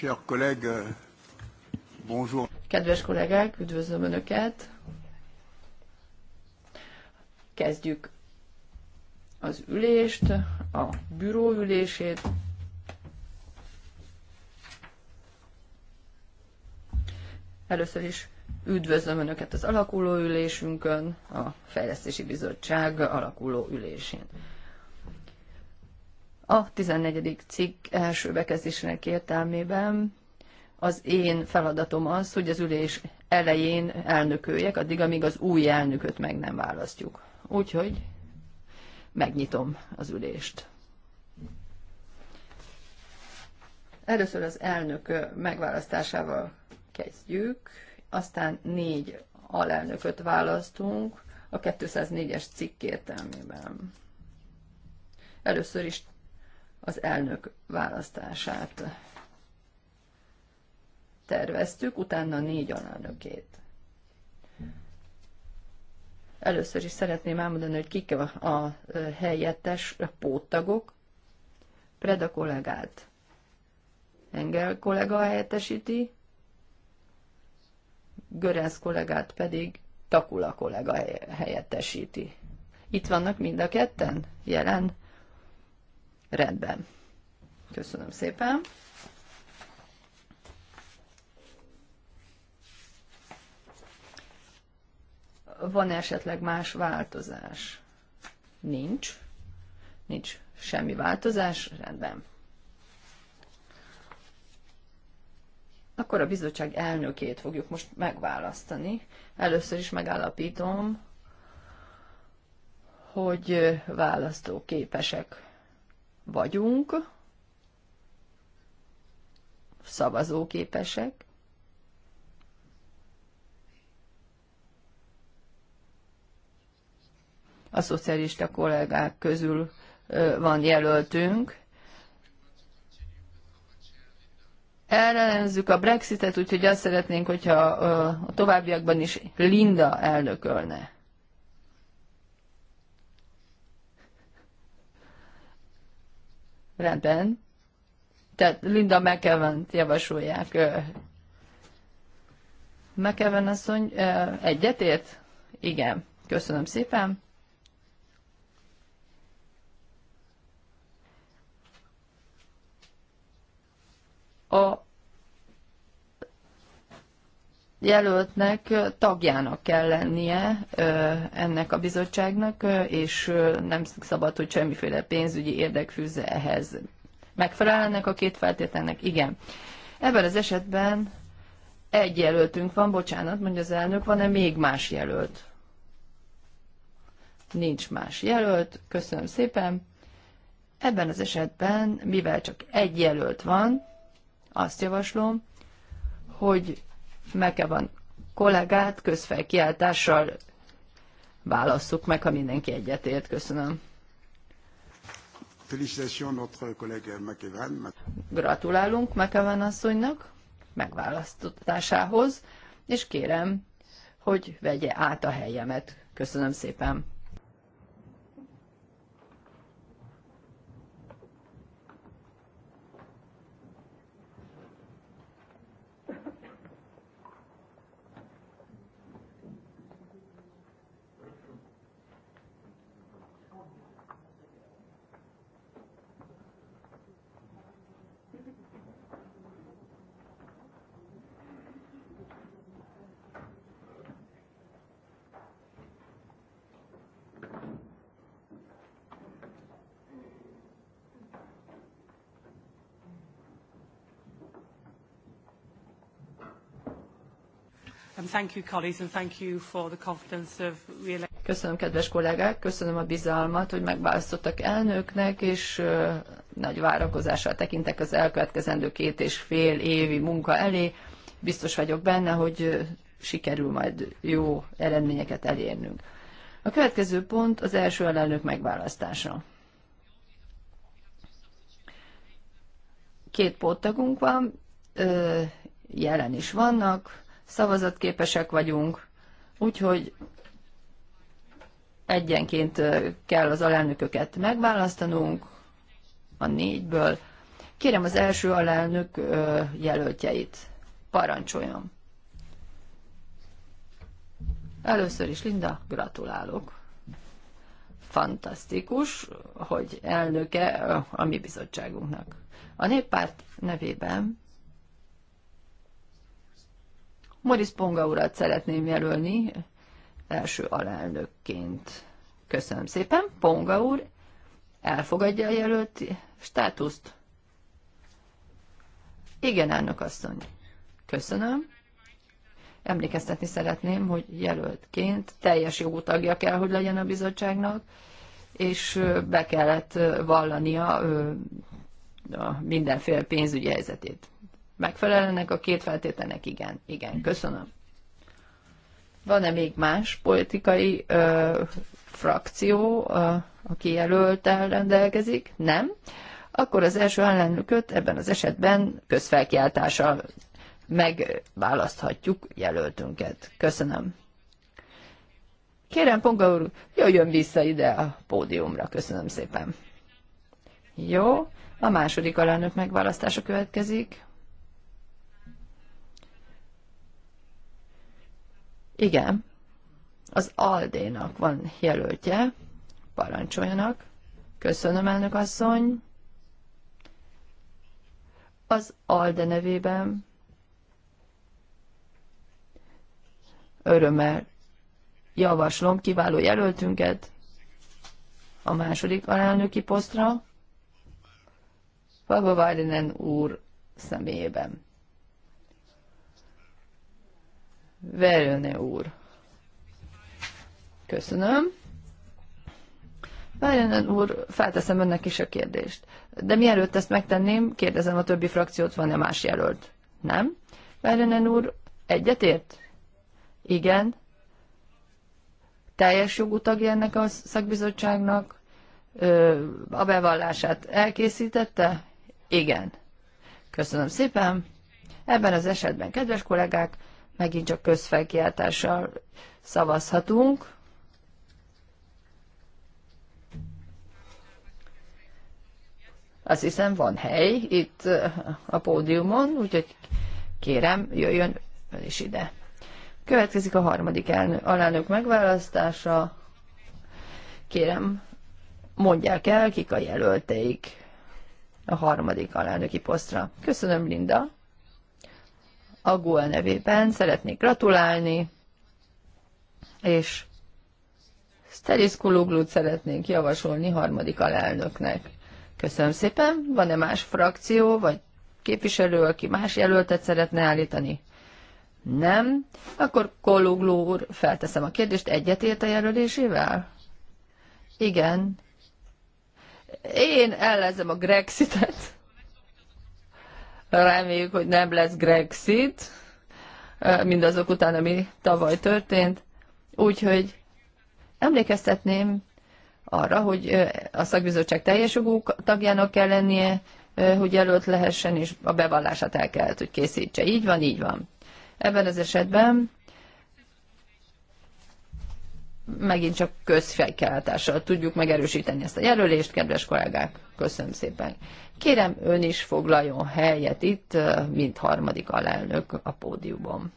Chers collègues, bonjour. Kedves kollégák, üdvözlöm Önöket. Kezdjük az ülést, a büró ülését. Először is üdvözlöm Önöket az alakuló ülésünkön, a Fejlesztési Bizottság alakuló ülésén. A 14. cikk első bekezdésének értelmében az én feladatom az, hogy az ülés elején elnököljek, addig, amíg az új elnököt meg nem választjuk. Úgyhogy megnyitom az ülést. Először az elnök megválasztásával kezdjük, aztán négy alelnököt választunk a 204-es cikk értelmében. Először is az elnök választását terveztük, utána négy alelnökét. Először is szeretném elmondani, hogy kik a helyettes a póttagok. Preda kollégát Engel kollega helyettesíti, Görenc kollégát pedig Takula kollega helyettesíti. Itt vannak mind a ketten? Jelen? Rendben. Köszönöm szépen. Van -e esetleg más változás? Nincs. Nincs semmi változás. Rendben. Akkor a bizottság elnökét fogjuk most megválasztani. Először is megállapítom, hogy választóképesek vagyunk, szavazóképesek, a szocialista kollégák közül van jelöltünk. ellenzük a Brexitet, úgyhogy azt szeretnénk, hogyha a továbbiakban is Linda elnökölne. Rendben. Tehát Linda mcevan javasolják. McEwen asszony egyetért? Igen. Köszönöm szépen. A jelöltnek tagjának kell lennie ennek a bizottságnak, és nem szabad, hogy semmiféle pénzügyi érdek fűzze ehhez. Megfelel ennek a két feltételnek? Igen. Ebben az esetben egy jelöltünk van, bocsánat, mondja az elnök, van-e még más jelölt? Nincs más jelölt, köszönöm szépen. Ebben az esetben, mivel csak egy jelölt van, azt javaslom, hogy van kollégát közfelkiáltással válasszuk meg, ha mindenki egyetért. Köszönöm. Gratulálunk Mekeven asszonynak megválasztásához, és kérem, hogy vegye át a helyemet. Köszönöm szépen. Köszönöm, kedves kollégák, köszönöm a bizalmat, hogy megválasztottak elnöknek, és nagy várakozással tekintek az elkövetkezendő két és fél évi munka elé. Biztos vagyok benne, hogy sikerül majd jó eredményeket elérnünk. A következő pont az első elnök megválasztása. Két póttagunk van, jelen is vannak, szavazatképesek vagyunk, úgyhogy egyenként kell az alelnököket megválasztanunk a négyből. Kérem az első alelnök jelöltjeit. Parancsoljon! Először is, Linda, gratulálok! Fantasztikus, hogy elnöke a mi bizottságunknak. A néppárt nevében Moris Ponga urat szeretném jelölni első alelnökként. Köszönöm szépen. Ponga úr elfogadja a jelölt státuszt? Igen, elnök asszony. Köszönöm. Emlékeztetni szeretném, hogy jelöltként teljes jogú tagja kell, hogy legyen a bizottságnak, és be kellett vallania mindenféle pénzügyi helyzetét. Megfelelnek a két feltételnek? Igen. Igen, köszönöm. Van-e még más politikai ö, frakció, ö, aki jelöltel rendelkezik? Nem. Akkor az első ellenlőköt ebben az esetben közfelkiáltással megválaszthatjuk jelöltünket. Köszönöm. Kérem, Ponga úr, jöjjön vissza ide a pódiumra. Köszönöm szépen. Jó, a második alelnök megválasztása következik. Igen, az Aldénak van jelöltje, parancsoljanak. Köszönöm, elnök asszony. Az Alde nevében örömmel javaslom kiváló jelöltünket a második alelnöki posztra, Pablo úr személyében. Verőne úr. Köszönöm. Várjanen úr, felteszem önnek is a kérdést. De mielőtt ezt megtenném, kérdezem a többi frakciót, van-e más jelölt? Nem? Várjanen úr, egyetért? Igen. Teljes jogú tagja ennek a szakbizottságnak? Ö, a bevallását elkészítette? Igen. Köszönöm szépen. Ebben az esetben, kedves kollégák, megint csak közfelkiáltással szavazhatunk. Azt hiszem van hely itt eh, a pódiumon, úgyhogy kérem, jöjjön ön is ide. Következik a harmadik elnök, alelnök megválasztása. Kérem, mondják el, kik a jelölteik a harmadik alelnöki posztra. Köszönöm, Linda a GUL nevében szeretnék gratulálni, és Stelis Kuluglut szeretnénk javasolni harmadik alelnöknek. Köszönöm szépen. Van-e más frakció, vagy képviselő, aki más jelöltet szeretne állítani? Nem? Akkor Kuluglu úr, felteszem a kérdést, egyetért a jelölésével? Igen. Én ellenzem a Grexitet. Reméljük, hogy nem lesz Grexit, mindazok után, ami tavaly történt. Úgyhogy emlékeztetném arra, hogy a szakbizottság teljes jogú tagjának kell lennie, hogy jelölt lehessen, és a bevallását el kell, hogy készítse. Így van, így van. Ebben az esetben megint csak közfejkeltással tudjuk megerősíteni ezt a jelölést, kedves kollégák. Köszönöm szépen. Kérem, ön is foglaljon helyet itt, mint harmadik alelnök a pódiumon.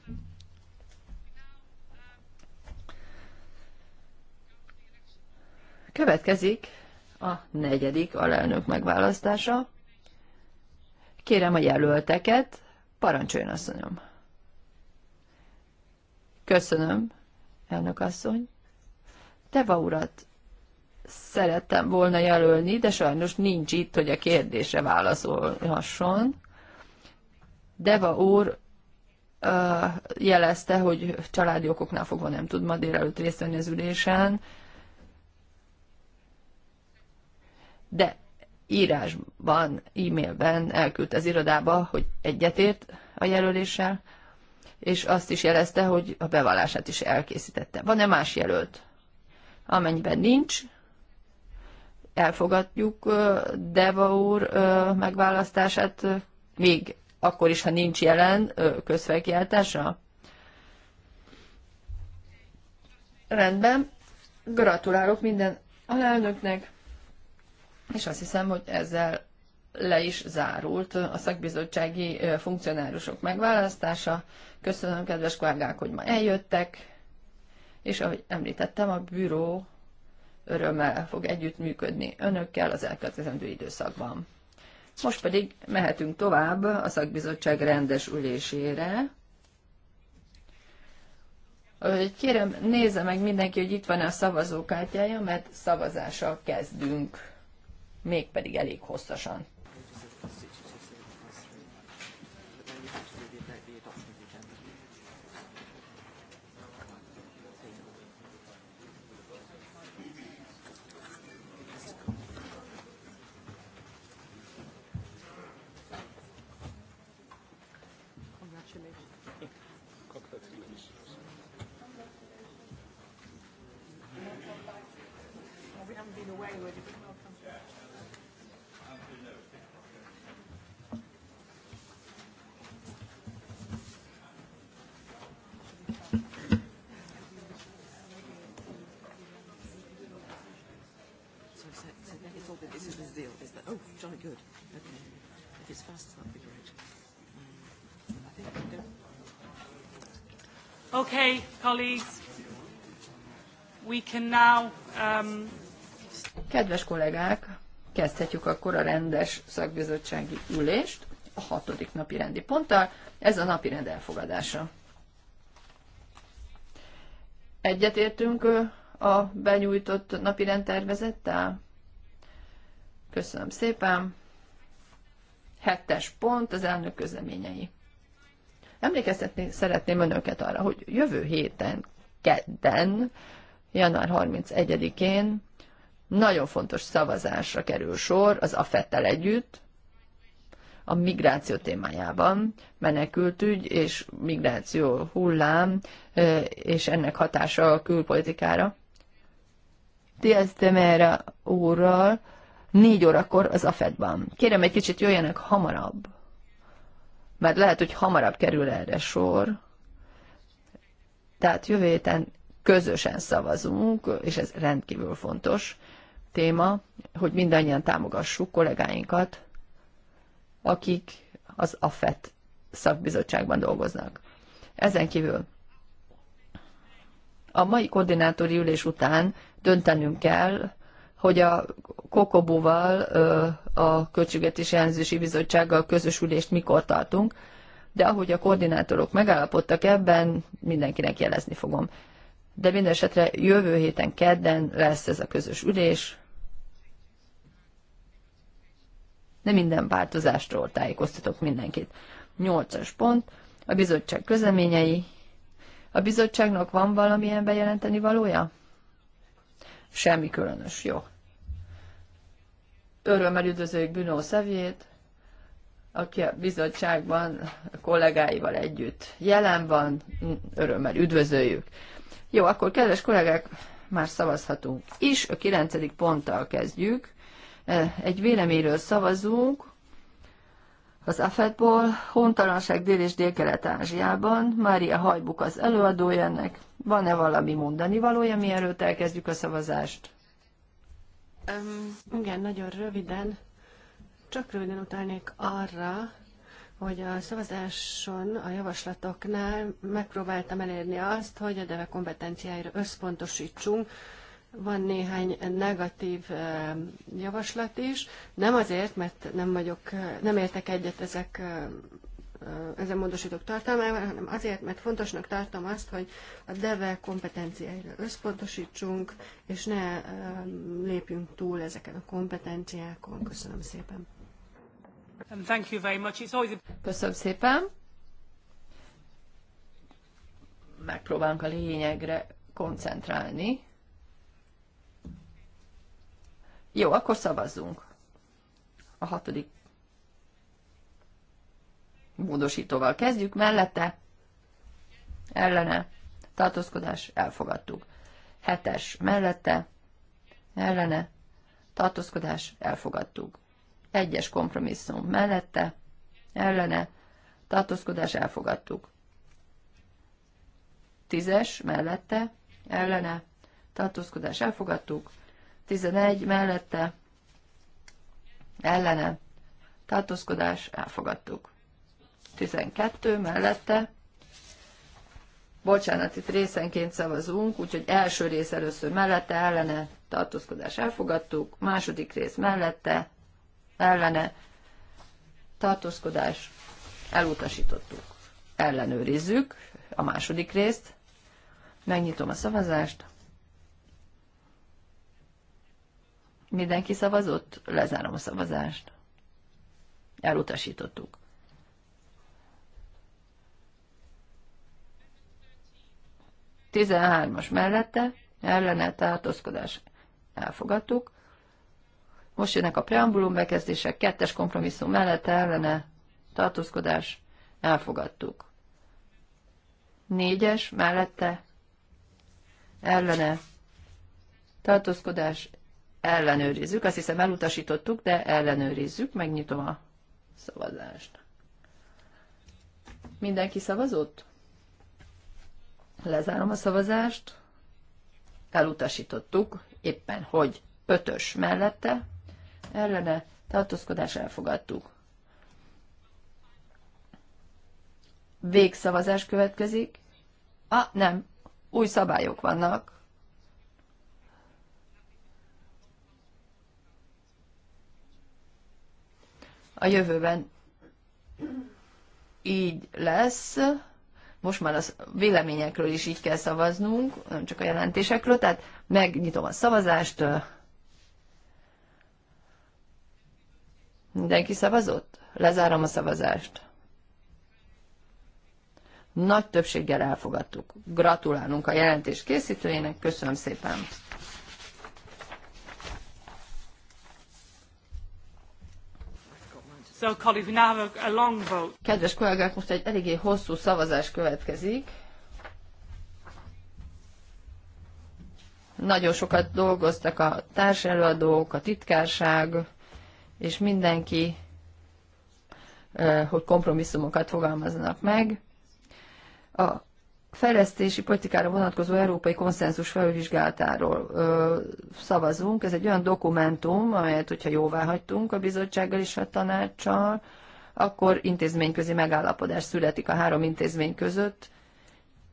Következik a negyedik alelnök megválasztása. Kérem a jelölteket, parancsoljon asszonyom. Köszönöm, elnök asszony. Teva urat szerettem volna jelölni, de sajnos nincs itt, hogy a kérdése válaszolhasson. Deva úr jelezte, hogy családi okoknál fogva nem tud ma délelőtt részt venni az ülésen, de írásban, e-mailben elküldte az irodába, hogy egyetért a jelöléssel, és azt is jelezte, hogy a bevallását is elkészítette. Van-e más jelölt? Amennyiben nincs, elfogadjuk Deva úr megválasztását, még akkor is, ha nincs jelen közfelkiáltása? Rendben. Gratulálok minden alelnöknek, és azt hiszem, hogy ezzel le is zárult a szakbizottsági funkcionárusok megválasztása. Köszönöm, kedves kollégák, hogy ma eljöttek, és ahogy említettem, a bűró örömmel fog együttműködni önökkel az elkövetkezendő időszakban. Most pedig mehetünk tovább a szakbizottság rendes ülésére. Kérem, nézze meg mindenki, hogy itt van-e a szavazókártyája, mert szavazással kezdünk, mégpedig elég hosszasan. colleagues, we can now, um... Kedves kollégák, kezdhetjük akkor a rendes szakbizottsági ülést a hatodik napi rendi ponttal. Ez a napi rend elfogadása. Egyetértünk a benyújtott napi tervezettel? Köszönöm szépen. Hettes pont az elnök közleményei. Emlékeztetni szeretném önöket arra, hogy jövő héten, kedden, január 31-én nagyon fontos szavazásra kerül sor az AFET-tel együtt, a migráció témájában, menekültügy és migráció hullám, és ennek hatása a külpolitikára. Diaz de úrral négy órakor az a ban Kérem, egy kicsit jöjjenek hamarabb mert lehet, hogy hamarabb kerül erre sor. Tehát jövő héten közösen szavazunk, és ez rendkívül fontos téma, hogy mindannyian támogassuk kollégáinkat, akik az AFET szakbizottságban dolgoznak. Ezen kívül a mai koordinátori ülés után döntenünk kell hogy a Kokobóval, a Költségvetési Ellenzési Bizottsággal közös ülést mikor tartunk, de ahogy a koordinátorok megállapodtak ebben, mindenkinek jelezni fogom. De minden esetre jövő héten kedden lesz ez a közös ülés. De minden változástól tájékoztatok mindenkit. Nyolcas pont, a bizottság közleményei. A bizottságnak van valamilyen bejelenteni valója? Semmi különös, jó. Örömmel üdvözöljük Bruno szevét, aki a bizottságban a kollégáival együtt jelen van, örömmel üdvözöljük. Jó, akkor kedves kollégák, már szavazhatunk is, a kilencedik ponttal kezdjük. E, egy véleményről szavazunk, az afed ból hontalanság dél- és kelet ázsiában Mária Hajbuk az előadója ennek, van-e valami mondani valója, mielőtt elkezdjük a szavazást? Um, igen, nagyon röviden. Csak röviden utalnék arra, hogy a szavazáson, a javaslatoknál megpróbáltam elérni azt, hogy a deve kompetenciáira összpontosítsunk. Van néhány negatív javaslat is, nem azért, mert nem vagyok, nem értek egyet ezek ezen módosítók tartalmával, hanem azért, mert fontosnak tartom azt, hogy a DEVE kompetenciáira összpontosítsunk, és ne lépjünk túl ezeken a kompetenciákon. Köszönöm szépen. Thank you very much. Köszönöm szépen. Megpróbálunk a lényegre koncentrálni. Jó, akkor szavazzunk. A hatodik módosítóval kezdjük, mellette, ellene, tartózkodás, elfogadtuk. Hetes, mellette, ellene, tartózkodás, elfogadtuk. Egyes kompromisszum, mellette, ellene, tartózkodás, elfogadtuk. Tízes, mellette, ellene, tartózkodás, elfogadtuk. Tizenegy, mellette, ellene, tartózkodás, elfogadtuk. 12 mellette. Bocsánat, itt részenként szavazunk, úgyhogy első rész először mellette, ellene, tartózkodás elfogadtuk, második rész mellette, ellene, tartózkodás elutasítottuk. Ellenőrizzük a második részt, megnyitom a szavazást, Mindenki szavazott? Lezárom a szavazást. Elutasítottuk. 13-as mellette, ellene tartózkodás elfogadtuk. Most jönnek a preambulum bekezdések, kettes kompromisszum mellette, ellene tartózkodás elfogadtuk. Négyes mellette ellene tartózkodás ellenőrizzük. Azt hiszem elutasítottuk, de ellenőrizzük. Megnyitom a szavazást. Mindenki szavazott? Lezárom a szavazást. Elutasítottuk, éppen hogy ötös mellette, ellene tartózkodás elfogadtuk. Végszavazás következik. Ah, nem, új szabályok vannak. A jövőben így lesz most már a véleményekről is így kell szavaznunk, nem csak a jelentésekről, tehát megnyitom a szavazást. Mindenki szavazott? Lezárom a szavazást. Nagy többséggel elfogadtuk. Gratulálunk a jelentés készítőjének, köszönöm szépen! Kedves kollégák, most egy eléggé hosszú szavazás következik. Nagyon sokat dolgoztak a társelőadók, a titkárság, és mindenki, eh, hogy kompromisszumokat fogalmaznak meg. A fejlesztési politikára vonatkozó európai konszenzus felvizsgálatáról ö, szavazunk. Ez egy olyan dokumentum, amelyet, hogyha jóvá hagytunk a bizottsággal és a tanácssal, akkor intézményközi megállapodás születik a három intézmény között,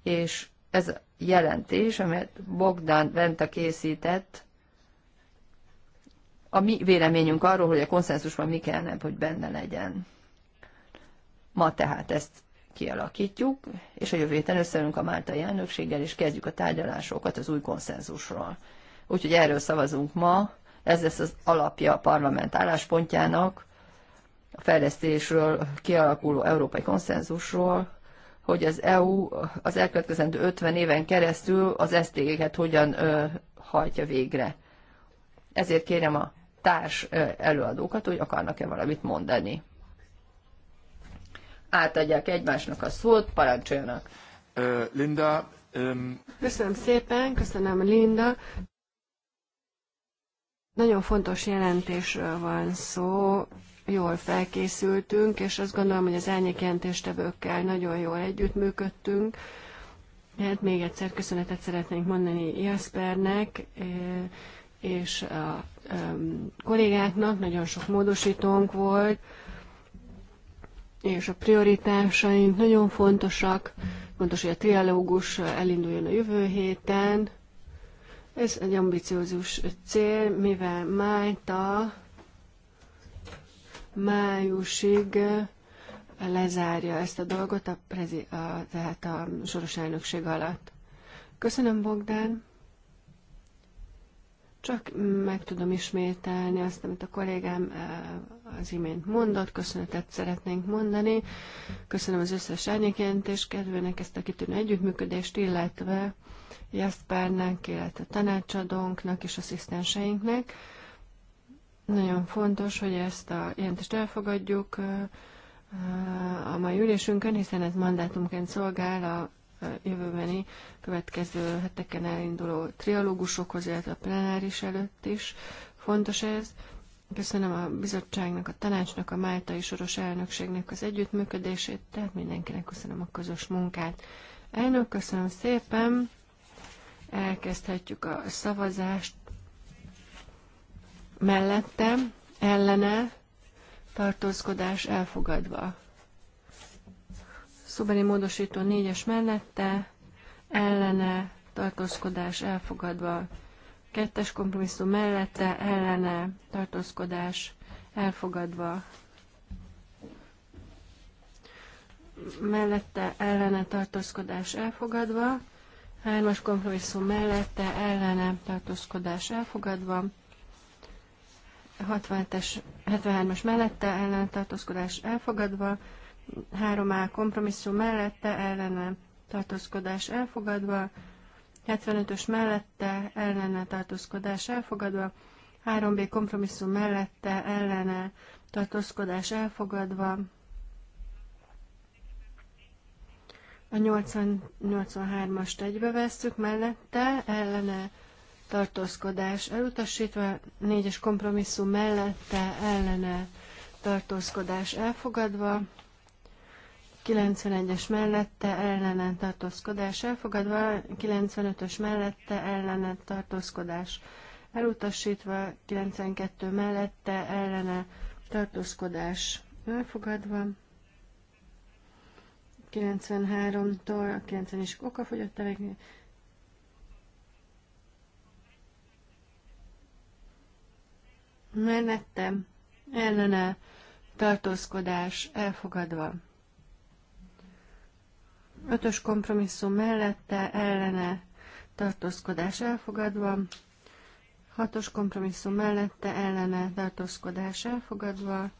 és ez a jelentés, amelyet Bogdan Venta készített, a mi véleményünk arról, hogy a konszenzusban mi kellene, hogy benne legyen. Ma tehát ezt kialakítjuk, és a jövő héten összeülünk a Máltai elnökséggel, és kezdjük a tárgyalásokat az új konszenzusról. Úgyhogy erről szavazunk ma, ez lesz az alapja a parlament álláspontjának, a fejlesztésről, kialakuló európai konszenzusról, hogy az EU az elkövetkezendő 50 éven keresztül az SZTG-ket hogyan ö, hajtja végre. Ezért kérem a társ előadókat, hogy akarnak-e valamit mondani átadják egymásnak a szót, parancsoljanak. Linda. Um... Köszönöm szépen, köszönöm Linda. Nagyon fontos jelentésről van szó, jól felkészültünk, és azt gondolom, hogy az árnyék jelentéstevőkkel nagyon jól együttműködtünk. Hát még egyszer köszönetet szeretnénk mondani Jaspernek és a kollégáknak, nagyon sok módosítónk volt, és a prioritásaink nagyon fontosak. Fontos, hogy a trialógus elinduljon a jövő héten. Ez egy ambiciózus cél, mivel Májta májusig lezárja ezt a dolgot, a prezi, a, tehát a soros elnökség alatt. Köszönöm, Bogdán! Csak meg tudom ismételni azt, amit a kollégám az imént mondott, köszönetet szeretnénk mondani. Köszönöm az összes árnyékjelentés kedvőnek ezt a kitűnő együttműködést, illetve Jaspernek, illetve tanácsadónknak és asszisztenseinknek. Nagyon fontos, hogy ezt a jelentést elfogadjuk a mai ülésünkön, hiszen ez mandátumként szolgál a jövőbeni következő heteken elinduló trialógusokhoz, illetve a plenáris előtt is fontos ez. Köszönöm a bizottságnak, a tanácsnak, a Máltai Soros elnökségnek az együttműködését, tehát mindenkinek köszönöm a közös munkát. Elnök, köszönöm szépen. Elkezdhetjük a szavazást. Mellette, ellene, tartózkodás elfogadva. Szóbeli módosító négyes mellette, ellene, tartózkodás elfogadva. Kettes kompromisszum mellette ellene tartózkodás elfogadva. Mellette ellene tartózkodás elfogadva. Hármas kompromisszum mellette ellene tartózkodás elfogadva. 67-es, 73-as mellette ellene tartózkodás elfogadva, 3A kompromisszum mellette ellene tartózkodás elfogadva, 75-ös mellette ellene tartózkodás elfogadva, 3B kompromisszum mellette ellene tartózkodás elfogadva, a 80-83-ast egybevesszük, mellette ellene tartózkodás elutasítva, 4-es kompromisszum mellette ellene tartózkodás elfogadva, 91-es mellette ellenen tartózkodás elfogadva, 95-ös mellette ellenen tartózkodás elutasítva, 92 mellette ellene tartózkodás elfogadva, 93-tól a 90 is fogyott tevékenység, mellettem ellene tartózkodás elfogadva. Ötös kompromisszum mellette ellene tartózkodás elfogadva. Hatos kompromisszum mellette ellene tartózkodás elfogadva.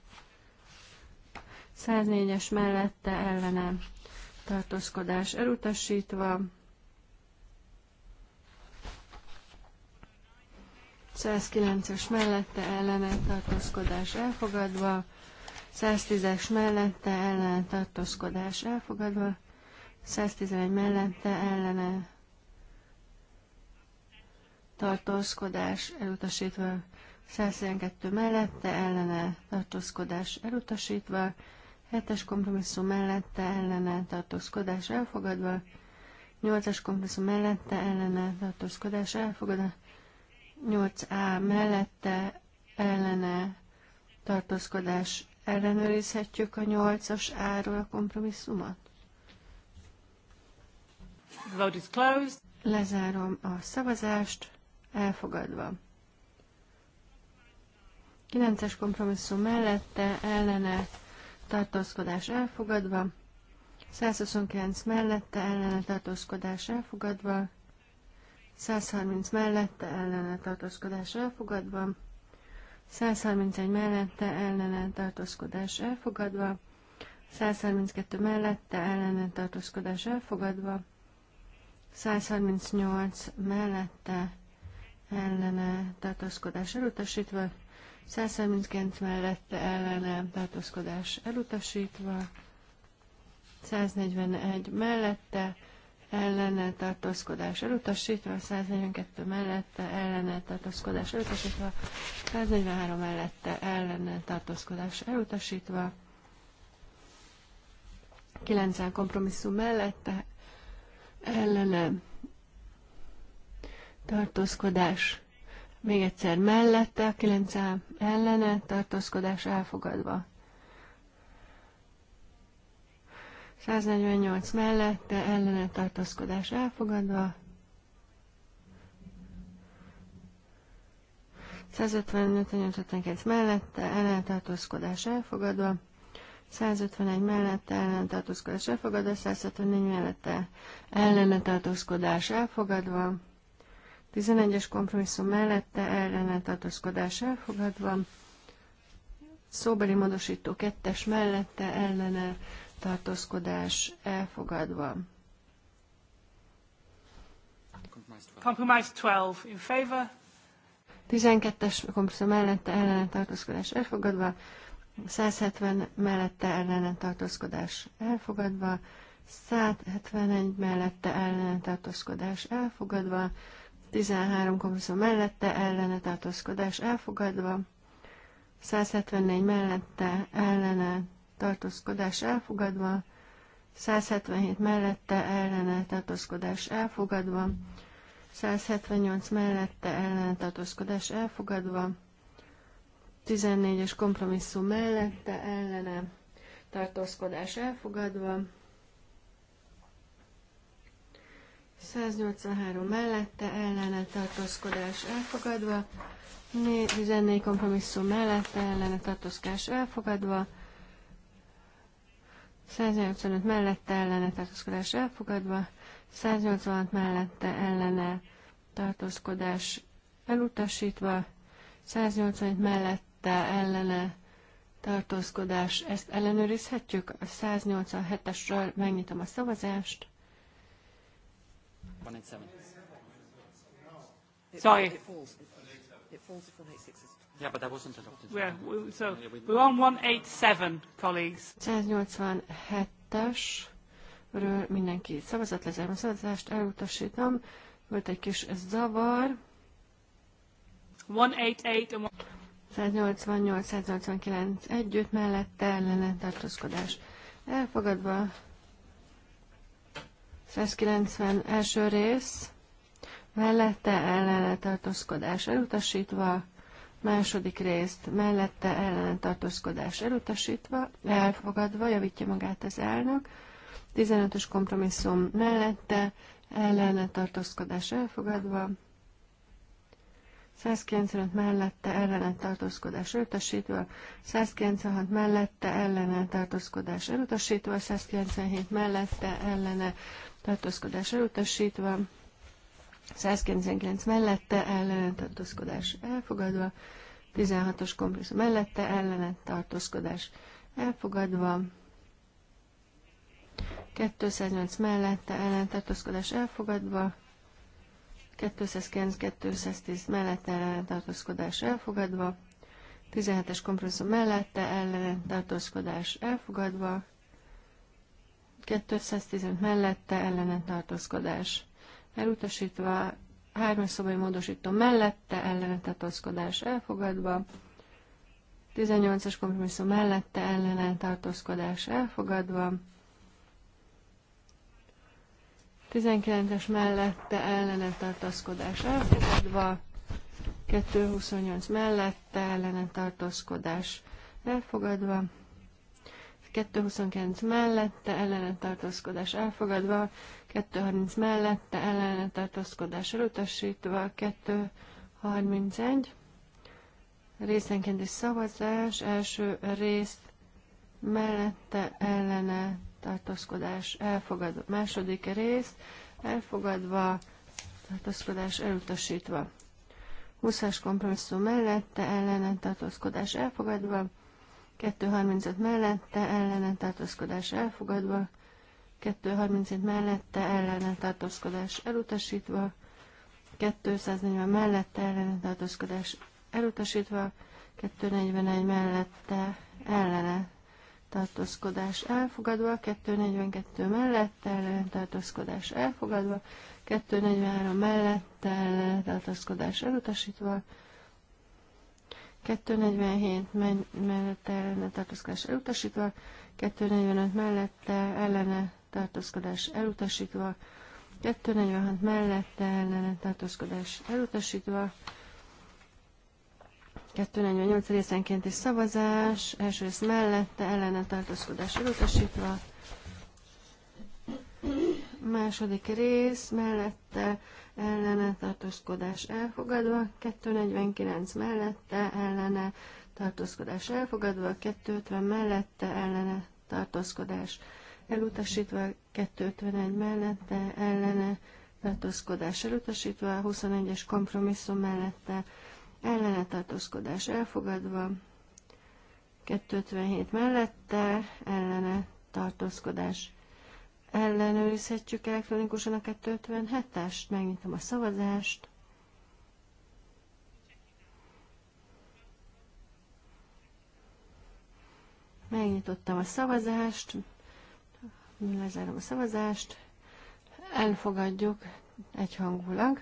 104-es mellette ellene tartózkodás elutasítva. 109-es mellette ellene tartózkodás elfogadva. 110-es mellette ellene tartózkodás elfogadva, 111 mellette ellene tartózkodás elutasítva, 112 mellette ellene tartózkodás elutasítva, 7-es kompromisszum mellette ellene tartózkodás elfogadva, 8-as kompromisszum mellette ellene tartózkodás elfogadva, 8A mellette ellene tartózkodás ellenőrizhetjük a 8-as áról a kompromisszumot? The vote is closed. Lezárom a szavazást. Elfogadva. Kilences kompromisszum mellette, ellene, tartózkodás elfogadva. 129 mellette, ellene, tartózkodás elfogadva. 130 mellette, ellene, tartózkodás elfogadva. 131 mellette, ellene, tartózkodás elfogadva. 132 mellette, ellene, tartózkodás elfogadva. 138 mellette ellene tartózkodás elutasítva, 139 mellette ellene tartózkodás elutasítva, 141 mellette ellene tartózkodás elutasítva, 142 mellette ellene tartózkodás elutasítva, 143 mellette ellene tartózkodás elutasítva, 90 kompromisszum mellette ellene tartózkodás még egyszer mellette, 9 ellene tartózkodás elfogadva. 148 mellette ellene tartózkodás elfogadva. 155 159 mellette ellene tartózkodás elfogadva. 151 mellette ellentartózkodás elfogadva, 164 mellette ellentartózkodás elfogadva, 11-es kompromisszum mellette ellentartózkodás elfogadva, szóbeli módosító 2-es mellette ellene tartózkodás elfogadva. Compromise 12 in favor. 12-es kompromisszum mellette ellene tartózkodás elfogadva, 170 mellette ellene tartózkodás elfogadva, 171 mellette ellene tartózkodás elfogadva, 13 kompromisszum mellette ellene tartózkodás elfogadva, 174 mellette ellene tartózkodás elfogadva, 177 mellette ellene tartózkodás elfogadva, 178 mellette ellene tartózkodás elfogadva, 14-es kompromisszum mellette ellene tartózkodás elfogadva, 183 mellette ellene tartózkodás elfogadva, 14 kompromisszum mellette ellene tartózkodás elfogadva, 185 mellette ellene tartózkodás elfogadva, 186 mellette ellene tartózkodás elutasítva, 185 mellett mellette ellene tartózkodás, ezt ellenőrizhetjük. A 187-esről megnyitom a szavazást. Sorry. Yeah, but that wasn't adopted. Yeah, so we're on 187, colleagues. 187-esről mindenki szavazat lezárom a szavazást, elutasítom. Volt egy kis zavar. 188 and 188-189 együtt mellette ellene tartózkodás. Elfogadva 190 első rész, mellette ellene tartózkodás elutasítva, második részt mellette ellene tartózkodás elutasítva, elfogadva, javítja magát az elnök, 15-ös kompromisszum mellette ellene tartózkodás elfogadva, 195 mellette ellene tartózkodás elutasítva, 196 mellette ellene tartózkodás elutasítva, 197 mellette ellene tartózkodás elutasítva, 199 mellette ellene tartózkodás elfogadva, 16-os kompromisszum mellette ellene tartózkodás elfogadva, 208 mellette ellen tartózkodás elfogadva, 209-210 mellette ellene elfogadva, 17-es kompromisszum mellette ellene elfogadva, 215 mellette ellene elutasítva, 3 szobai módosító mellette ellene elfogadva, 18-as kompromisszum mellette ellene elfogadva, 19-es mellette ellene tartaszkodás elfogadva, 228 mellette ellene tartaszkodás elfogadva, 229 mellette ellene tartaszkodás elfogadva, 230 mellette ellene tartaszkodás elutasítva, 231 részenként is szavazás, első rész mellette ellene tartózkodás elfogadva. Második rész elfogadva, tartózkodás elutasítva. 20-as kompromisszum mellette ellenen tartózkodás elfogadva, 235 mellette ellenen tartózkodás elfogadva, 237 mellette ellenen tartózkodás elutasítva, 240 mellette ellenen tartózkodás elutasítva, 241 mellette ellene tartózkodás elfogadva, 242 mellette ellen tartózkodás elfogadva, 243 mellette ellen tartózkodás elutasítva, 247 mellette ellene tartózkodás elutasítva, 245 mellette ellene tartózkodás elutasítva, 246 mellette ellene tartózkodás elutasítva, 248 is szavazás, első rész mellette, ellene tartózkodás elutasítva, második rész mellette, ellene tartózkodás elfogadva, 249 mellette, ellene tartózkodás elfogadva, 250 mellette, ellene tartózkodás elutasítva, 251 mellette, ellene tartózkodás elutasítva, 21-es kompromisszum mellette, ellene tartózkodás elfogadva, 257 mellette ellene tartózkodás ellenőrizhetjük elektronikusan a 257-est, megnyitom a szavazást. Megnyitottam a szavazást, lezárom a szavazást, elfogadjuk egyhangulag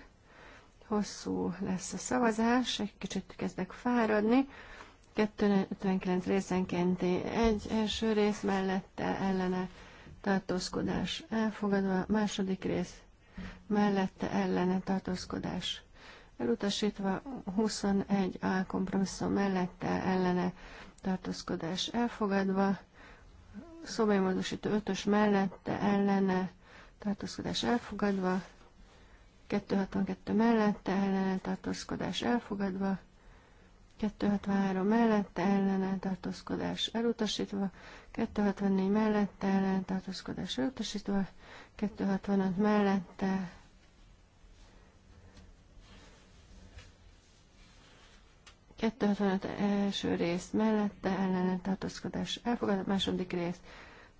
hosszú lesz a szavazás, egy kicsit kezdek fáradni. 259 részenként egy első rész mellette ellene tartózkodás elfogadva, második rész mellette ellene tartózkodás elutasítva, 21 A kompromisszum mellette ellene tartózkodás elfogadva, szobai módosító 5-ös mellette ellene tartózkodás elfogadva, 262 mellette ellene tartózkodás elfogadva, 263 mellette ellene tartózkodás elutasítva, 264 mellette ellene tartózkodás elutasítva, 265 mellette első rész mellette ellene tartózkodás elfogadott, második rész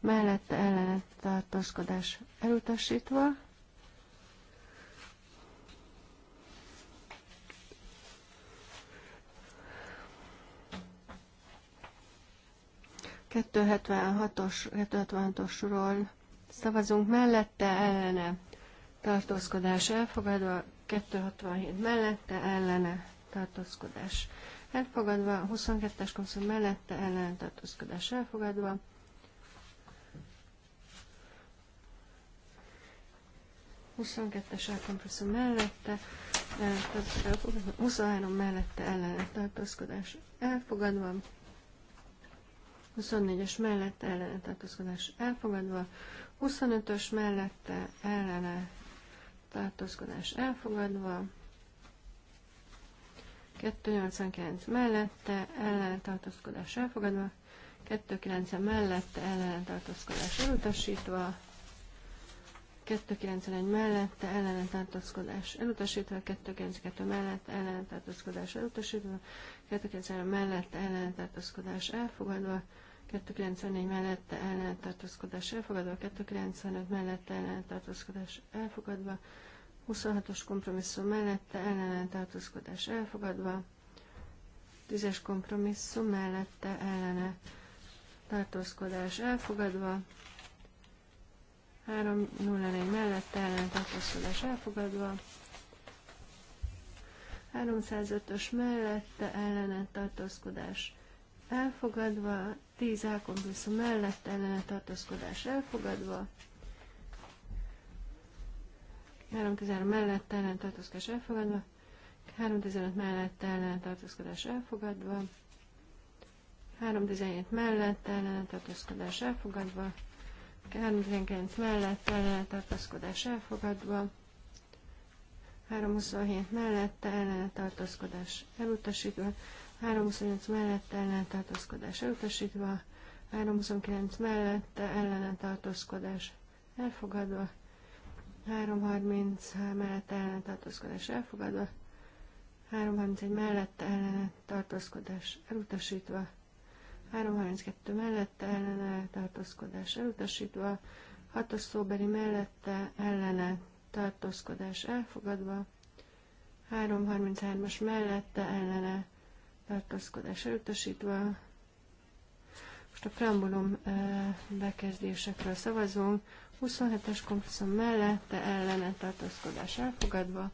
mellette ellene tartózkodás elutasítva, 276-os, 276-osról szavazunk mellette, ellene tartózkodás elfogadva, 267 mellette, ellene tartózkodás elfogadva, 22-es konszul mellette, ellene tartózkodás elfogadva, es elkompresszum mellette, 23 mellette ellenet tartózkodás elfogadva, 24-es mellette ellene tartózkodás elfogadva, 25-ös mellette ellene tartózkodás elfogadva, 289 mellette ellene tartózkodás elfogadva, 290 mellette ellene tartózkodás elutasítva, 291 mellette ellentartózkodás elutasítva, 292 mellett ellentartózkodás elutasítva, 293 mellette ellentartózkodás elfogadva, 294 mellette ellentartózkodás elfogadva, 295 mellette ellentartózkodás elfogadva, 26-os kompromisszum mellette ellentartózkodás elfogadva, 10-es kompromisszum mellette ellene tartózkodás elfogadva, 304 mellette ellen tartózkodás elfogadva. 305-ös mellette ellenet tartózkodás elfogadva, 10 A kompromisszum mellette ellene tartózkodás elfogadva, 313 mellette ellen tartózkodás elfogadva, 315 mellette ellen tartózkodás elfogadva, 317 mellette ellen tartózkodás elfogadva, 319 mellett ellene tartózkodás elfogadva, 327 mellette ellene tartózkodás elutasítva, 328 mellette ellene tartózkodás elutasítva, 329 mellette ellene tartózkodás elfogadva, 330 mellette ellene tartózkodás elfogadva, 331 mellette ellene tartózkodás elutasítva, 332 mellette ellene tartózkodás elutasítva, 6-os szóbeli mellette ellene tartózkodás elfogadva, 333-as mellette ellene tartózkodás elutasítva. Most a preambulum bekezdésekről szavazunk. 27-es kompromisszum mellette ellene tartózkodás elfogadva,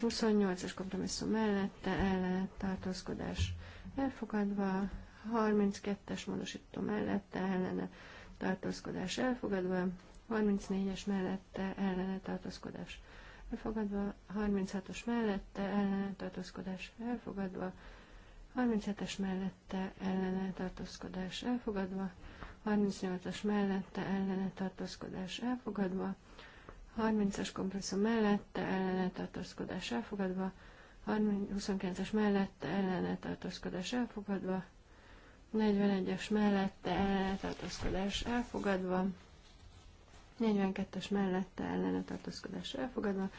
28 es kompromisszum mellette ellene tartózkodás elfogadva, 32-es módosító mellette ellene tartózkodás elfogadva, 34-es mellette ellene tartózkodás elfogadva, 36-os mellette ellene tartózkodás elfogadva, 37-es mellette ellene tartózkodás elfogadva, 38-as mellette ellene tartózkodás elfogadva, 30-as kompresszum mellette ellene tartózkodás elfogadva, 29-es mellette ellene tartózkodás elfogadva, 41-es mellette ellenetartózkodás elfogadva, 42-es mellette ellenetartózkodás elfogadva,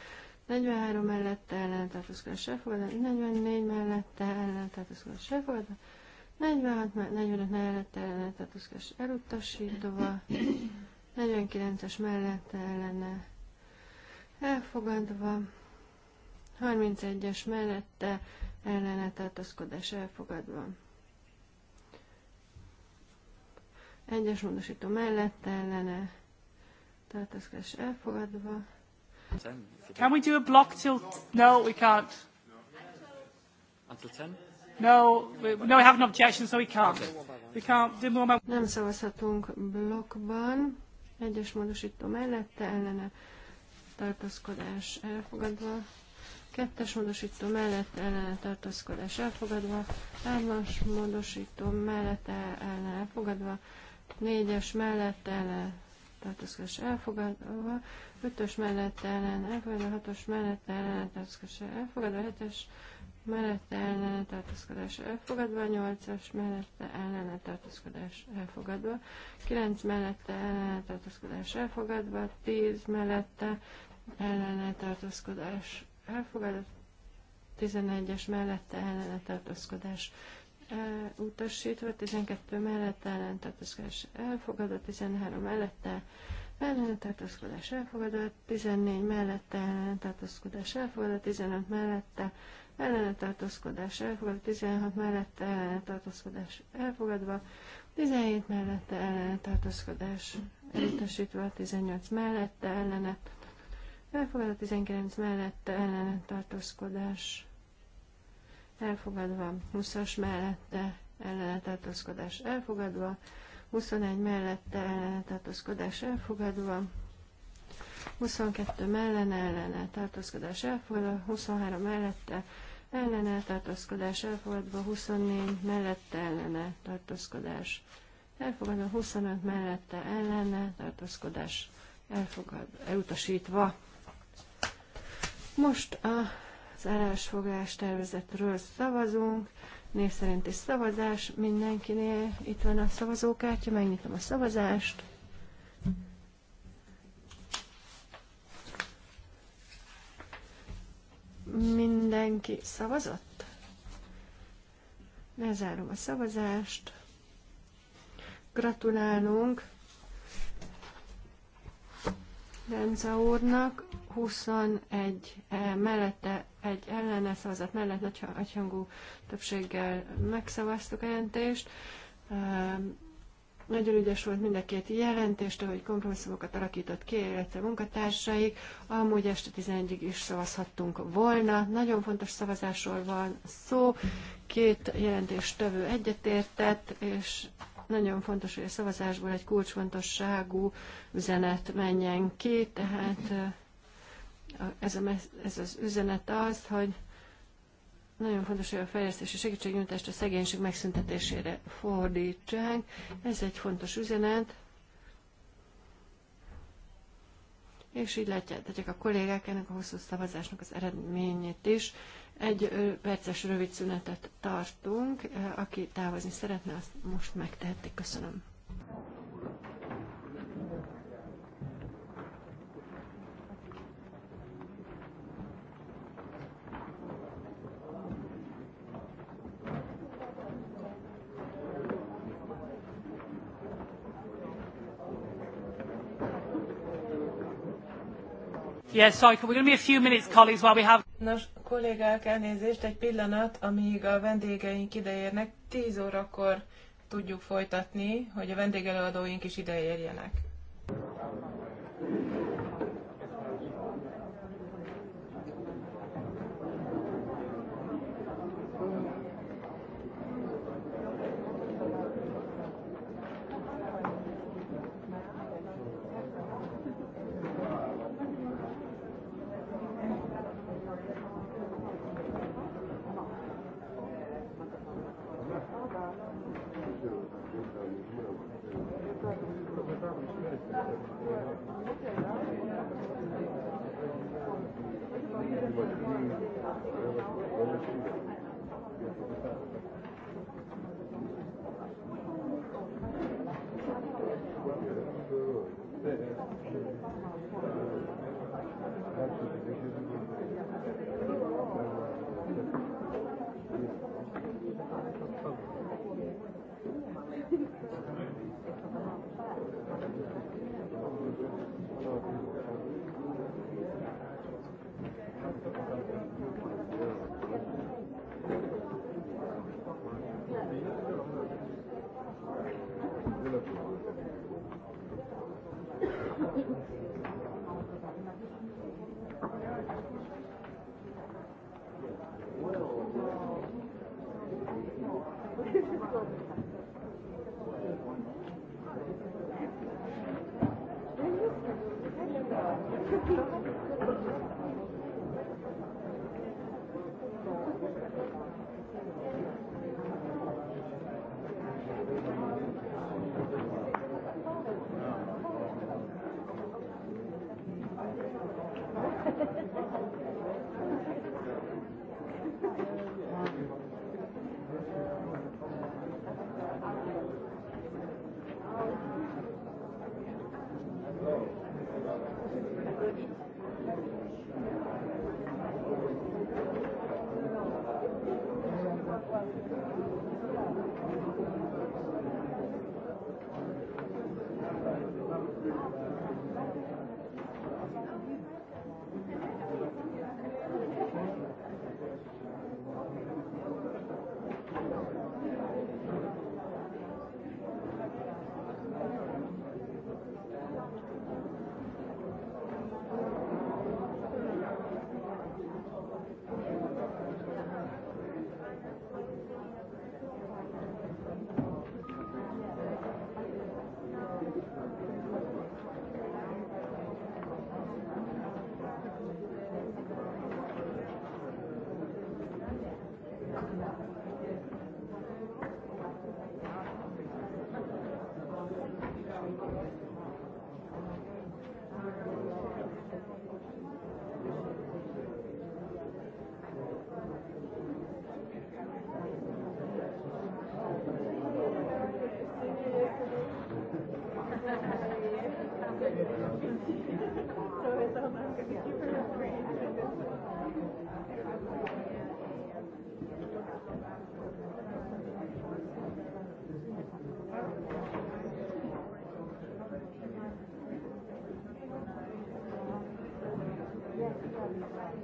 43 mellette ellenetartózkodás elfogadva, 44 mellette ellenetartózkodás elfogadva, 46 45 mellette ellenetartózkodás elutasítva, 49-es mellette ellene elfogadva, 31-es mellette ellenetartózkodás elfogadva. Egyes módosító mellett ellene kell elfogadva. Can we do a block till... No, we can't. Until 10? No, we, no, we have an objection, so we can't. We can't do more... Nem szavazhatunk blokkban. Egyes módosító mellette ellene tartózkodás elfogadva. Kettes módosító mellett ellene tartózkodás elfogadva. Hármas módosító mellett ellene elfogadva négyes mellett ellen tartózkodás elfogadva, ötös mellett ellen elfogadva, hatos mellett ellen tartózkodás elfogadva, hetes mellette ellene tartózkodás elfogadva, nyolcas mellette ellene tartózkodás elfogadva, kilenc mellette ellene tartózkodás elfogadva, tíz mellette ellene tartózkodás elfogadva, 11-es mellette ellene tartózkodás utasítva, 12 mellett ellen tartozkodás elfogadott, 13 mellette ellen tartozkodás elfogadott, 14 mellette ellen tartozkodás elfogadott, 15 mellette ellen tartozkodás elfogadott, 16 mellette ellen tartozkodás elfogadva, 17 mellette ellen tartozkodás elutasítva, 18 mellette ellene elfogadott, 19 mellette ellene tartózkodás elfogadva, 20-as mellette ellenetartózkodás elfogadva, 21 mellette ellenetartózkodás elfogadva, 22 mellen ellene tartózkodás elfogadva, 23 mellette ellene tartózkodás elfogadva, 24 mellette ellene tartózkodás elfogadva, 25 mellette ellene tartózkodás elfogad, elutasítva. Most a az állásfoglalás tervezetről szavazunk, név szerinti szavazás mindenkinél. Itt van a szavazókártya, megnyitom a szavazást. Mindenki szavazott? Lezárom a szavazást. Gratulálunk! Lenza úrnak, 21 eh, mellette, egy ellene szavazat mellett nagy nagyhangú többséggel megszavaztuk a jelentést. Ehm, nagyon ügyes volt mind a két jelentést, ahogy kompromisszumokat alakított ki, illetve munkatársaik. Amúgy este 11-ig is szavazhattunk volna. Nagyon fontos szavazásról van szó. Két tövő egyetértett, és nagyon fontos, hogy a szavazásból egy kulcsfontosságú üzenet menjen ki, tehát ez, a, ez az üzenet az, hogy nagyon fontos, hogy a fejlesztési segítségnyújtást a szegénység megszüntetésére fordítsák. Ez egy fontos üzenet. És így látjátok a kollégák ennek a hosszú szavazásnak az eredményét is. Egy perces rövid szünetet tartunk. Aki távozni szeretne, azt most megtehetik. Köszönöm. Yes, sorry, we're going to be a few minutes, colleagues, while we have... No kollégák, elnézést, egy pillanat, amíg a vendégeink ideérnek, 10 órakor tudjuk folytatni, hogy a vendégelőadóink is ideérjenek.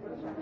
Köszönöm.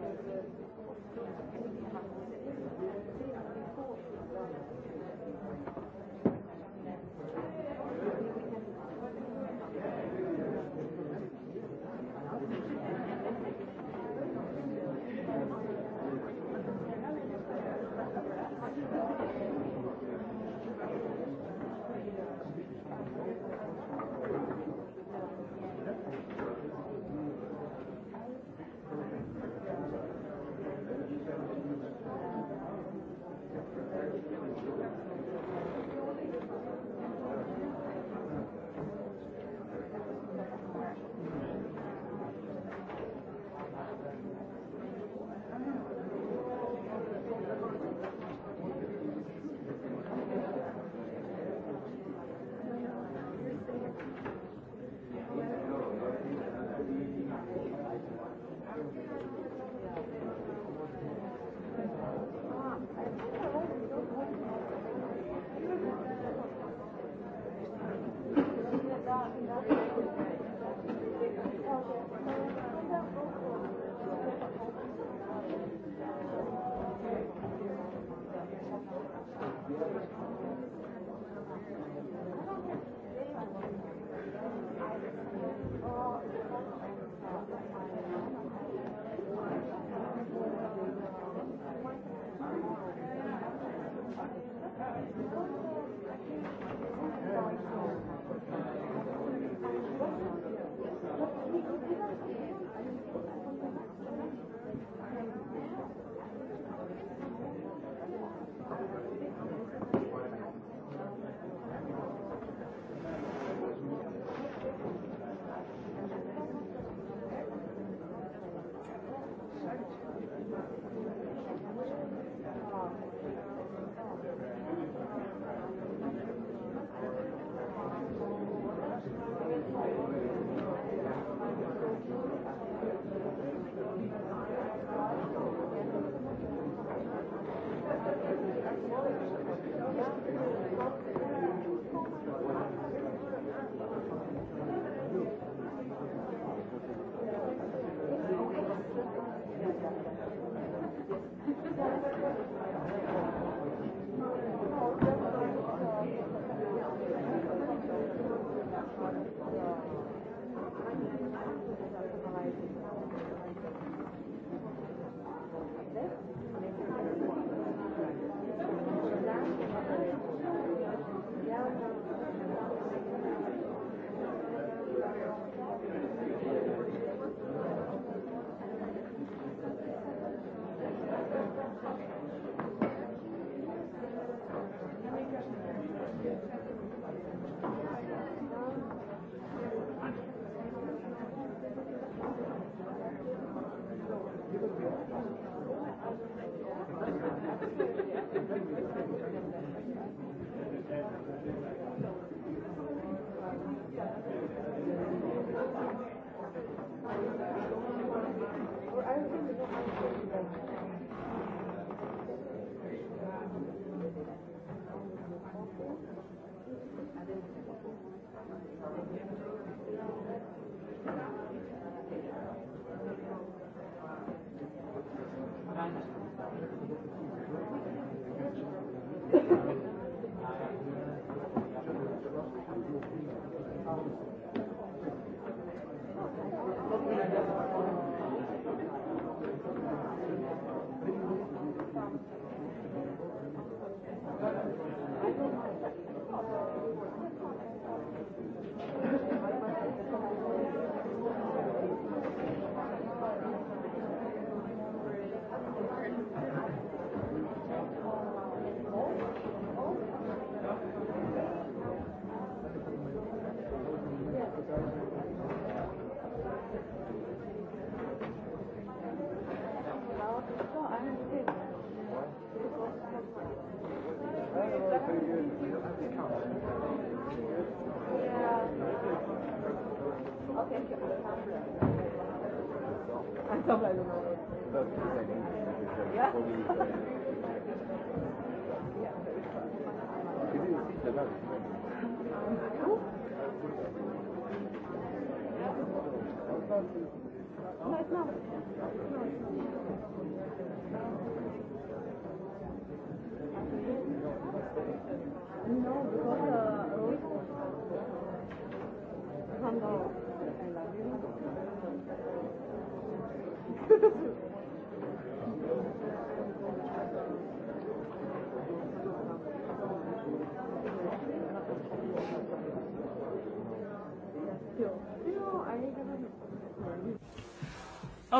Right now.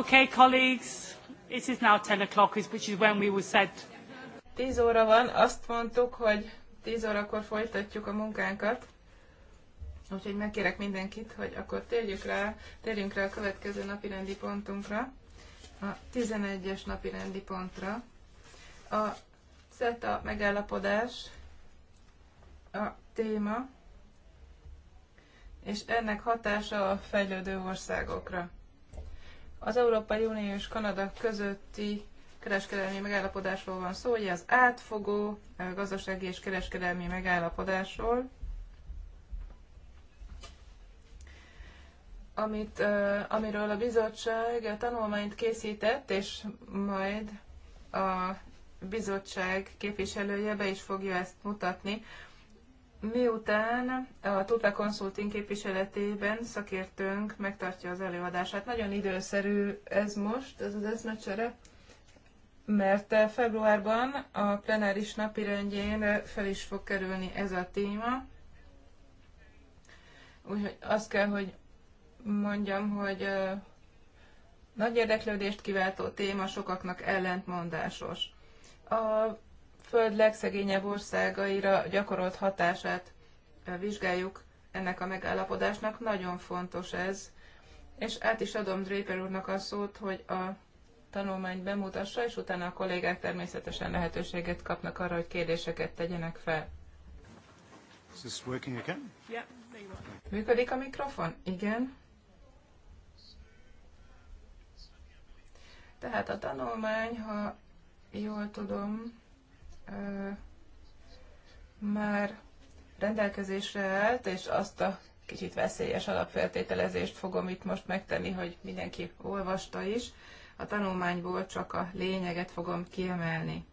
Okay, colleagues, it is now 10 o'clock, which is when we were said. 10 óra van, azt mondtuk, hogy 10 órakor folytatjuk a munkánkat. Úgyhogy megkérek mindenkit, hogy akkor térjük rá, térjünk rá a következő napi rendi pontunkra, a 11-es napi rendi pontra. A CETA megállapodás a téma, és ennek hatása a fejlődő országokra. Az Európai Unió és Kanada közötti kereskedelmi megállapodásról van szó, ugye az átfogó gazdasági és kereskedelmi megállapodásról, amit, amiről a bizottság a tanulmányt készített, és majd a bizottság képviselője be is fogja ezt mutatni. Miután a Tupe Consulting képviseletében szakértőnk megtartja az előadását, nagyon időszerű ez most, ez az eszmecsere, mert februárban a plenáris rendjén fel is fog kerülni ez a téma. Úgyhogy azt kell, hogy mondjam, hogy nagy érdeklődést kiváltó téma, sokaknak ellentmondásos. A föld legszegényebb országaira gyakorolt hatását eh, vizsgáljuk ennek a megállapodásnak. Nagyon fontos ez, és át is adom Draper úrnak a szót, hogy a tanulmányt bemutassa, és utána a kollégák természetesen lehetőséget kapnak arra, hogy kérdéseket tegyenek fel. Is this working again? Yeah, Működik a mikrofon? Igen. Tehát a tanulmány, ha jól tudom, már rendelkezésre állt, és azt a kicsit veszélyes alapfeltételezést fogom itt most megtenni, hogy mindenki olvasta is. A tanulmányból csak a lényeget fogom kiemelni.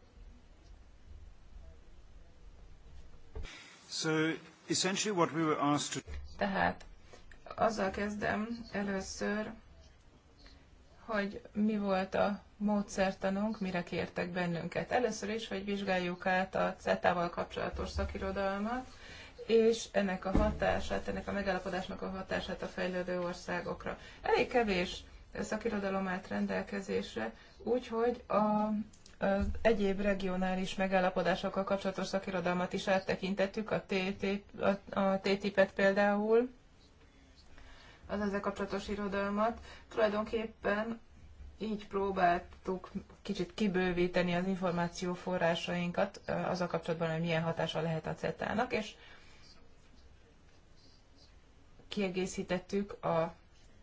So, essentially what we were asked to... Tehát azzal kezdem először, hogy mi volt a módszertanunk, mire kértek bennünket. Először is, hogy vizsgáljuk át a CETA-val kapcsolatos szakirodalmat, és ennek a hatását, ennek a megállapodásnak a hatását a fejlődő országokra. Elég kevés szakirodalom állt rendelkezésre, úgyhogy a, az egyéb regionális megállapodásokkal kapcsolatos szakirodalmat is áttekintettük, a, TT, a, a TTIP-et e például, az ezzel kapcsolatos irodalmat. Tulajdonképpen így próbáltuk kicsit kibővíteni az információ forrásainkat az a kapcsolatban, hogy milyen hatása lehet a CETA-nak, és kiegészítettük a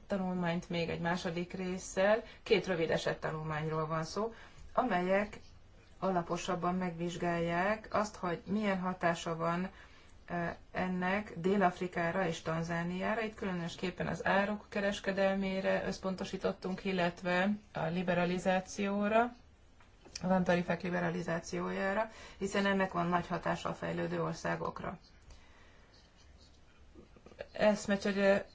tanulmányt még egy második résszel. Két rövid eset tanulmányról van szó, amelyek alaposabban megvizsgálják azt, hogy milyen hatása van ennek Dél-Afrikára és Tanzániára, itt különösképpen az áruk kereskedelmére összpontosítottunk, illetve a liberalizációra, a vámtarifák liberalizációjára, hiszen ennek van nagy hatása a fejlődő országokra. Eszmecsere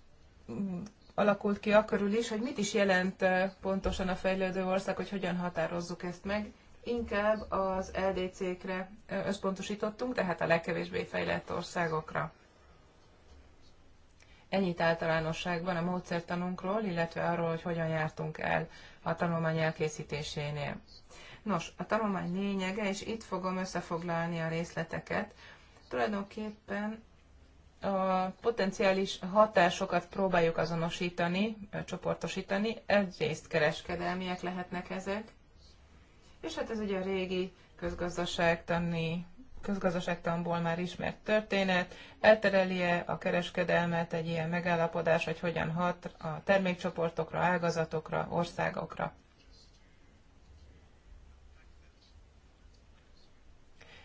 alakult ki akörül is, hogy mit is jelent pontosan a fejlődő ország, hogy hogyan határozzuk ezt meg, inkább az LDC-kre összpontosítottunk, tehát a legkevésbé fejlett országokra. Ennyit általánosságban a módszertanunkról, illetve arról, hogy hogyan jártunk el a tanulmány elkészítésénél. Nos, a tanulmány lényege, és itt fogom összefoglalni a részleteket, tulajdonképpen a potenciális hatásokat próbáljuk azonosítani, csoportosítani. Egyrészt kereskedelmiek lehetnek ezek, és hát ez ugye a régi közgazdaságtani közgazdaságtanból már ismert történet, elterelje a kereskedelmet egy ilyen megállapodás, hogy hogyan hat a termékcsoportokra, ágazatokra, országokra.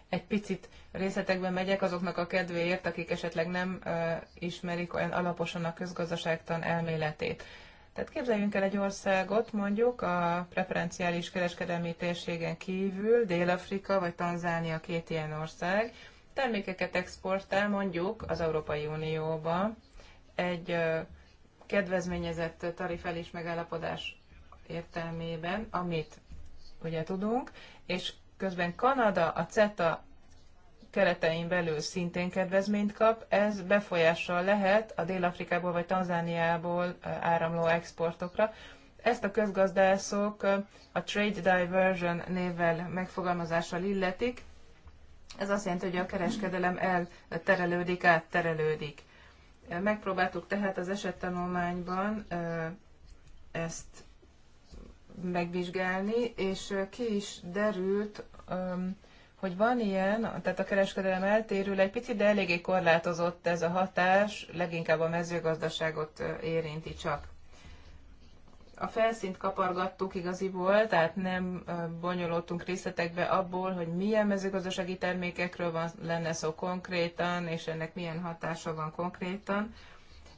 Egy picit részletekben megyek azoknak a kedvéért, akik esetleg nem uh, ismerik olyan alaposan a közgazdaságtan elméletét. Tehát képzeljünk el egy országot, mondjuk a preferenciális kereskedelmi térségen kívül, Dél-Afrika vagy Tanzánia két ilyen ország, termékeket exportál mondjuk az Európai Unióba egy kedvezményezett tarifelis megállapodás értelmében, amit ugye tudunk, és közben Kanada a CETA keretein belül szintén kedvezményt kap, ez befolyással lehet a Dél-Afrikából vagy Tanzániából áramló exportokra. Ezt a közgazdászok a Trade Diversion névvel megfogalmazással illetik. Ez azt jelenti, hogy a kereskedelem elterelődik, átterelődik. Megpróbáltuk tehát az esettanulmányban ezt megvizsgálni, és ki is derült, hogy van ilyen, tehát a kereskedelem eltérül egy picit, de eléggé korlátozott ez a hatás, leginkább a mezőgazdaságot érinti csak. A felszínt kapargattuk igaziból, tehát nem bonyolultunk részletekbe abból, hogy milyen mezőgazdasági termékekről van, lenne szó konkrétan, és ennek milyen hatása van konkrétan.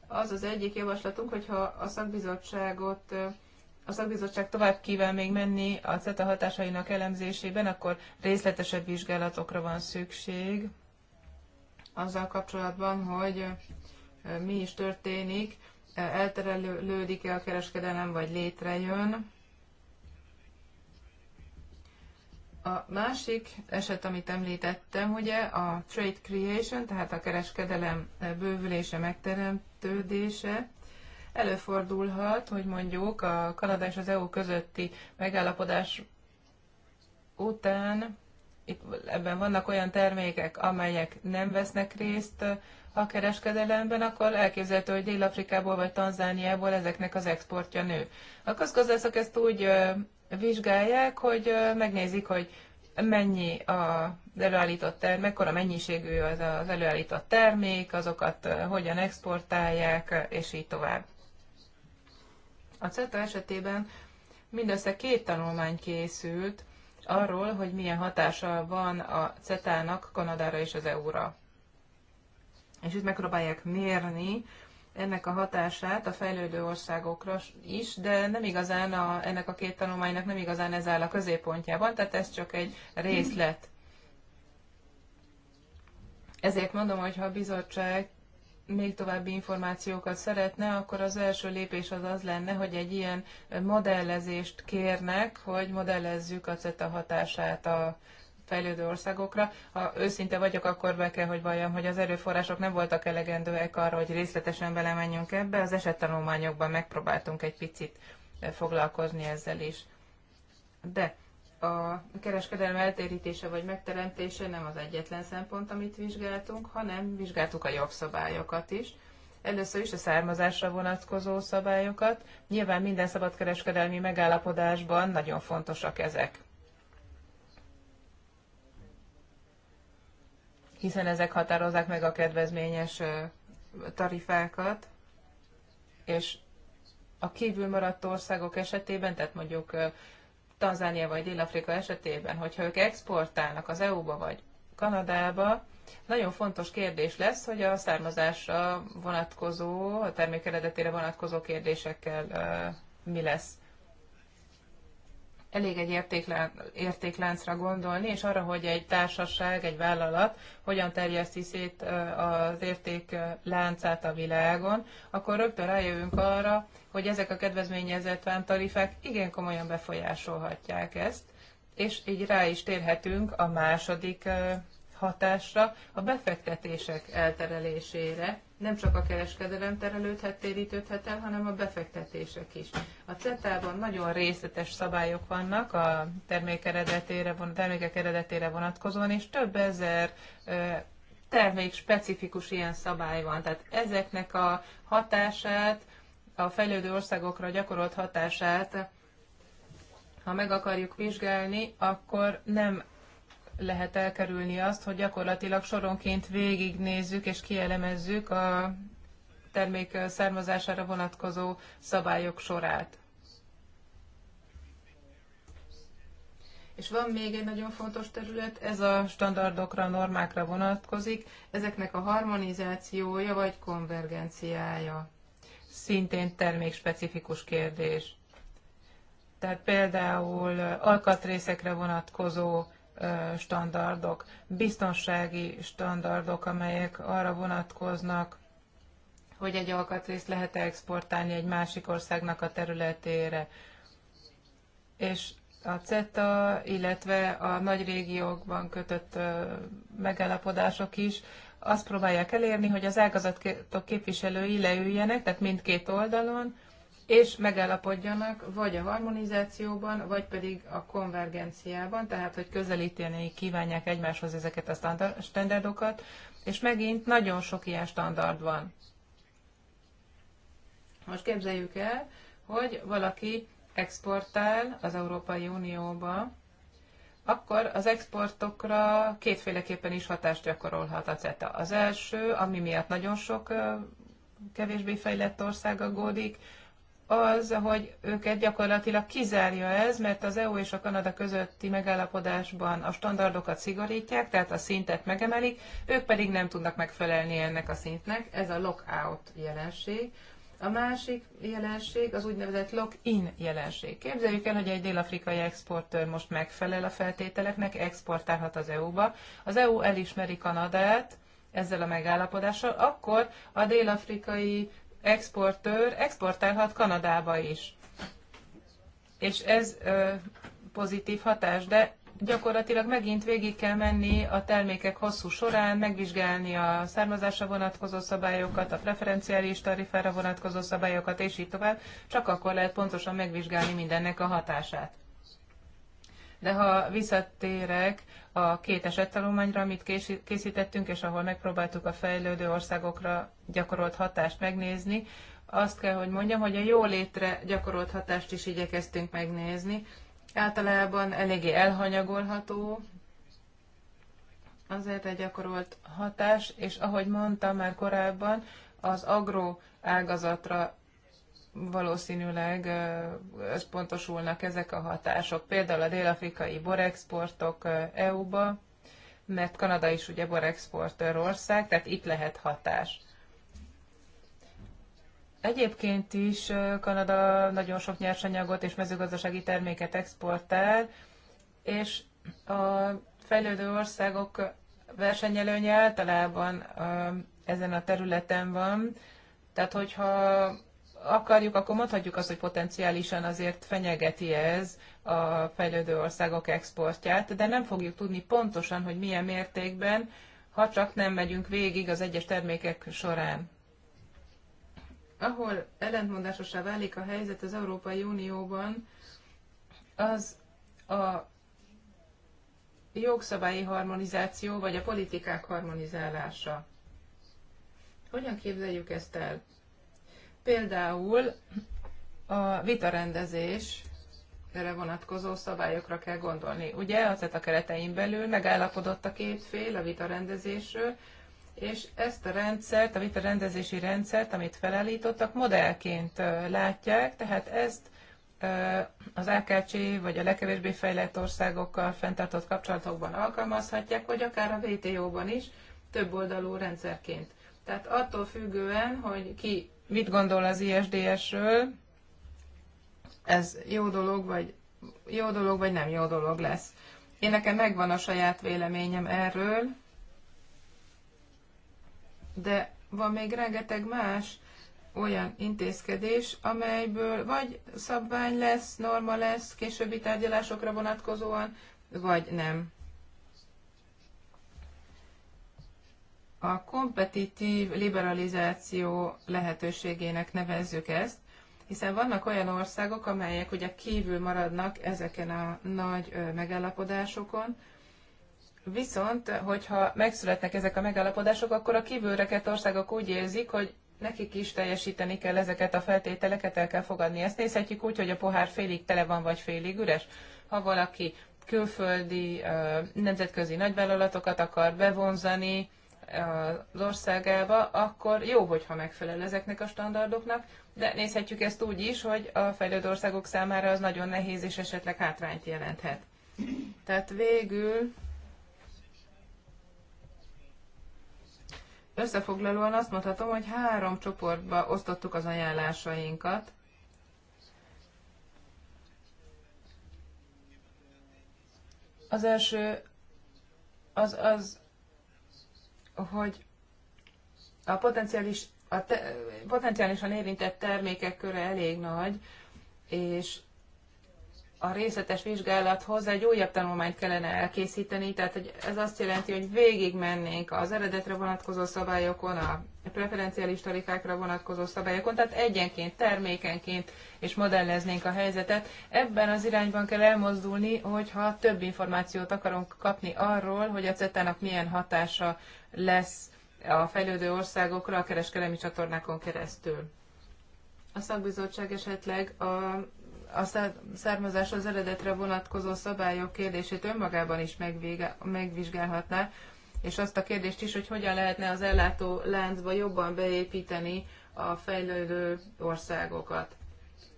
Az az egyik javaslatunk, hogyha a szakbizottságot a szakbizottság tovább kíván még menni a CETA hatásainak elemzésében, akkor részletesebb vizsgálatokra van szükség azzal kapcsolatban, hogy mi is történik, elterelődik-e a kereskedelem, vagy létrejön. A másik eset, amit említettem, ugye a trade creation, tehát a kereskedelem bővülése, megteremtődése, Előfordulhat, hogy mondjuk a Kanada és az EU közötti megállapodás után itt, ebben vannak olyan termékek, amelyek nem vesznek részt a kereskedelemben, akkor elképzelhető, hogy Dél-Afrikából vagy Tanzániából ezeknek az exportja nő. A közgazdászok ezt úgy vizsgálják, hogy megnézik, hogy mennyi az előállított termék, mekkora mennyiségű az az előállított termék, azokat hogyan exportálják, és így tovább. A CETA esetében mindössze két tanulmány készült arról, hogy milyen hatása van a CETA-nak Kanadára és az EU-ra. És itt megpróbálják mérni ennek a hatását a fejlődő országokra is, de nem igazán a, ennek a két tanulmánynak nem igazán ez áll a középpontjában, tehát ez csak egy részlet. Ezért mondom, hogy ha a bizottság még további információkat szeretne, akkor az első lépés az az lenne, hogy egy ilyen modellezést kérnek, hogy modellezzük a CETA hatását a fejlődő országokra. Ha őszinte vagyok, akkor be kell, hogy valljam, hogy az erőforrások nem voltak elegendőek arra, hogy részletesen belemenjünk ebbe. Az esettanulmányokban megpróbáltunk egy picit foglalkozni ezzel is. De a kereskedelem eltérítése vagy megteremtése nem az egyetlen szempont, amit vizsgáltunk, hanem vizsgáltuk a jogszabályokat is. Először is a származásra vonatkozó szabályokat. Nyilván minden szabadkereskedelmi megállapodásban nagyon fontosak ezek. Hiszen ezek határozzák meg a kedvezményes tarifákat, és a kívülmaradt országok esetében, tehát mondjuk Tanzánia vagy Dél-Afrika esetében, hogyha ők exportálnak az EU-ba vagy Kanadába, nagyon fontos kérdés lesz, hogy a származásra vonatkozó, a termék eredetére vonatkozó kérdésekkel mi lesz elég egy értéklán, értékláncra gondolni, és arra, hogy egy társaság, egy vállalat hogyan terjeszti szét az értékláncát a világon, akkor rögtön rájövünk arra, hogy ezek a kedvezményezett vámtarifák igen komolyan befolyásolhatják ezt, és így rá is térhetünk a második hatásra, a befektetések elterelésére, nem csak a kereskedelem terelődhet, térítődhet el, hanem a befektetések is. A CETA-ban nagyon részletes szabályok vannak a termék eredetére, termékek eredetére vonatkozóan, és több ezer termék specifikus ilyen szabály van. Tehát ezeknek a hatását, a fejlődő országokra gyakorolt hatását, ha meg akarjuk vizsgálni, akkor nem lehet elkerülni azt, hogy gyakorlatilag soronként végignézzük és kielemezzük a termék származására vonatkozó szabályok sorát. És van még egy nagyon fontos terület, ez a standardokra, normákra vonatkozik, ezeknek a harmonizációja vagy konvergenciája. Szintén termékspecifikus kérdés. Tehát például alkatrészekre vonatkozó standardok, biztonsági standardok, amelyek arra vonatkoznak, hogy egy alkatrészt lehet-e exportálni egy másik országnak a területére. És a CETA, illetve a nagy régiókban kötött megállapodások is azt próbálják elérni, hogy az ágazatok képviselői leüljenek, tehát mindkét oldalon, és megállapodjanak vagy a harmonizációban, vagy pedig a konvergenciában, tehát hogy közelíteni kívánják egymáshoz ezeket a standardokat, és megint nagyon sok ilyen standard van. Most képzeljük el, hogy valaki exportál az Európai Unióba, akkor az exportokra kétféleképpen is hatást gyakorolhat a CETA. Az első, ami miatt nagyon sok kevésbé fejlett ország aggódik, az, hogy őket gyakorlatilag kizárja ez, mert az EU és a Kanada közötti megállapodásban a standardokat szigorítják, tehát a szintet megemelik, ők pedig nem tudnak megfelelni ennek a szintnek. Ez a lockout jelenség. A másik jelenség az úgynevezett lock-in jelenség. Képzeljük el, hogy egy dél-afrikai exportőr most megfelel a feltételeknek, exportálhat az EU-ba. Az EU elismeri Kanadát ezzel a megállapodással, akkor a dél-afrikai exportőr exportálhat Kanadába is. És ez ö, pozitív hatás, de gyakorlatilag megint végig kell menni a termékek hosszú során, megvizsgálni a származásra vonatkozó szabályokat, a preferenciális tarifára vonatkozó szabályokat, és így tovább, csak akkor lehet pontosan megvizsgálni mindennek a hatását. De ha visszatérek a két esettanulmányra, amit készítettünk, és ahol megpróbáltuk a fejlődő országokra gyakorolt hatást megnézni, azt kell, hogy mondjam, hogy a jó létre gyakorolt hatást is igyekeztünk megnézni. Általában eléggé elhanyagolható azért egy gyakorolt hatás, és ahogy mondtam már korábban, az agro ágazatra valószínűleg összpontosulnak ezek a hatások. Például a dél-afrikai borexportok EU-ba, mert Kanada is ugye borexportőr ország, tehát itt lehet hatás. Egyébként is Kanada nagyon sok nyersanyagot és mezőgazdasági terméket exportál, és a fejlődő országok versenyelőnye általában ezen a területen van. Tehát, hogyha akarjuk, akkor mondhatjuk azt, hogy potenciálisan azért fenyegeti ez a fejlődő országok exportját, de nem fogjuk tudni pontosan, hogy milyen mértékben, ha csak nem megyünk végig az egyes termékek során. Ahol ellentmondásosá válik a helyzet az Európai Unióban, az a jogszabályi harmonizáció, vagy a politikák harmonizálása. Hogyan képzeljük ezt el? Például a vitarendezés erre vonatkozó szabályokra kell gondolni. Ugye a CETA keretein belül megállapodott a két fél a vitarendezésről, és ezt a rendszert, a vitarendezési rendszert, amit felállítottak, modellként látják, tehát ezt az AKC vagy a legkevésbé fejlett országokkal fenntartott kapcsolatokban alkalmazhatják, vagy akár a WTO-ban is több oldalú rendszerként. Tehát attól függően, hogy ki mit gondol az ISDS-ről, ez jó dolog, vagy jó dolog, vagy nem jó dolog lesz. Én nekem megvan a saját véleményem erről, de van még rengeteg más olyan intézkedés, amelyből vagy szabvány lesz, norma lesz későbbi tárgyalásokra vonatkozóan, vagy nem. a kompetitív liberalizáció lehetőségének nevezzük ezt, hiszen vannak olyan országok, amelyek ugye kívül maradnak ezeken a nagy megállapodásokon, viszont, hogyha megszületnek ezek a megállapodások, akkor a kívülreket országok úgy érzik, hogy nekik is teljesíteni kell ezeket a feltételeket, el kell fogadni. Ezt nézhetjük úgy, hogy a pohár félig tele van, vagy félig üres. Ha valaki külföldi, nemzetközi nagyvállalatokat akar bevonzani, az országába, akkor jó, hogyha megfelel ezeknek a standardoknak, de nézhetjük ezt úgy is, hogy a fejlődő országok számára az nagyon nehéz és esetleg hátrányt jelenthet. Tehát végül összefoglalóan azt mondhatom, hogy három csoportba osztottuk az ajánlásainkat. Az első az az hogy a potenciális, a te, potenciálisan érintett termékek köre elég nagy, és a részletes vizsgálathoz egy újabb tanulmányt kellene elkészíteni, tehát hogy ez azt jelenti, hogy végigmennénk az eredetre vonatkozó szabályokon, a preferenciális tarifákra vonatkozó szabályokon, tehát egyenként, termékenként és modelleznénk a helyzetet. Ebben az irányban kell elmozdulni, hogyha több információt akarunk kapni arról, hogy a CETA-nak milyen hatása lesz a fejlődő országokra a kereskedelmi csatornákon keresztül. A szakbizottság esetleg a a származás az eredetre vonatkozó szabályok kérdését önmagában is megvizsgálhatná, és azt a kérdést is, hogy hogyan lehetne az ellátó láncba jobban beépíteni a fejlődő országokat.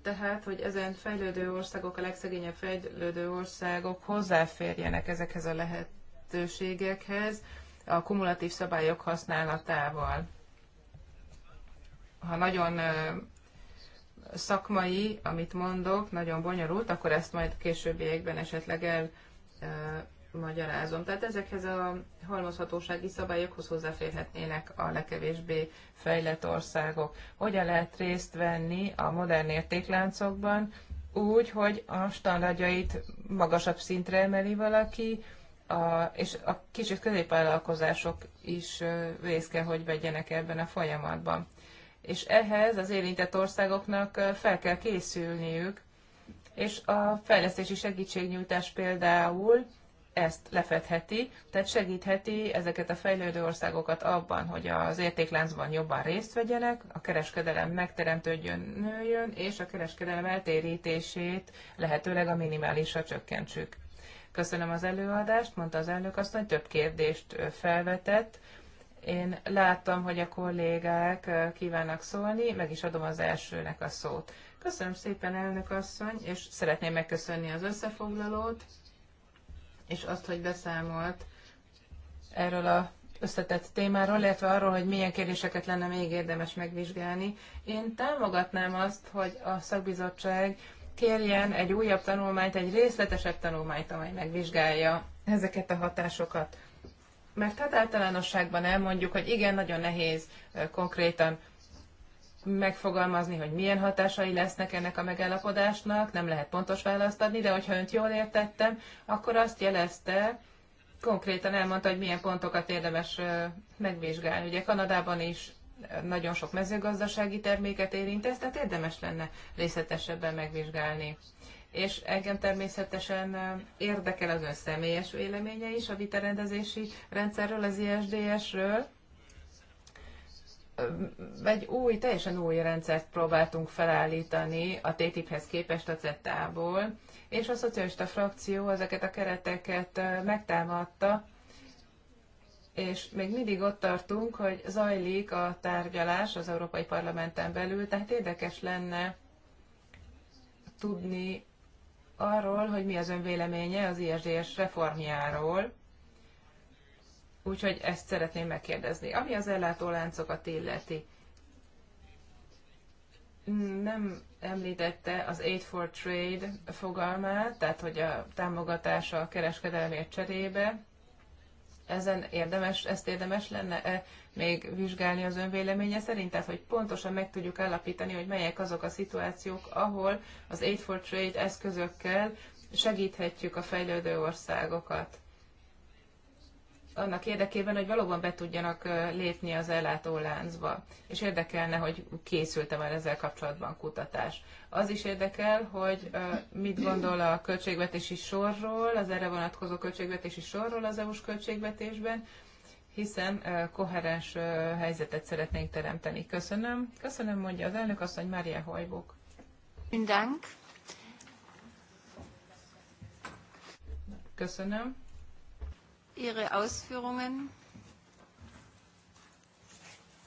Tehát, hogy ezen fejlődő országok, a legszegényebb fejlődő országok hozzáférjenek ezekhez a lehetőségekhez a kumulatív szabályok használatával. Ha nagyon szakmai, amit mondok, nagyon bonyolult, akkor ezt majd későbbiekben esetleg el magyarázom. Tehát ezekhez a halmozhatósági szabályokhoz hozzáférhetnének a legkevésbé fejlett országok. Hogyan lehet részt venni a modern értékláncokban úgy, hogy a standardjait magasabb szintre emeli valaki, a, és a kis és középvállalkozások is részt kell, hogy vegyenek ebben a folyamatban. És ehhez az érintett országoknak fel kell készülniük, és a fejlesztési segítségnyújtás például ezt lefedheti, tehát segítheti ezeket a fejlődő országokat abban, hogy az értékláncban jobban részt vegyenek, a kereskedelem megteremtődjön, nőjön, és a kereskedelem eltérítését lehetőleg a minimálisra csökkentsük. Köszönöm az előadást, mondta az elnök hogy több kérdést felvetett. Én láttam, hogy a kollégák kívánnak szólni, meg is adom az elsőnek a szót. Köszönöm szépen, elnök asszony, és szeretném megköszönni az összefoglalót és azt, hogy beszámolt erről a összetett témáról, illetve arról, hogy milyen kérdéseket lenne még érdemes megvizsgálni. Én támogatnám azt, hogy a szakbizottság kérjen egy újabb tanulmányt, egy részletesebb tanulmányt, amely megvizsgálja ezeket a hatásokat. Mert hát általánosságban elmondjuk, hogy igen, nagyon nehéz konkrétan megfogalmazni, hogy milyen hatásai lesznek ennek a megállapodásnak, nem lehet pontos választ adni, de hogyha önt jól értettem, akkor azt jelezte, konkrétan elmondta, hogy milyen pontokat érdemes megvizsgálni. Ugye Kanadában is nagyon sok mezőgazdasági terméket érint ez, tehát érdemes lenne részletesebben megvizsgálni. És engem természetesen érdekel az ön személyes véleménye is a vitarendezési rendszerről, az ISDS-ről, egy új, teljesen új rendszert próbáltunk felállítani a TTIP-hez képest a CETA-ból, és a szocialista frakció ezeket a kereteket megtámadta, és még mindig ott tartunk, hogy zajlik a tárgyalás az Európai Parlamenten belül, tehát érdekes lenne tudni arról, hogy mi az ön véleménye az ISDS reformjáról, Úgyhogy ezt szeretném megkérdezni. Ami az ellátóláncokat illeti, nem említette az Aid for Trade fogalmát, tehát hogy a támogatása a kereskedelmért cserébe. Ezen érdemes, ezt érdemes lenne -e még vizsgálni az önvéleménye szerint, tehát hogy pontosan meg tudjuk állapítani, hogy melyek azok a szituációk, ahol az Aid for Trade eszközökkel segíthetjük a fejlődő országokat annak érdekében, hogy valóban be tudjanak lépni az ellátóláncba. És érdekelne, hogy készült-e már ezzel kapcsolatban kutatás. Az is érdekel, hogy mit gondol a költségvetési sorról, az erre vonatkozó költségvetési sorról az EU-s költségvetésben, hiszen koherens helyzetet szeretnénk teremteni. Köszönöm. Köszönöm, mondja az elnök asszony Mária Hajbuk. Köszönöm. Ihre Ausführungen.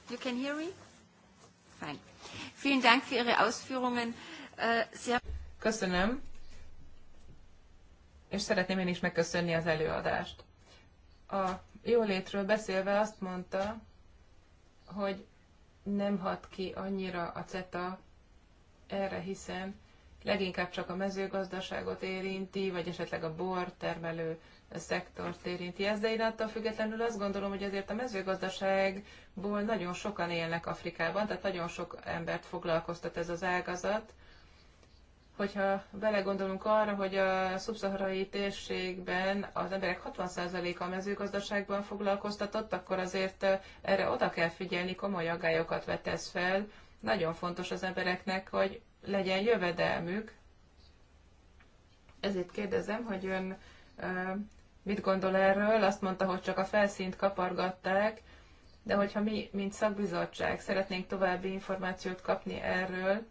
You can hear me? Fine. Vielen Dank für Ihre Ausführungen. Äh, Sehr Köszönöm. És szeretném én is megköszönni az előadást. A jólétről beszélve azt mondta, hogy nem hat ki annyira a CETA erre, hiszen leginkább csak a mezőgazdaságot érinti, vagy esetleg a bor termelő szektort érinti ez, de én attól függetlenül azt gondolom, hogy azért a mezőgazdaságból nagyon sokan élnek Afrikában, tehát nagyon sok embert foglalkoztat ez az ágazat. Hogyha belegondolunk arra, hogy a szubszaharai térségben az emberek 60%-a a mezőgazdaságban foglalkoztatott, akkor azért erre oda kell figyelni, komoly aggályokat vetesz fel. Nagyon fontos az embereknek, hogy legyen jövedelmük, ezért kérdezem, hogy ön mit gondol erről, azt mondta, hogy csak a felszínt kapargatták, de hogyha mi, mint szakbizottság szeretnénk további információt kapni erről,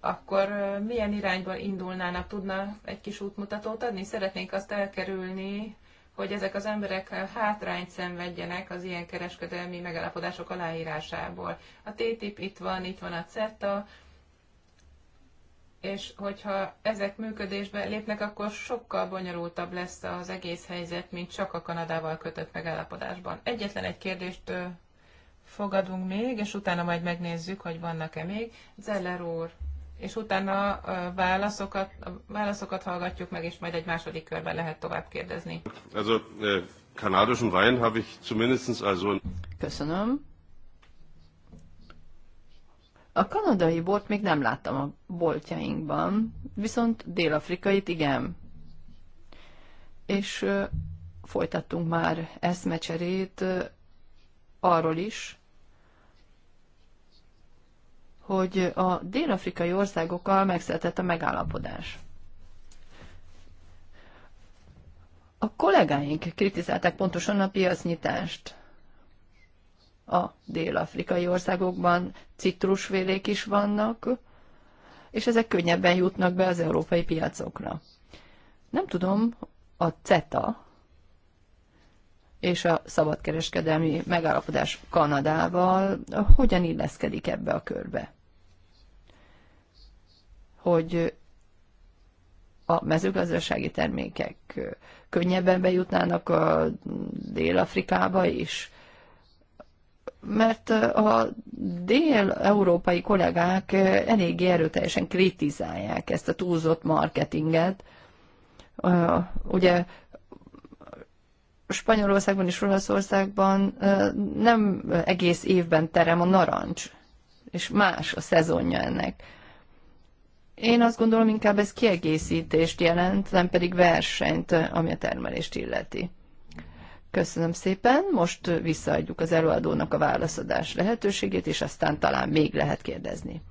akkor milyen irányba indulnának? Tudna egy kis útmutatót adni? Szeretnénk azt elkerülni, hogy ezek az emberek hátrányt szenvedjenek az ilyen kereskedelmi megállapodások aláírásából. A TTIP itt van, itt van a CETA, és hogyha ezek működésbe lépnek, akkor sokkal bonyolultabb lesz az egész helyzet, mint csak a Kanadával kötött megállapodásban. Egyetlen egy kérdést fogadunk még, és utána majd megnézzük, hogy vannak-e még. Zeller úr, és utána a válaszokat, a válaszokat hallgatjuk meg, és majd egy második körben lehet tovább kérdezni. Also, äh, kanadischen Wein habe ich zumindest also... Köszönöm. A kanadai bort még nem láttam a boltjainkban, viszont dél-afrikait igen. És folytattunk már eszmecserét arról is, hogy a dél-afrikai országokkal megszületett a megállapodás. A kollégáink kritizálták pontosan a piacnyitást a dél-afrikai országokban citrusfélék is vannak, és ezek könnyebben jutnak be az európai piacokra. Nem tudom, a CETA és a szabadkereskedelmi megállapodás Kanadával hogyan illeszkedik ebbe a körbe. Hogy a mezőgazdasági termékek könnyebben bejutnának a Dél-Afrikába is, mert a dél-európai kollégák eléggé erőteljesen kritizálják ezt a túlzott marketinget. Ugye Spanyolországban és Olaszországban nem egész évben terem a narancs, és más a szezonja ennek. Én azt gondolom, inkább ez kiegészítést jelent, nem pedig versenyt, ami a termelést illeti. Köszönöm szépen, most visszaadjuk az előadónak a válaszadás lehetőségét, és aztán talán még lehet kérdezni.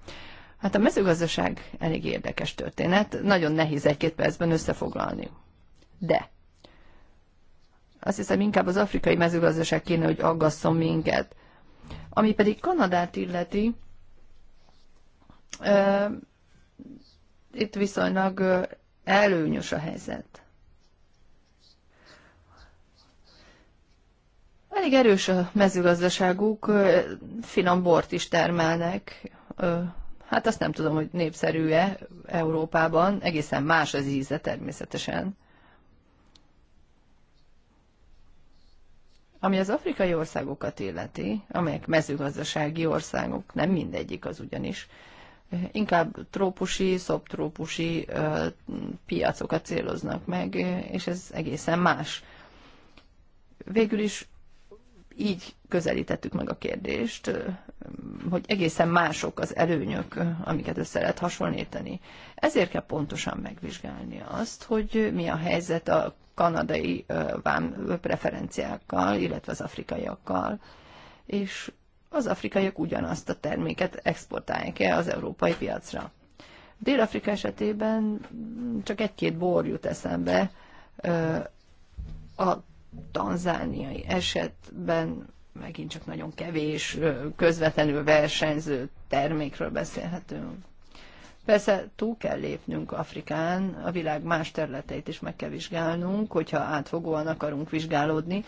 Hát a mezőgazdaság elég érdekes történet, nagyon nehéz egy-két percben összefoglalni. De azt hiszem inkább az afrikai mezőgazdaság kéne, hogy aggasszon minket. Ami pedig Kanadát illeti, itt viszonylag előnyös a helyzet. Elég erős a mezőgazdaságuk, finom bort is termelnek. Hát azt nem tudom, hogy népszerű-e Európában, egészen más az íze természetesen. Ami az afrikai országokat illeti, amelyek mezőgazdasági országok, nem mindegyik az ugyanis, inkább trópusi, szobtrópusi piacokat céloznak meg, és ez egészen más. Végül is így közelítettük meg a kérdést, hogy egészen mások az előnyök, amiket össze lehet hasonlítani. Ezért kell pontosan megvizsgálni azt, hogy mi a helyzet a kanadai vám preferenciákkal, illetve az afrikaiakkal, és az afrikaiak ugyanazt a terméket exportálják-e az európai piacra. Dél-Afrika esetében csak egy-két bor jut eszembe, a tanzániai esetben megint csak nagyon kevés közvetlenül versenyző termékről beszélhetünk. Persze túl kell lépnünk Afrikán, a világ más területeit is meg kell vizsgálnunk, hogyha átfogóan akarunk vizsgálódni,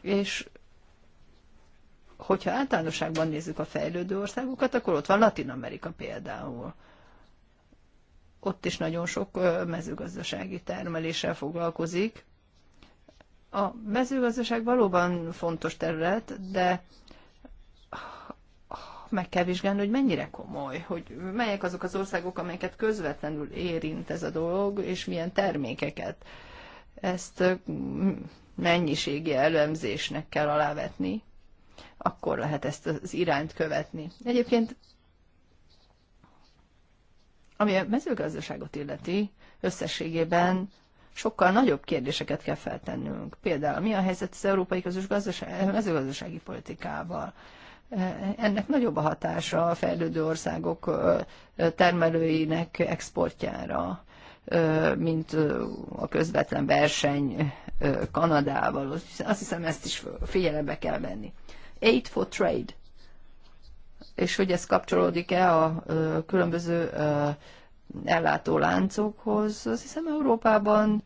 és hogyha általánosságban nézzük a fejlődő országokat, akkor ott van Latin Amerika például. Ott is nagyon sok mezőgazdasági termeléssel foglalkozik, a mezőgazdaság valóban fontos terület, de meg kell vizsgálni, hogy mennyire komoly, hogy melyek azok az országok, amelyeket közvetlenül érint ez a dolog, és milyen termékeket. Ezt mennyiségi elemzésnek kell alávetni, akkor lehet ezt az irányt követni. Egyébként, ami a mezőgazdaságot illeti, összességében sokkal nagyobb kérdéseket kell feltennünk. Például mi a helyzet az európai közös gazdasági, eh, mezőgazdasági politikával? Eh, ennek nagyobb a hatása a fejlődő országok eh, termelőinek exportjára, mint a közvetlen verseny Kanadával. Azt hiszem, ezt is figyelembe kell venni. Aid for Trade. És hogy ez kapcsolódik-e a különböző ellátó láncokhoz. Azt hiszem Európában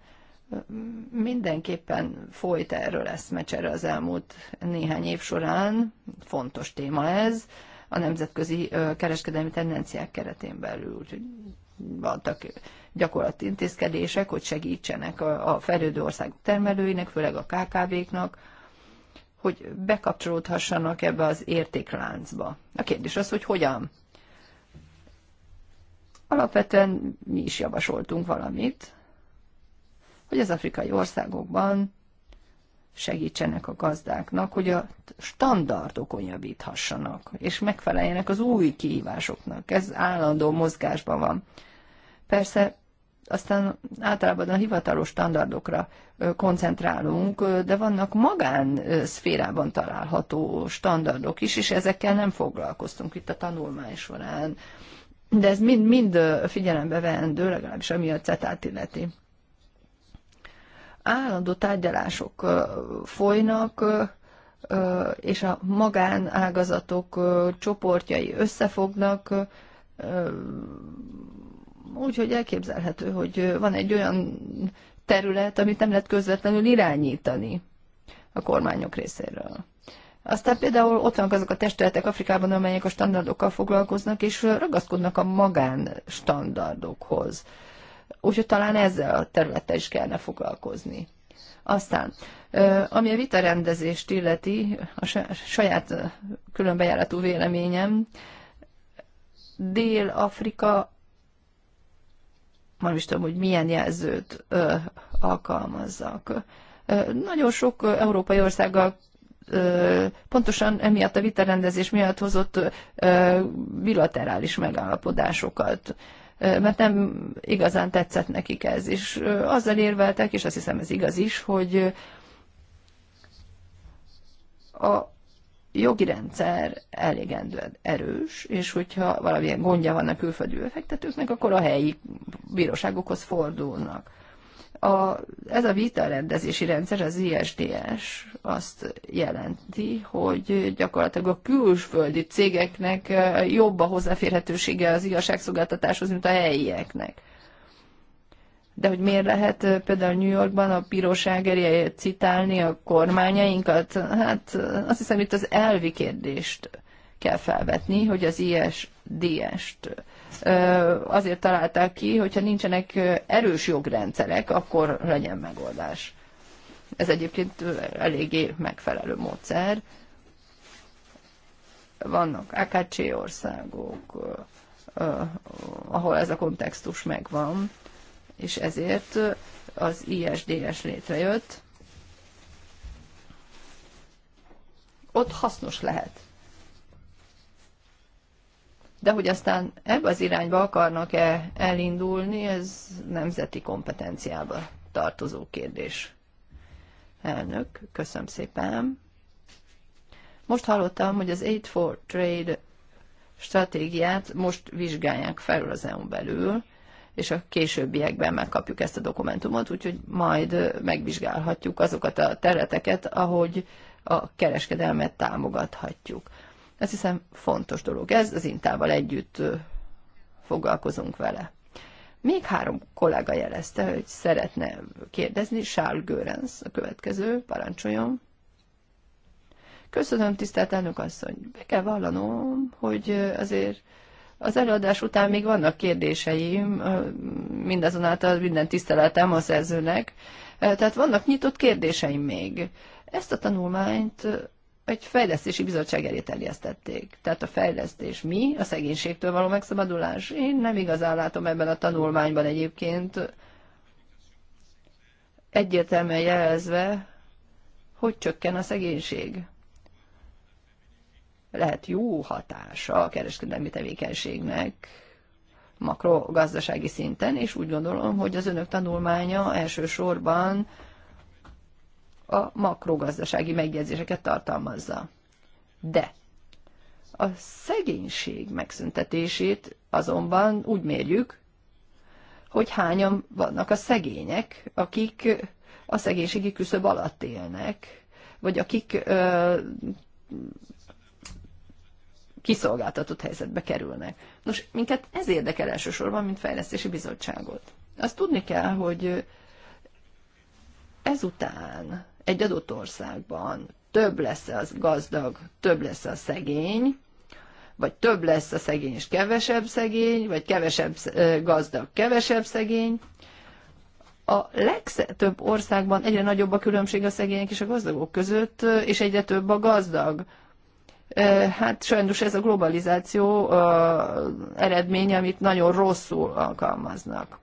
mindenképpen folyt erről eszmecsere az elmúlt néhány év során. Fontos téma ez a nemzetközi kereskedelmi tendenciák keretén belül. Úgyhogy vantak gyakorlati intézkedések, hogy segítsenek a fejlődő országok termelőinek, főleg a KKV-knak, hogy bekapcsolódhassanak ebbe az értékláncba. A kérdés az, hogy hogyan Alapvetően mi is javasoltunk valamit, hogy az afrikai országokban segítsenek a gazdáknak, hogy a standardokon javíthassanak, és megfeleljenek az új kihívásoknak. Ez állandó mozgásban van. Persze aztán általában a hivatalos standardokra koncentrálunk, de vannak magán szférában található standardok is, és ezekkel nem foglalkoztunk itt a tanulmány során de ez mind-mind figyelembe veendő, legalábbis ami a cetát illeti. Állandó tárgyalások folynak, és a magánágazatok csoportjai összefognak, úgyhogy elképzelhető, hogy van egy olyan terület, amit nem lehet közvetlenül irányítani a kormányok részéről. Aztán például ott vannak azok a testületek Afrikában, amelyek a standardokkal foglalkoznak, és ragaszkodnak a magán standardokhoz. Úgyhogy talán ezzel a területtel is kellene foglalkozni. Aztán, ami a vitarendezést illeti, a saját különbejáratú véleményem, Dél-Afrika, már is tudom, hogy milyen jelzőt alkalmazzak. nagyon sok európai országgal pontosan emiatt a vitarendezés miatt hozott bilaterális megállapodásokat mert nem igazán tetszett nekik ez. És azzal érveltek, és azt hiszem ez igaz is, hogy a jogi rendszer elégendően erős, és hogyha valamilyen gondja van a külföldi befektetőknek, akkor a helyi bíróságokhoz fordulnak. A, ez a vitarendezési rendszer, az ISDS azt jelenti, hogy gyakorlatilag a külföldi cégeknek jobb a hozzáférhetősége az igazságszolgáltatáshoz, mint a helyieknek. De hogy miért lehet például New Yorkban a bíróság elé citálni a kormányainkat? Hát azt hiszem itt az elvi kérdést kell felvetni, hogy az ISDS-t azért találták ki, hogyha nincsenek erős jogrendszerek, akkor legyen megoldás. Ez egyébként eléggé megfelelő módszer. Vannak AKC országok, ahol ez a kontextus megvan, és ezért az ISDS létrejött. Ott hasznos lehet de hogy aztán ebbe az irányba akarnak-e elindulni, ez nemzeti kompetenciába tartozó kérdés. Elnök, köszönöm szépen. Most hallottam, hogy az Aid for Trade stratégiát most vizsgálják felül az EU-n belül, és a későbbiekben megkapjuk ezt a dokumentumot, úgyhogy majd megvizsgálhatjuk azokat a területeket, ahogy a kereskedelmet támogathatjuk. Ez hiszem fontos dolog ez, az Intával együtt foglalkozunk vele. Még három kollega jelezte, hogy szeretne kérdezni. Charles Görens a következő, parancsoljon. Köszönöm, tisztelt elnök asszony. Be kell vallanom, hogy azért az előadás után még vannak kérdéseim, mindazonáltal minden tiszteletem a szerzőnek. Tehát vannak nyitott kérdéseim még. Ezt a tanulmányt egy fejlesztési bizottság elé terjesztették. Tehát a fejlesztés mi? A szegénységtől való megszabadulás? Én nem igazán látom ebben a tanulmányban egyébként egyértelműen jelezve, hogy csökken a szegénység. Lehet jó hatása a kereskedelmi tevékenységnek makrogazdasági szinten, és úgy gondolom, hogy az önök tanulmánya elsősorban a makrogazdasági megjegyzéseket tartalmazza. De a szegénység megszüntetését azonban úgy mérjük, hogy hányan vannak a szegények, akik a szegénységi küszöb alatt élnek, vagy akik ö, kiszolgáltatott helyzetbe kerülnek. Nos, minket ez érdekel elsősorban, mint fejlesztési bizottságot. Azt tudni kell, hogy ezután egy adott országban több lesz az gazdag, több lesz a szegény, vagy több lesz a szegény és kevesebb szegény, vagy kevesebb gazdag, kevesebb szegény. A legtöbb országban egyre nagyobb a különbség a szegények és a gazdagok között, és egyre több a gazdag. Hát sajnos ez a globalizáció eredménye, amit nagyon rosszul alkalmaznak.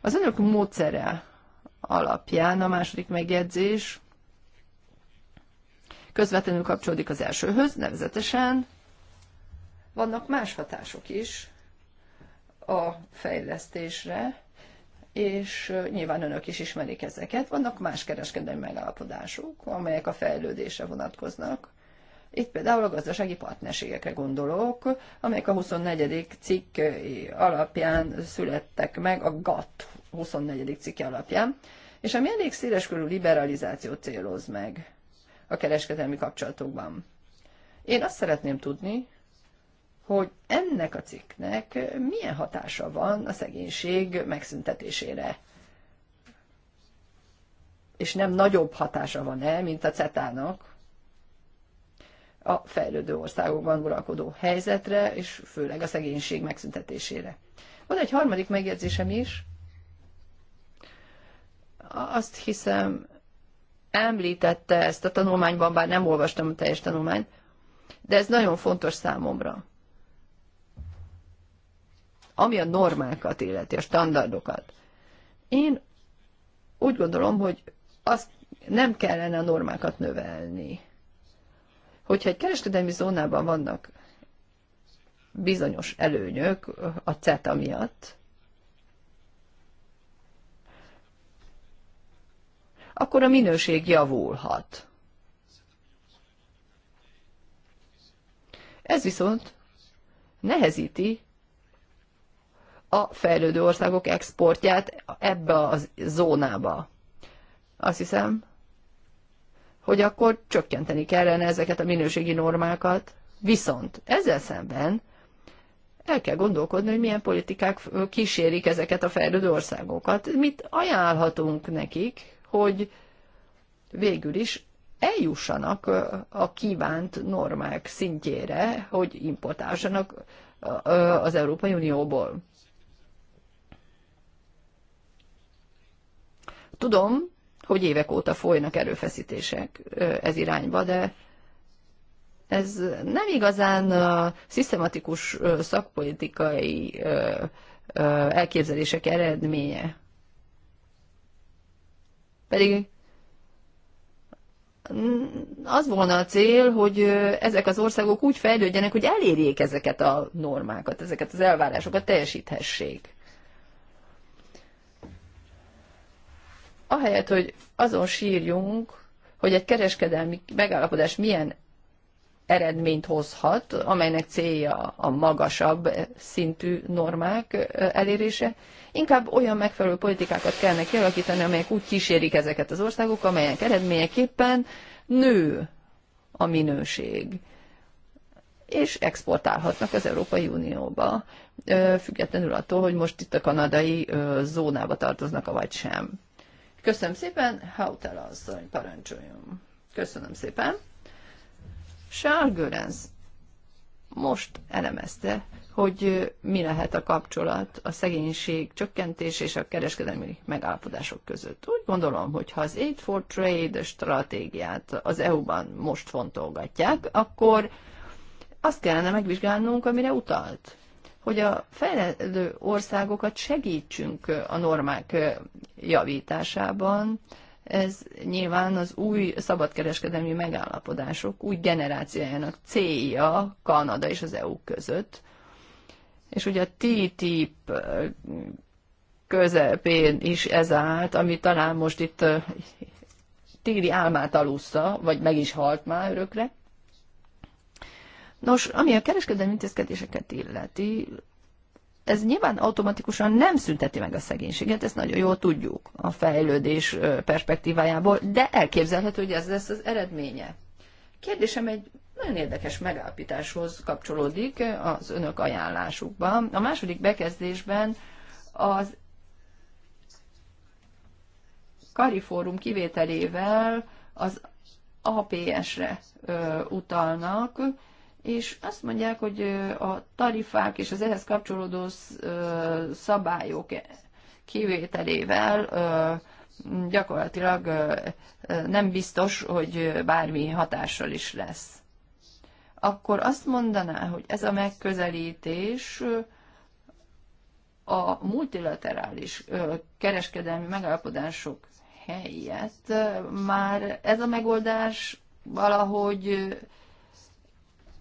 Az önök módszere alapján a második megjegyzés – közvetlenül kapcsolódik az elsőhöz, nevezetesen vannak más hatások is a fejlesztésre, és nyilván önök is ismerik ezeket. Vannak más kereskedelmi megállapodások, amelyek a fejlődésre vonatkoznak. Itt például a gazdasági partnerségekre gondolok, amelyek a 24. cikk alapján születtek meg, a GATT 24. cikk alapján, és ami elég széleskörű liberalizáció céloz meg a kereskedelmi kapcsolatokban. Én azt szeretném tudni, hogy ennek a cikknek milyen hatása van a szegénység megszüntetésére. És nem nagyobb hatása van-e, mint a cetának a fejlődő országokban uralkodó helyzetre, és főleg a szegénység megszüntetésére. Van egy harmadik megjegyzésem is. Azt hiszem, említette ezt a tanulmányban, bár nem olvastam a teljes tanulmányt, de ez nagyon fontos számomra. Ami a normákat illeti, a standardokat. Én úgy gondolom, hogy azt nem kellene a normákat növelni. Hogyha egy kereskedelmi zónában vannak bizonyos előnyök a CETA miatt, akkor a minőség javulhat. Ez viszont nehezíti a fejlődő országok exportját ebbe a zónába. Azt hiszem, hogy akkor csökkenteni kellene ezeket a minőségi normákat. Viszont ezzel szemben el kell gondolkodni, hogy milyen politikák kísérik ezeket a fejlődő országokat. Mit ajánlhatunk nekik, hogy végül is eljussanak a kívánt normák szintjére, hogy importálsanak az Európai Unióból. Tudom, hogy évek óta folynak erőfeszítések ez irányba, de ez nem igazán a szisztematikus szakpolitikai elképzelések eredménye. Pedig az volna a cél, hogy ezek az országok úgy fejlődjenek, hogy elérjék ezeket a normákat, ezeket az elvárásokat teljesíthessék. Ahelyett, hogy azon sírjunk, hogy egy kereskedelmi megállapodás milyen eredményt hozhat, amelynek célja a magasabb szintű normák elérése. Inkább olyan megfelelő politikákat kellene kialakítani, amelyek úgy kísérik ezeket az országok, amelyek eredményeképpen nő a minőség, és exportálhatnak az Európai Unióba, függetlenül attól, hogy most itt a kanadai zónába tartoznak, vagy sem. Köszönöm szépen, Hautala asszony, parancsoljon. Köszönöm szépen. Görens most elemezte, hogy mi lehet a kapcsolat a szegénység csökkentés és a kereskedelmi megállapodások között. Úgy gondolom, hogy ha az Aid for Trade stratégiát az EU-ban most fontolgatják, akkor azt kellene megvizsgálnunk, amire utalt hogy a fejlődő országokat segítsünk a normák javításában, ez nyilván az új szabadkereskedelmi megállapodások új generációjának célja Kanada és az EU között. És ugye a TTIP közepén is ez állt, ami talán most itt téli álmát alussza, vagy meg is halt már örökre. Nos, ami a kereskedelmi intézkedéseket illeti, ez nyilván automatikusan nem szünteti meg a szegénységet, ezt nagyon jól tudjuk a fejlődés perspektívájából, de elképzelhető, hogy ez lesz az eredménye. Kérdésem egy nagyon érdekes megállapításhoz kapcsolódik az önök ajánlásukban. A második bekezdésben az karifórum kivételével az APS-re utalnak, és azt mondják, hogy a tarifák és az ehhez kapcsolódó szabályok kivételével gyakorlatilag nem biztos, hogy bármi hatással is lesz. Akkor azt mondaná, hogy ez a megközelítés a multilaterális kereskedelmi megállapodások helyett már ez a megoldás valahogy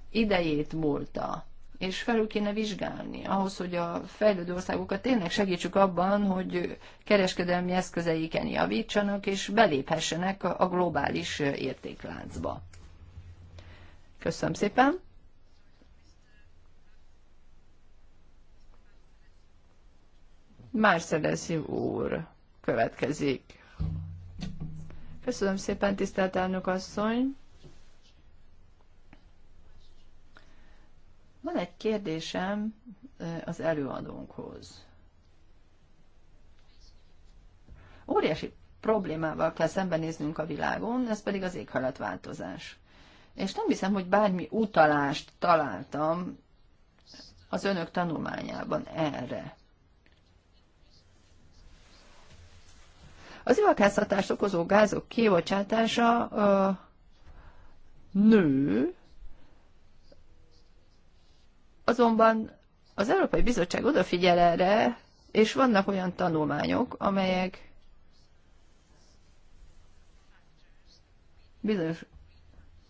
idejét múlta, és felül kéne vizsgálni, ahhoz, hogy a fejlődő országokat tényleg segítsük abban, hogy kereskedelmi eszközeiken javítsanak, és beléphessenek a globális értékláncba. Köszönöm szépen! Márszerezi úr következik. Köszönöm szépen, tisztelt elnök asszony! Van egy kérdésem az előadónkhoz. Óriási problémával kell szembenéznünk a világon, ez pedig az éghajlatváltozás. És nem hiszem, hogy bármi utalást találtam az önök tanulmányában erre. Az ivakászhatást okozó gázok kibocsátása nő, Azonban az Európai Bizottság odafigyel erre, és vannak olyan tanulmányok, amelyek bizonyos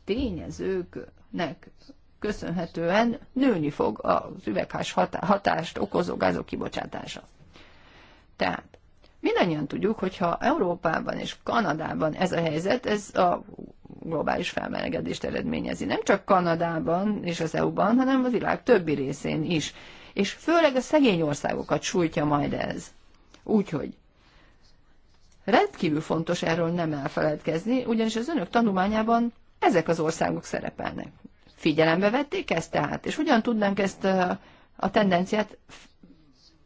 tényezőknek köszönhetően nőni fog az üveghás hatást okozó gázok kibocsátása. Tehát mindannyian tudjuk, hogyha Európában és Kanadában ez a helyzet, ez a globális felmelegedést eredményezi. Nem csak Kanadában és az EU-ban, hanem a világ többi részén is. És főleg a szegény országokat sújtja majd ez. Úgyhogy rendkívül fontos erről nem elfeledkezni, ugyanis az önök tanulmányában ezek az országok szerepelnek. Figyelembe vették ezt tehát, és hogyan tudnánk ezt a tendenciát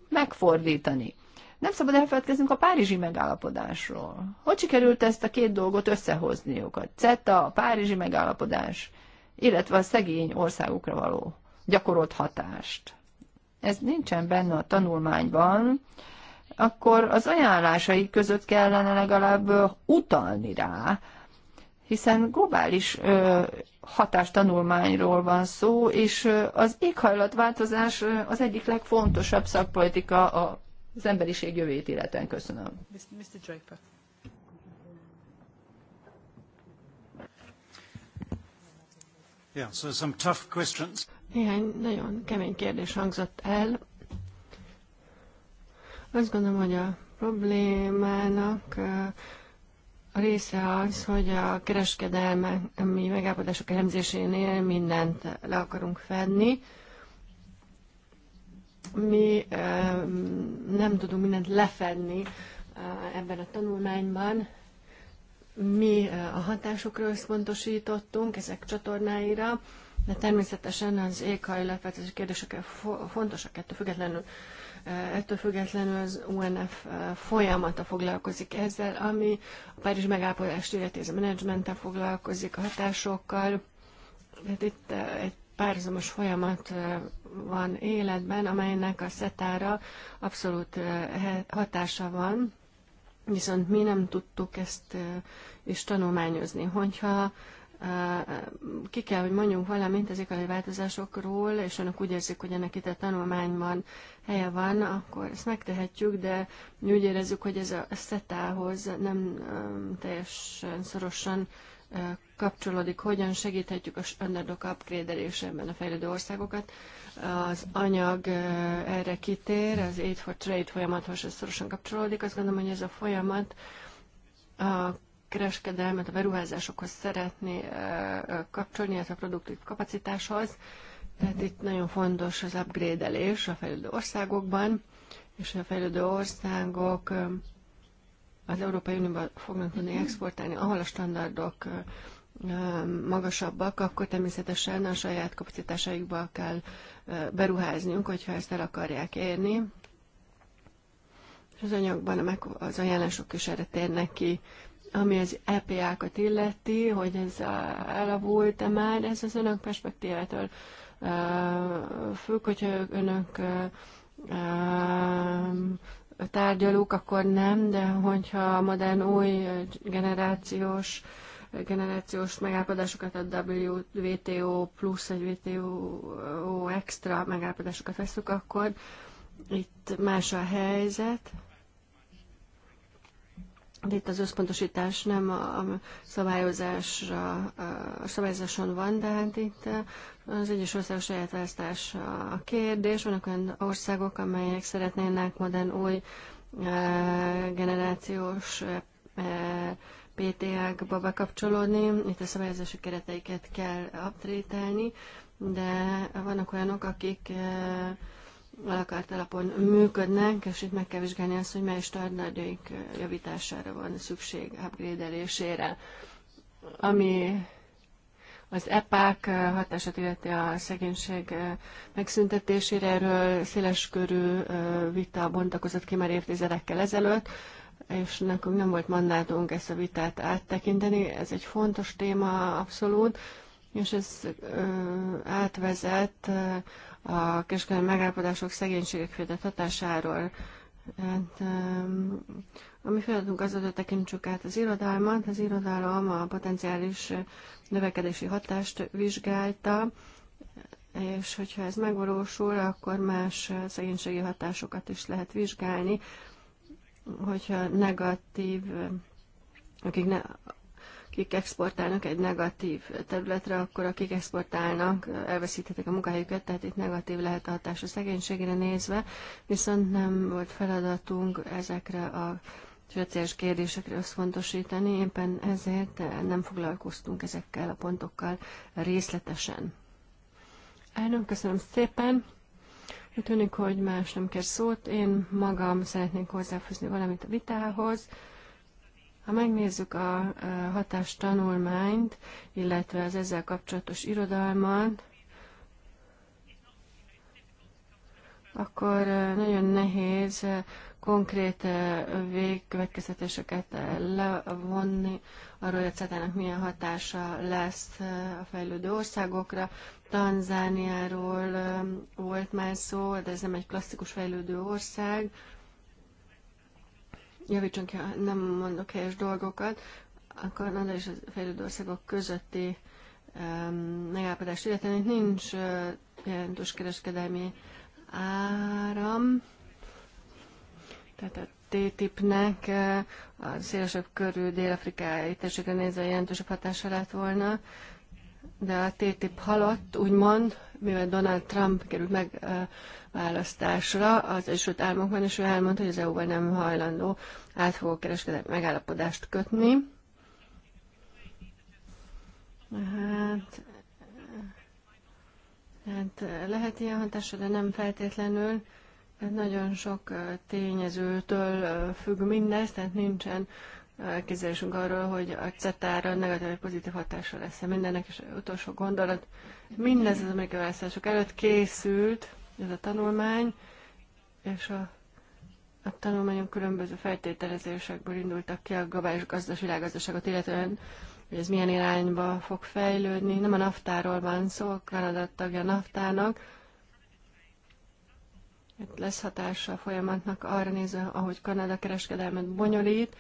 megfordítani? Nem szabad elfeledkeznünk a párizsi megállapodásról. Hogy sikerült ezt a két dolgot összehozniuk? A CETA, a párizsi megállapodás, illetve a szegény országukra való gyakorolt hatást. Ez nincsen benne a tanulmányban, akkor az ajánlásai között kellene legalább utalni rá, hiszen globális ö, hatástanulmányról van szó, és az éghajlatváltozás az egyik legfontosabb szakpolitika a az emberiség jövőjét illetően. Köszönöm. Mr. Draper. Yeah, so some tough questions. Néhány nagyon kemény kérdés hangzott el. Azt gondolom, hogy a problémának a része az, hogy a ami megállapodások elemzésénél mindent le akarunk fedni mi eh, nem tudunk mindent lefedni eh, ebben a tanulmányban. Mi eh, a hatásokra összpontosítottunk, ezek csatornáira, de természetesen az a kérdések fontosak ettől függetlenül. Ettől függetlenül az UNF folyamata foglalkozik ezzel, ami a Párizs megállapodás illeti, a menedzsmenttel foglalkozik, a hatásokkal. Hát itt egy párhuzamos folyamat van életben, amelynek a szetára abszolút eh, hatása van, viszont mi nem tudtuk ezt eh, is tanulmányozni. Hogyha eh, ki kell, hogy mondjunk valamint az változásokról, és önök úgy érzik, hogy ennek itt a tanulmányban helye van, akkor ezt megtehetjük, de mi úgy érezzük, hogy ez a szetához nem teljesen szorosan kapcsolódik, hogyan segíthetjük a standardok upgrade a fejlődő országokat az anyag erre kitér, az Aid for Trade folyamathoz szorosan kapcsolódik. Azt gondolom, hogy ez a folyamat a kereskedelmet a beruházásokhoz szeretné kapcsolni, ez a produktív kapacitáshoz. Tehát itt nagyon fontos az upgrade-elés a fejlődő országokban, és a fejlődő országok az Európai Unióban fognak tudni exportálni, ahol a standardok magasabbak, akkor természetesen a saját kapacitásaikba kell beruházniuk, hogyha ezt el akarják érni. És az anyagban az ajánlások is erre térnek ki, ami az EPA-kat illeti, hogy ez elavult-e már, ez az önök perspektívától, függ, hogyha önök tárgyalók, akkor nem, de hogyha a modern új generációs uh, generációs megállapodásokat, a WTO plusz, egy WTO extra megállapodásokat veszük, akkor itt más a helyzet. De itt az összpontosítás nem a, szabályozásra, a szabályozáson van, de hát itt az egyes országos sajátválasztás a kérdés. Vannak olyan országok, amelyek szeretnének modern új eh, generációs eh, PTA-kba bekapcsolódni, itt a szabályozási kereteiket kell aptrételni, de vannak olyanok, akik alakárt eh, alapon működnek, és itt meg kell vizsgálni azt, hogy mely standardjaik eh, javítására van szükség, upgrade Ami az EPÁK hatását illeti a szegénység eh, megszüntetésére, erről széleskörű vita bontakozott ki már évtizedekkel ezelőtt és nekünk nem volt mandátunk ezt a vitát áttekinteni. Ez egy fontos téma abszolút, és ez ö, átvezet a kereskedelmi megállapodások szegénységek védett hatásáról. Hát, a mi feladatunk az, hogy tekintsük át az irodalmat. Az irodalom a potenciális növekedési hatást vizsgálta, és hogyha ez megvalósul, akkor más szegénységi hatásokat is lehet vizsgálni, hogyha negatív, akik, ne, akik exportálnak egy negatív területre, akkor akik exportálnak, elveszíthetik a munkahelyüket, tehát itt negatív lehet a hatás a szegénységre nézve, viszont nem volt feladatunk ezekre a szociális kérdésekre összpontosítani, éppen ezért nem foglalkoztunk ezekkel a pontokkal részletesen. Elnök, köszönöm szépen! Úgy tűnik, hogy más nem kér szót. Én magam szeretnék hozzáfűzni valamit a vitához. Ha megnézzük a hatástanulmányt, illetve az ezzel kapcsolatos irodalmat, akkor eh, nagyon nehéz eh, konkrét eh, végkövetkezetéseket levonni arról, hogy a CETA-nak milyen hatása lesz a fejlődő országokra, Tanzániáról volt már szó, de ez nem egy klasszikus fejlődő ország. Javítson ki, ha nem mondok helyes dolgokat. A Kanada és a fejlődő országok közötti um, megállapodást illetően nincs uh, jelentős kereskedelmi áram. Tehát a TTIP-nek uh, a szélesebb körű dél-afrikai térségre nézve jelentősebb hatása lett volna. Uh, de a TTIP halott, úgymond, mivel Donald Trump került választásra, az Egyesült Államokban, és ő elmondta, hogy az EU-val nem hajlandó átfogó kereskedelmi megállapodást kötni. Hát, hát lehet ilyen hatása, de nem feltétlenül. Hát nagyon sok tényezőtől függ mindez, tehát nincsen elképzelésünk arról, hogy a cetára negatív vagy pozitív hatása lesz -e mindennek, és utolsó gondolat, mindez az amerikai választások előtt készült ez a tanulmány, és a, a tanulmányon különböző feltételezésekből indultak ki a globális gazdas, világgazdaságot, illetően hogy ez milyen irányba fog fejlődni. Nem a naftáról van szó, Kanada tagja a naftának. Itt lesz hatása a folyamatnak arra nézve, ahogy Kanada kereskedelmet bonyolít,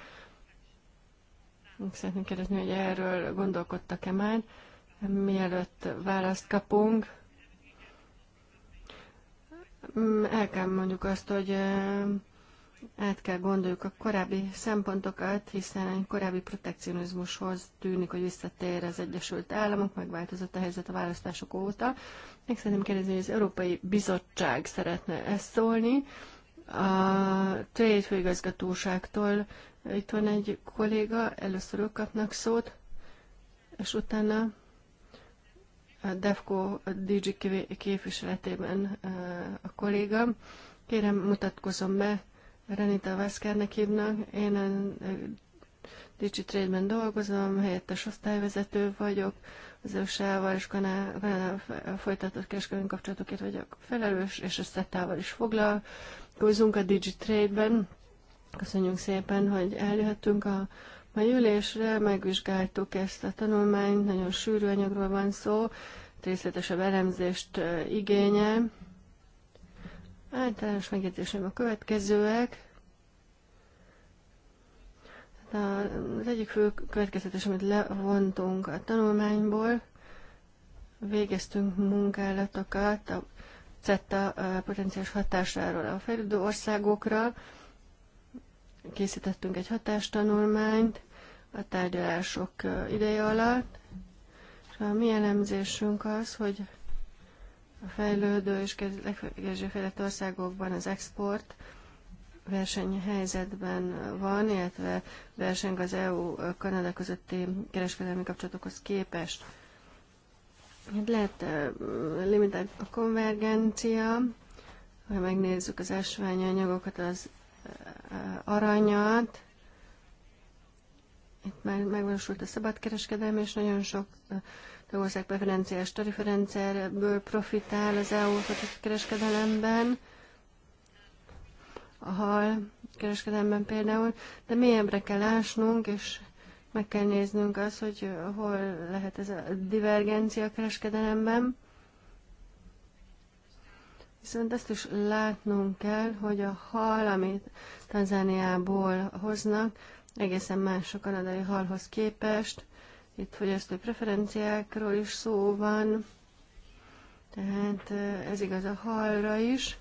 Szeretném kérdezni, hogy erről gondolkodtak-e már, mielőtt választ kapunk. Mm, el kell mondjuk azt, hogy át kell gondoljuk a korábbi szempontokat, hiszen egy korábbi protekcionizmushoz tűnik, hogy visszatér az Egyesült Államok, megváltozott a helyzet a választások óta. Meg szeretném kérdezni, hogy az Európai Bizottság szeretne ezt szólni, a trade főigazgatóságtól itt van egy kolléga, először ők kapnak szót, és utána a DEFCO DG képviseletében a kolléga. Kérem, mutatkozom be, Renita Vászkárnak hívnak, én a DG Trade-ben dolgozom, helyettes osztályvezető vagyok, az USA-val és Kanadával folytatott kereskedelmi kapcsolatokért vagyok felelős, és a SETA-val is foglalkozunk a DigiTrade-ben. Köszönjük szépen, hogy eljöhettünk a mai ülésre, megvizsgáltuk ezt a tanulmányt, nagyon sűrű anyagról van szó, részletesebb elemzést igényel. Általános megjegyzésem a következőek. Hát az egyik fő következetes, amit levontunk a tanulmányból, végeztünk munkálatokat a CETA potenciális hatásáról a fejlődő országokra, készítettünk egy hatástanulmányt a tárgyalások ideje alatt, és a mi elemzésünk az, hogy a fejlődő és legkevésbé fejlett országokban az export versenyhelyzetben van, illetve verseng az EU-Kanada közötti kereskedelmi kapcsolatokhoz képest. Hát lehet limitált a konvergencia, ha megnézzük az ásványi anyagokat, az aranyat, itt már megvalósult a szabadkereskedelmi, és nagyon sok tagország preferenciás tariferendszerből profitál az EU kereskedelemben, a hal kereskedelemben például, de mélyebbre kell ásnunk, és meg kell néznünk azt, hogy hol lehet ez a divergencia kereskedelemben. Viszont azt is látnunk kell, hogy a hal, amit Tanzániából hoznak, egészen más a kanadai halhoz képest. Itt fogyasztói preferenciákról is szó van, tehát ez igaz a halra is,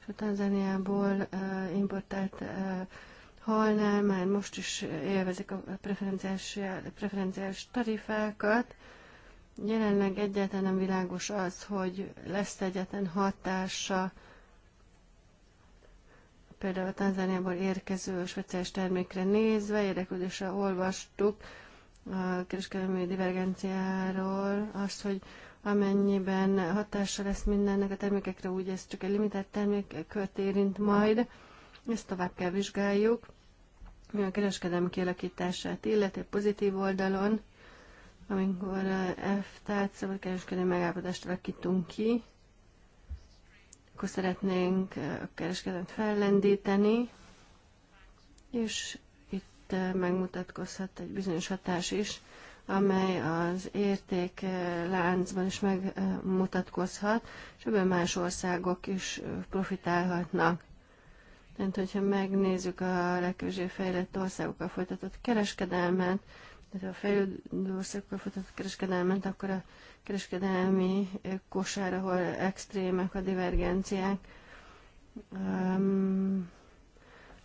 és a Tanzániából importált halnál már most is élvezik a preferenciális, preferenciás tarifákat, Jelenleg egyáltalán nem világos az, hogy lesz egyetlen hatása például a Tanzániából érkező speciális termékre nézve, érdeklődésre olvastuk a kereskedelmi divergenciáról azt, hogy amennyiben hatása lesz mindennek a termékekre, úgy ez csak egy limitált termékkört érint majd. Ezt tovább kell vizsgáljuk, mi a kereskedelmi kialakítását illeti pozitív oldalon amikor a EFTA-t szabadkereskedelmi megállapodást vakítunk ki, akkor szeretnénk a kereskedelmet fellendíteni, és itt eh, megmutatkozhat egy bizonyos hatás is, amely az érték láncban is megmutatkozhat, és ebből más országok is eh, profitálhatnak. Tehát, hogyha megnézzük a legkevésbé fejlett országokkal folytatott kereskedelmet, de ha a fejlődő országokkal folytatott kereskedelmet, akkor a kereskedelmi kosár, ahol extrémek a divergenciák, um,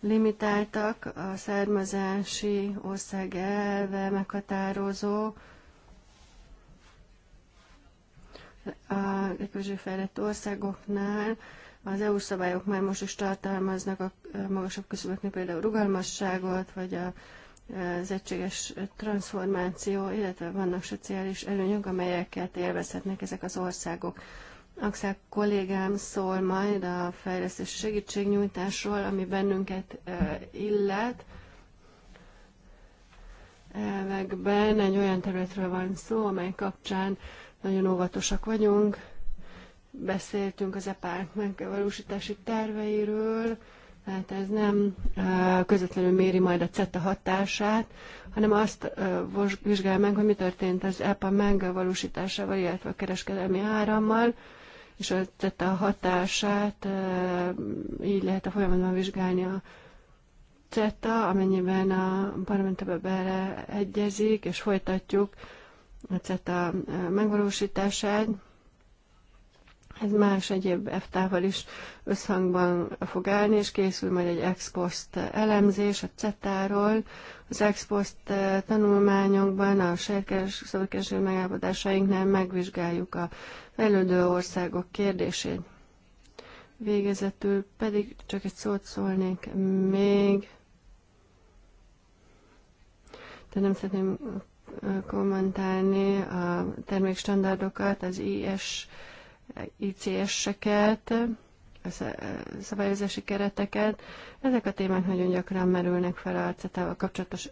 limitáltak, a származási ország elve meghatározó, a legközső fejlett országoknál az EU szabályok már most is tartalmaznak a magasabb küszöböknél például rugalmasságot, vagy a az egységes transformáció, illetve vannak szociális előnyök, amelyeket élvezhetnek ezek az országok. Axel kollégám szól majd a fejlesztés segítségnyújtásról, ami bennünket illet. Elvekben egy olyan területről van szó, amely kapcsán nagyon óvatosak vagyunk. Beszéltünk az EPÁK megvalósítási terveiről, tehát ez nem közvetlenül méri majd a CETA hatását, hanem azt vizsgál meg, hogy mi történt az EPA megvalósításával, illetve a kereskedelmi árammal, és a CETA hatását így lehet a folyamatban vizsgálni a CETA, amennyiben a parlamentbe beleegyezik, és folytatjuk a CETA megvalósítását. Ez más egyéb EFTA-val is összhangban fog állni, és készül majd egy ex post elemzés a CETA-ról. Az ex post tanulmányokban, a szabadkereső megállapodásainknál megvizsgáljuk a fejlődő országok kérdését. Végezetül pedig csak egy szót szólnék még, de nem szeretném kommentálni a termékstandardokat, az IS ICS-eket, szabályozási kereteket. Ezek a témák nagyon gyakran merülnek fel a CETA-val kapcsolatos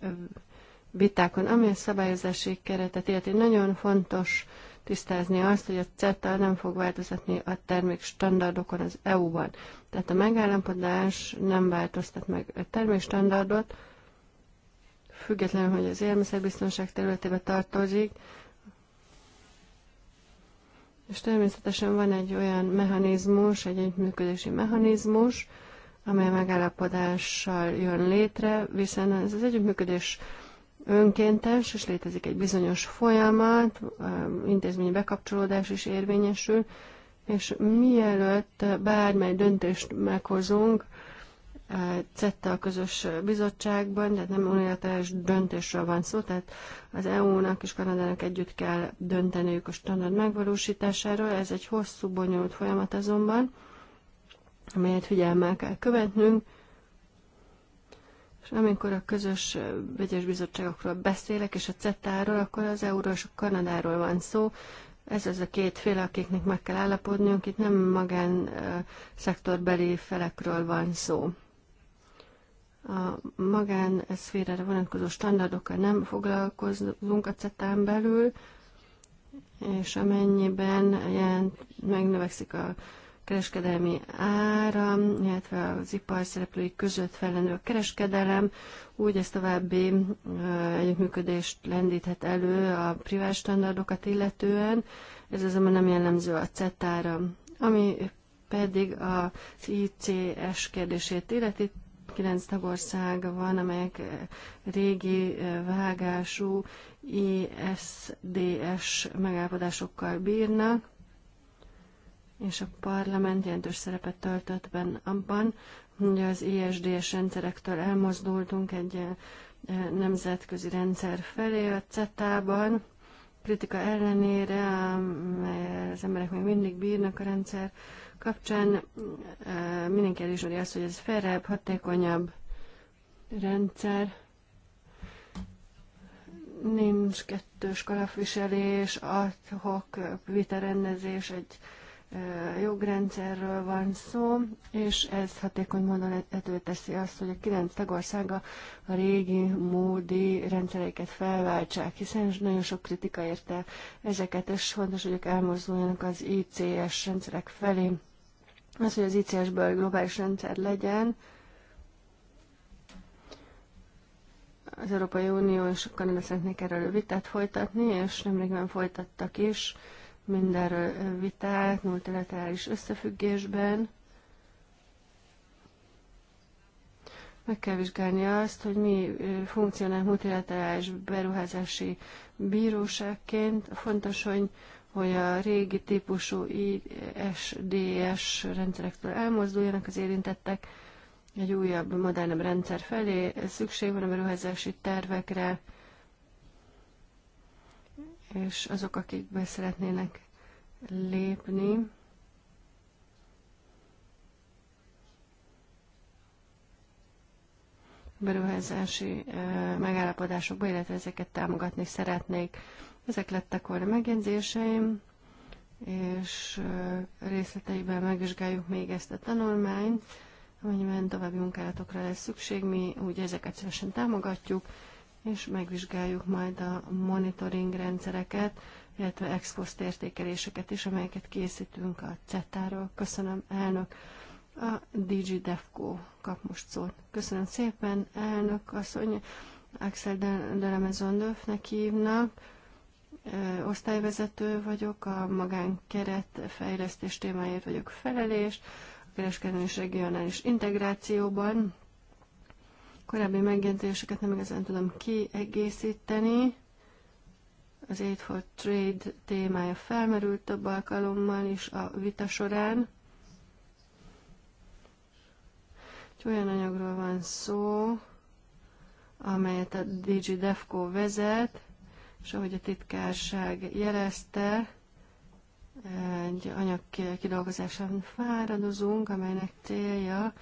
vitákon. Ami a szabályozási keretet illeti, nagyon fontos tisztázni azt, hogy a CETA nem fog változtatni a termék standardokon az EU-ban. Tehát a megállapodás nem változtat meg a termék standardot, függetlenül, hogy az élmiszerbiztonság területébe tartozik, és természetesen van egy olyan mechanizmus, egy együttműködési mechanizmus, amely megállapodással jön létre, viszont ez az együttműködés önkéntes, és létezik egy bizonyos folyamat, intézményi bekapcsolódás is érvényesül, és mielőtt bármely döntést meghozunk, cette a közös bizottságban, tehát nem unilaterális döntésről van szó, tehát az EU-nak és Kanadának együtt kell dönteniük a standard megvalósításáról. Ez egy hosszú, bonyolult folyamat azonban, amelyet figyelmel kell követnünk. És amikor a közös vegyes bizottságokról beszélek, és a CETA-ról, akkor az eu és a Kanadáról van szó, ez az a két fél, akiknek meg kell állapodnunk, itt nem magán szektorbeli felekről van szó a magánszférára vonatkozó standardokkal nem foglalkozunk a CETÁN belül, és amennyiben jelent, megnövekszik a kereskedelmi ára, illetve az ipar szereplői között fellenő a kereskedelem, úgy ez további együttműködést lendíthet elő a privát standardokat illetően, ez azonban nem jellemző a cetá ra Ami pedig az ICS kérdését illeti, kilenc tagország van, amelyek eh, régi eh, vágású ISDS megállapodásokkal bírnak, és a parlament jelentős szerepet töltött benne abban, hogy az ISDS rendszerektől elmozdultunk egy eh, nemzetközi rendszer felé a CETA-ban, kritika ellenére, az emberek még mindig bírnak a rendszer kapcsán mindenki elismeri azt, hogy ez felrebb, hatékonyabb rendszer, nincs kettős kalapviselés, adhok vitarendezés, egy jogrendszerről van szó, és ez hatékony módon teszi azt, hogy a kilenc tagországa a régi módi rendszereiket felváltsák, hiszen nagyon sok kritika érte ezeket, és fontos, hogy ők elmozduljanak az ICS rendszerek felé. Az, hogy az ICS-ből globális rendszer legyen, az Európai Unió és a Kanada szeretnék erről vitát folytatni, és nem folytattak is mindenről vitát multilaterális összefüggésben. Meg kell vizsgálni azt, hogy mi funkcionál multilaterális beruházási bíróságként. Fontos, hogy hogy a régi típusú ISDS rendszerektől elmozduljanak az érintettek, egy újabb, modernebb rendszer felé szükség van a beruházási tervekre, és azok, akik be szeretnének lépni, beruházási eh, megállapodásokba, illetve ezeket támogatni szeretnék. Ezek lettek volna megjegyzéseim, és részleteiben megvizsgáljuk még ezt a tanulmányt, amennyiben további munkálatokra lesz szükség, mi úgy ezeket szívesen támogatjuk, és megvizsgáljuk majd a monitoring rendszereket, illetve ex post értékeléseket is, amelyeket készítünk a CETA-ról. Köszönöm, elnök. A DG Defco kap most szót. Köszönöm szépen, elnök asszony. Axel Delemezondöfnek hívnak osztályvezető vagyok, a magánkeret fejlesztés témáért vagyok felelés, a kereskedelmi és regionális integrációban. Korábbi megjelentéseket nem igazán tudom kiegészíteni. Az Aid for Trade témája felmerült több alkalommal is a vita során. Egy olyan anyagról van szó, amelyet a DG vezet, és ahogy a titkárság jelezte, egy anyag kidolgozásán fáradozunk, amelynek célja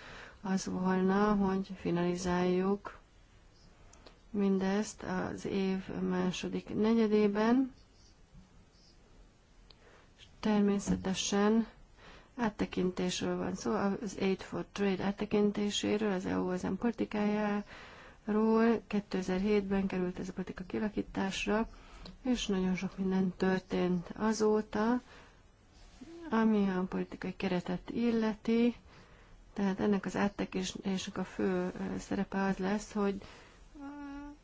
az volna, hogy finalizáljuk mindezt az év második negyedében. Természetesen áttekintésről van szó, az Aid for Trade áttekintéséről, az EU ezen politikájáról, ról 2007-ben került ez a politika kilakításra, és nagyon sok minden történt azóta, ami a politikai keretet illeti, tehát ennek az áttekésnek a fő szerepe az lesz, hogy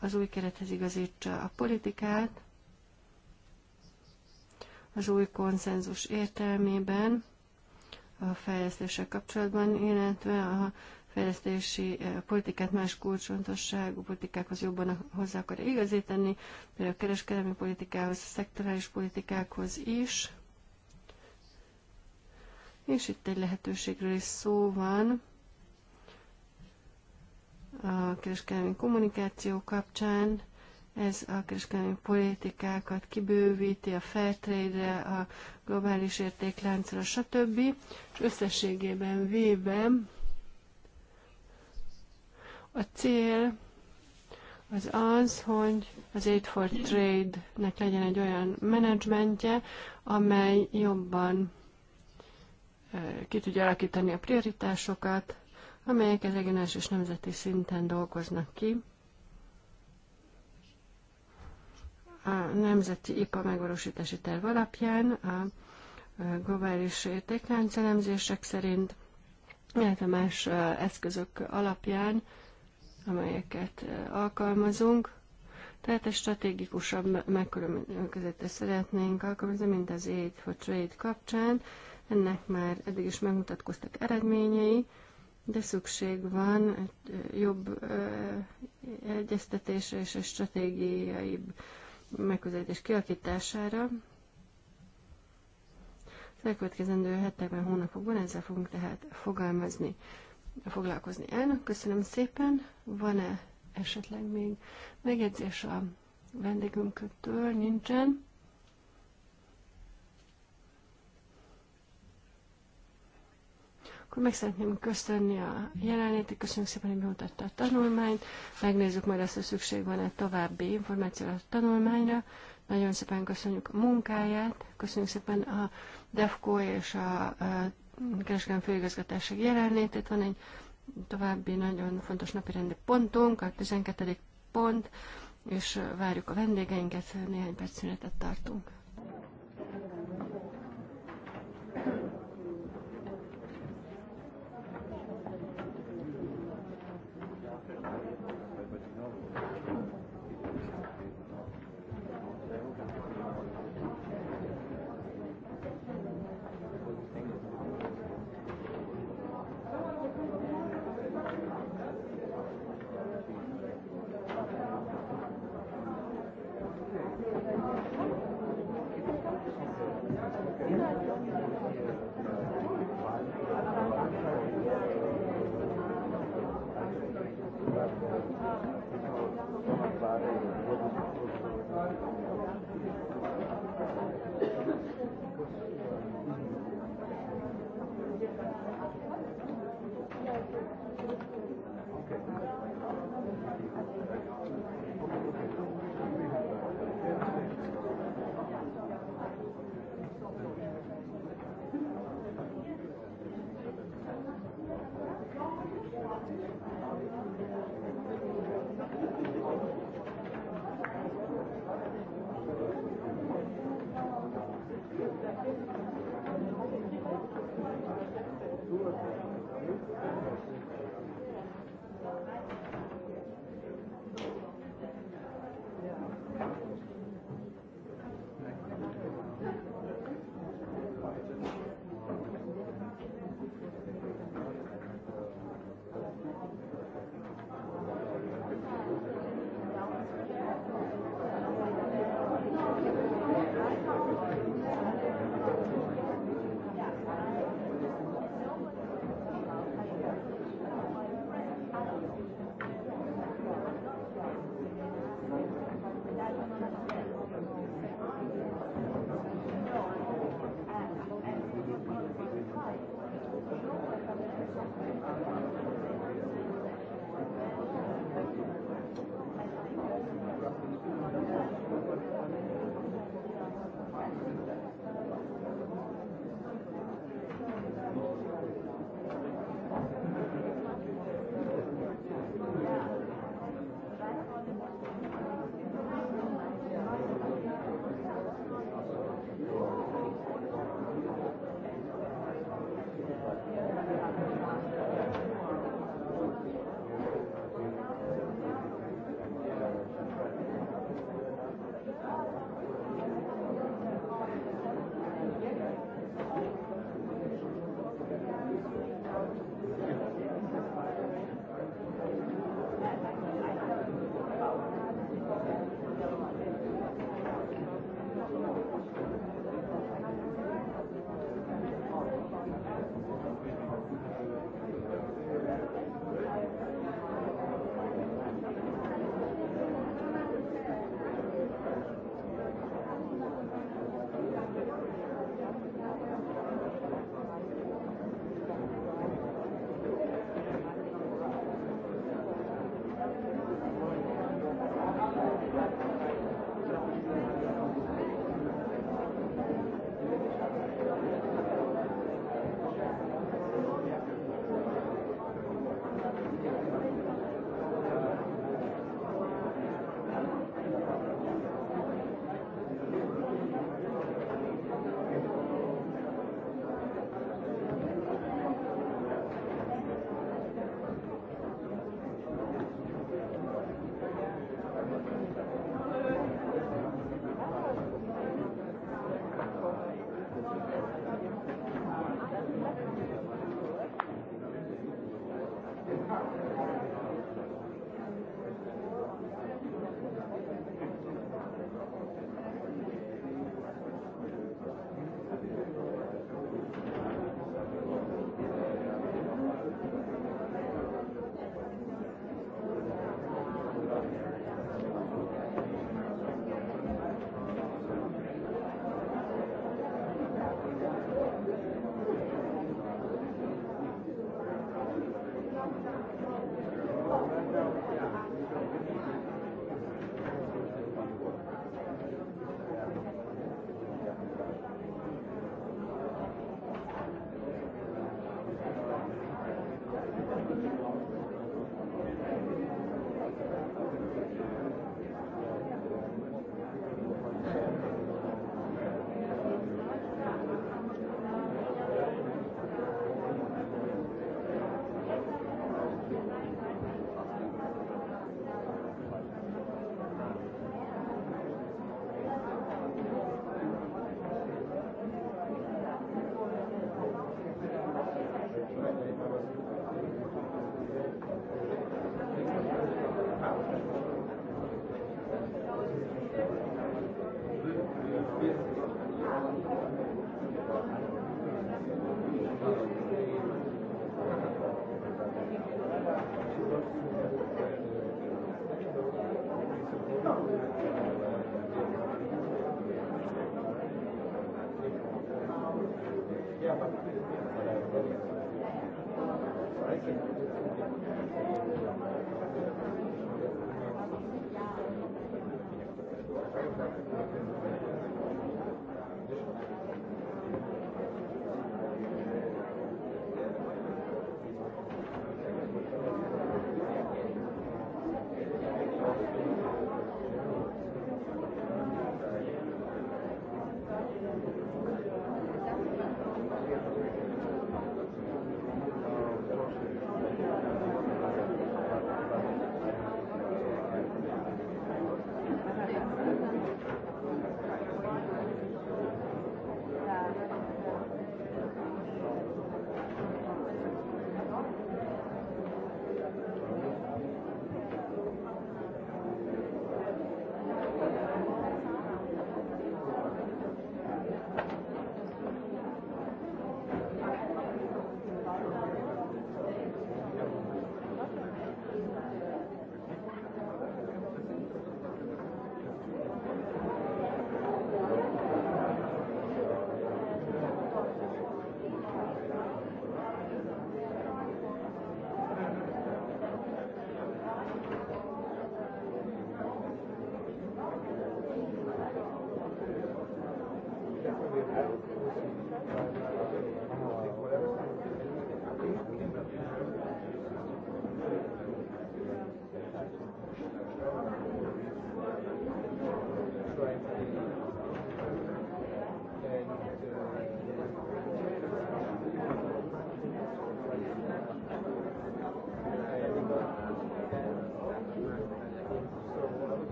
az új kerethez igazítsa a politikát, az új konszenzus értelmében, a fejlesztéssel kapcsolatban, illetve a fejlesztési politikát más kulcsontosságú politikákhoz jobban hozzá akarja igazítani, például a kereskedelmi politikához, a szektorális politikákhoz is. És itt egy lehetőségről is szó van a kereskedelmi kommunikáció kapcsán. Ez a kereskedelmi politikákat kibővíti a fairtrade-re, a globális értékláncra, stb. És összességében véve a cél az az, hogy az Aid for Trade-nek legyen egy olyan menedzsmentje, amely jobban ki tudja alakítani a prioritásokat, amelyek regionális és nemzeti szinten dolgoznak ki. A Nemzeti IPA megvalósítási terv alapján a globális értéklánc elemzések szerint, illetve más eszközök alapján amelyeket alkalmazunk. Tehát egy stratégikusabb megkülönböztetést szeretnénk alkalmazni, mint az Aid for Trade kapcsán. Ennek már eddig is megmutatkoztak eredményei, de szükség van egy jobb egyeztetésre és egy stratégiai megközelítés kialakítására. Az elkövetkezendő hetekben, hónapokban ezzel fogunk tehát fogalmazni foglalkozni elnök. Köszönöm szépen. Van-e esetleg még megjegyzés a vendégünktől? Nincsen. Akkor meg szeretném köszönni a jelenlétét, köszönjük szépen, hogy bemutatta a tanulmányt, megnézzük majd ezt, hogy szükség van-e további információra a tanulmányra. Nagyon szépen köszönjük a munkáját, köszönjük szépen a DEFCO és a kereskedelmi főigazgatásság jelenlétét. Van egy további nagyon fontos napirendi pontunk, a 12. pont, és várjuk a vendégeinket, néhány perc szünetet tartunk.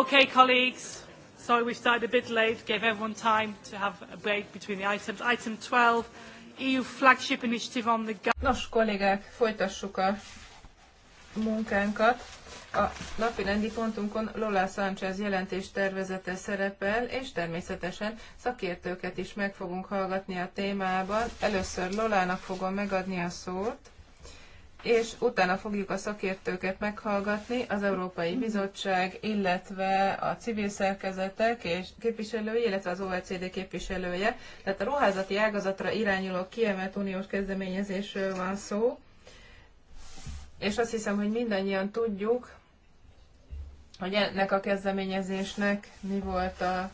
Okay, colleagues. Sorry we started a bit late, gave everyone time to have a break between the items. Item 12, EU flagship initiative on the... Nos, kollégák, folytassuk a munkánkat. A napi rendi pontunkon Lola Sánchez jelentés tervezete szerepel, és természetesen szakértőket is meg fogunk hallgatni a témában. Először Lolának fogom megadni a szót és utána fogjuk a szakértőket meghallgatni, az Európai Bizottság, illetve a civil szerkezetek és képviselői, illetve az OECD képviselője. Tehát a ruházati ágazatra irányuló kiemelt uniós kezdeményezésről van szó, és azt hiszem, hogy mindannyian tudjuk, hogy ennek a kezdeményezésnek mi volt a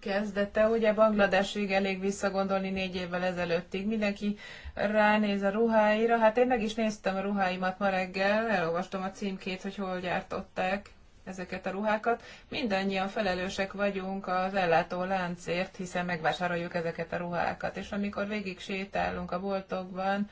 kezdete, ugye Bangladesig elég visszagondolni négy évvel ezelőttig. Mindenki ránéz a ruháira, hát én meg is néztem a ruháimat ma reggel, elolvastam a címkét, hogy hol gyártották ezeket a ruhákat. Mindannyian felelősek vagyunk az ellátó láncért, hiszen megvásároljuk ezeket a ruhákat. És amikor végig sétálunk a boltokban,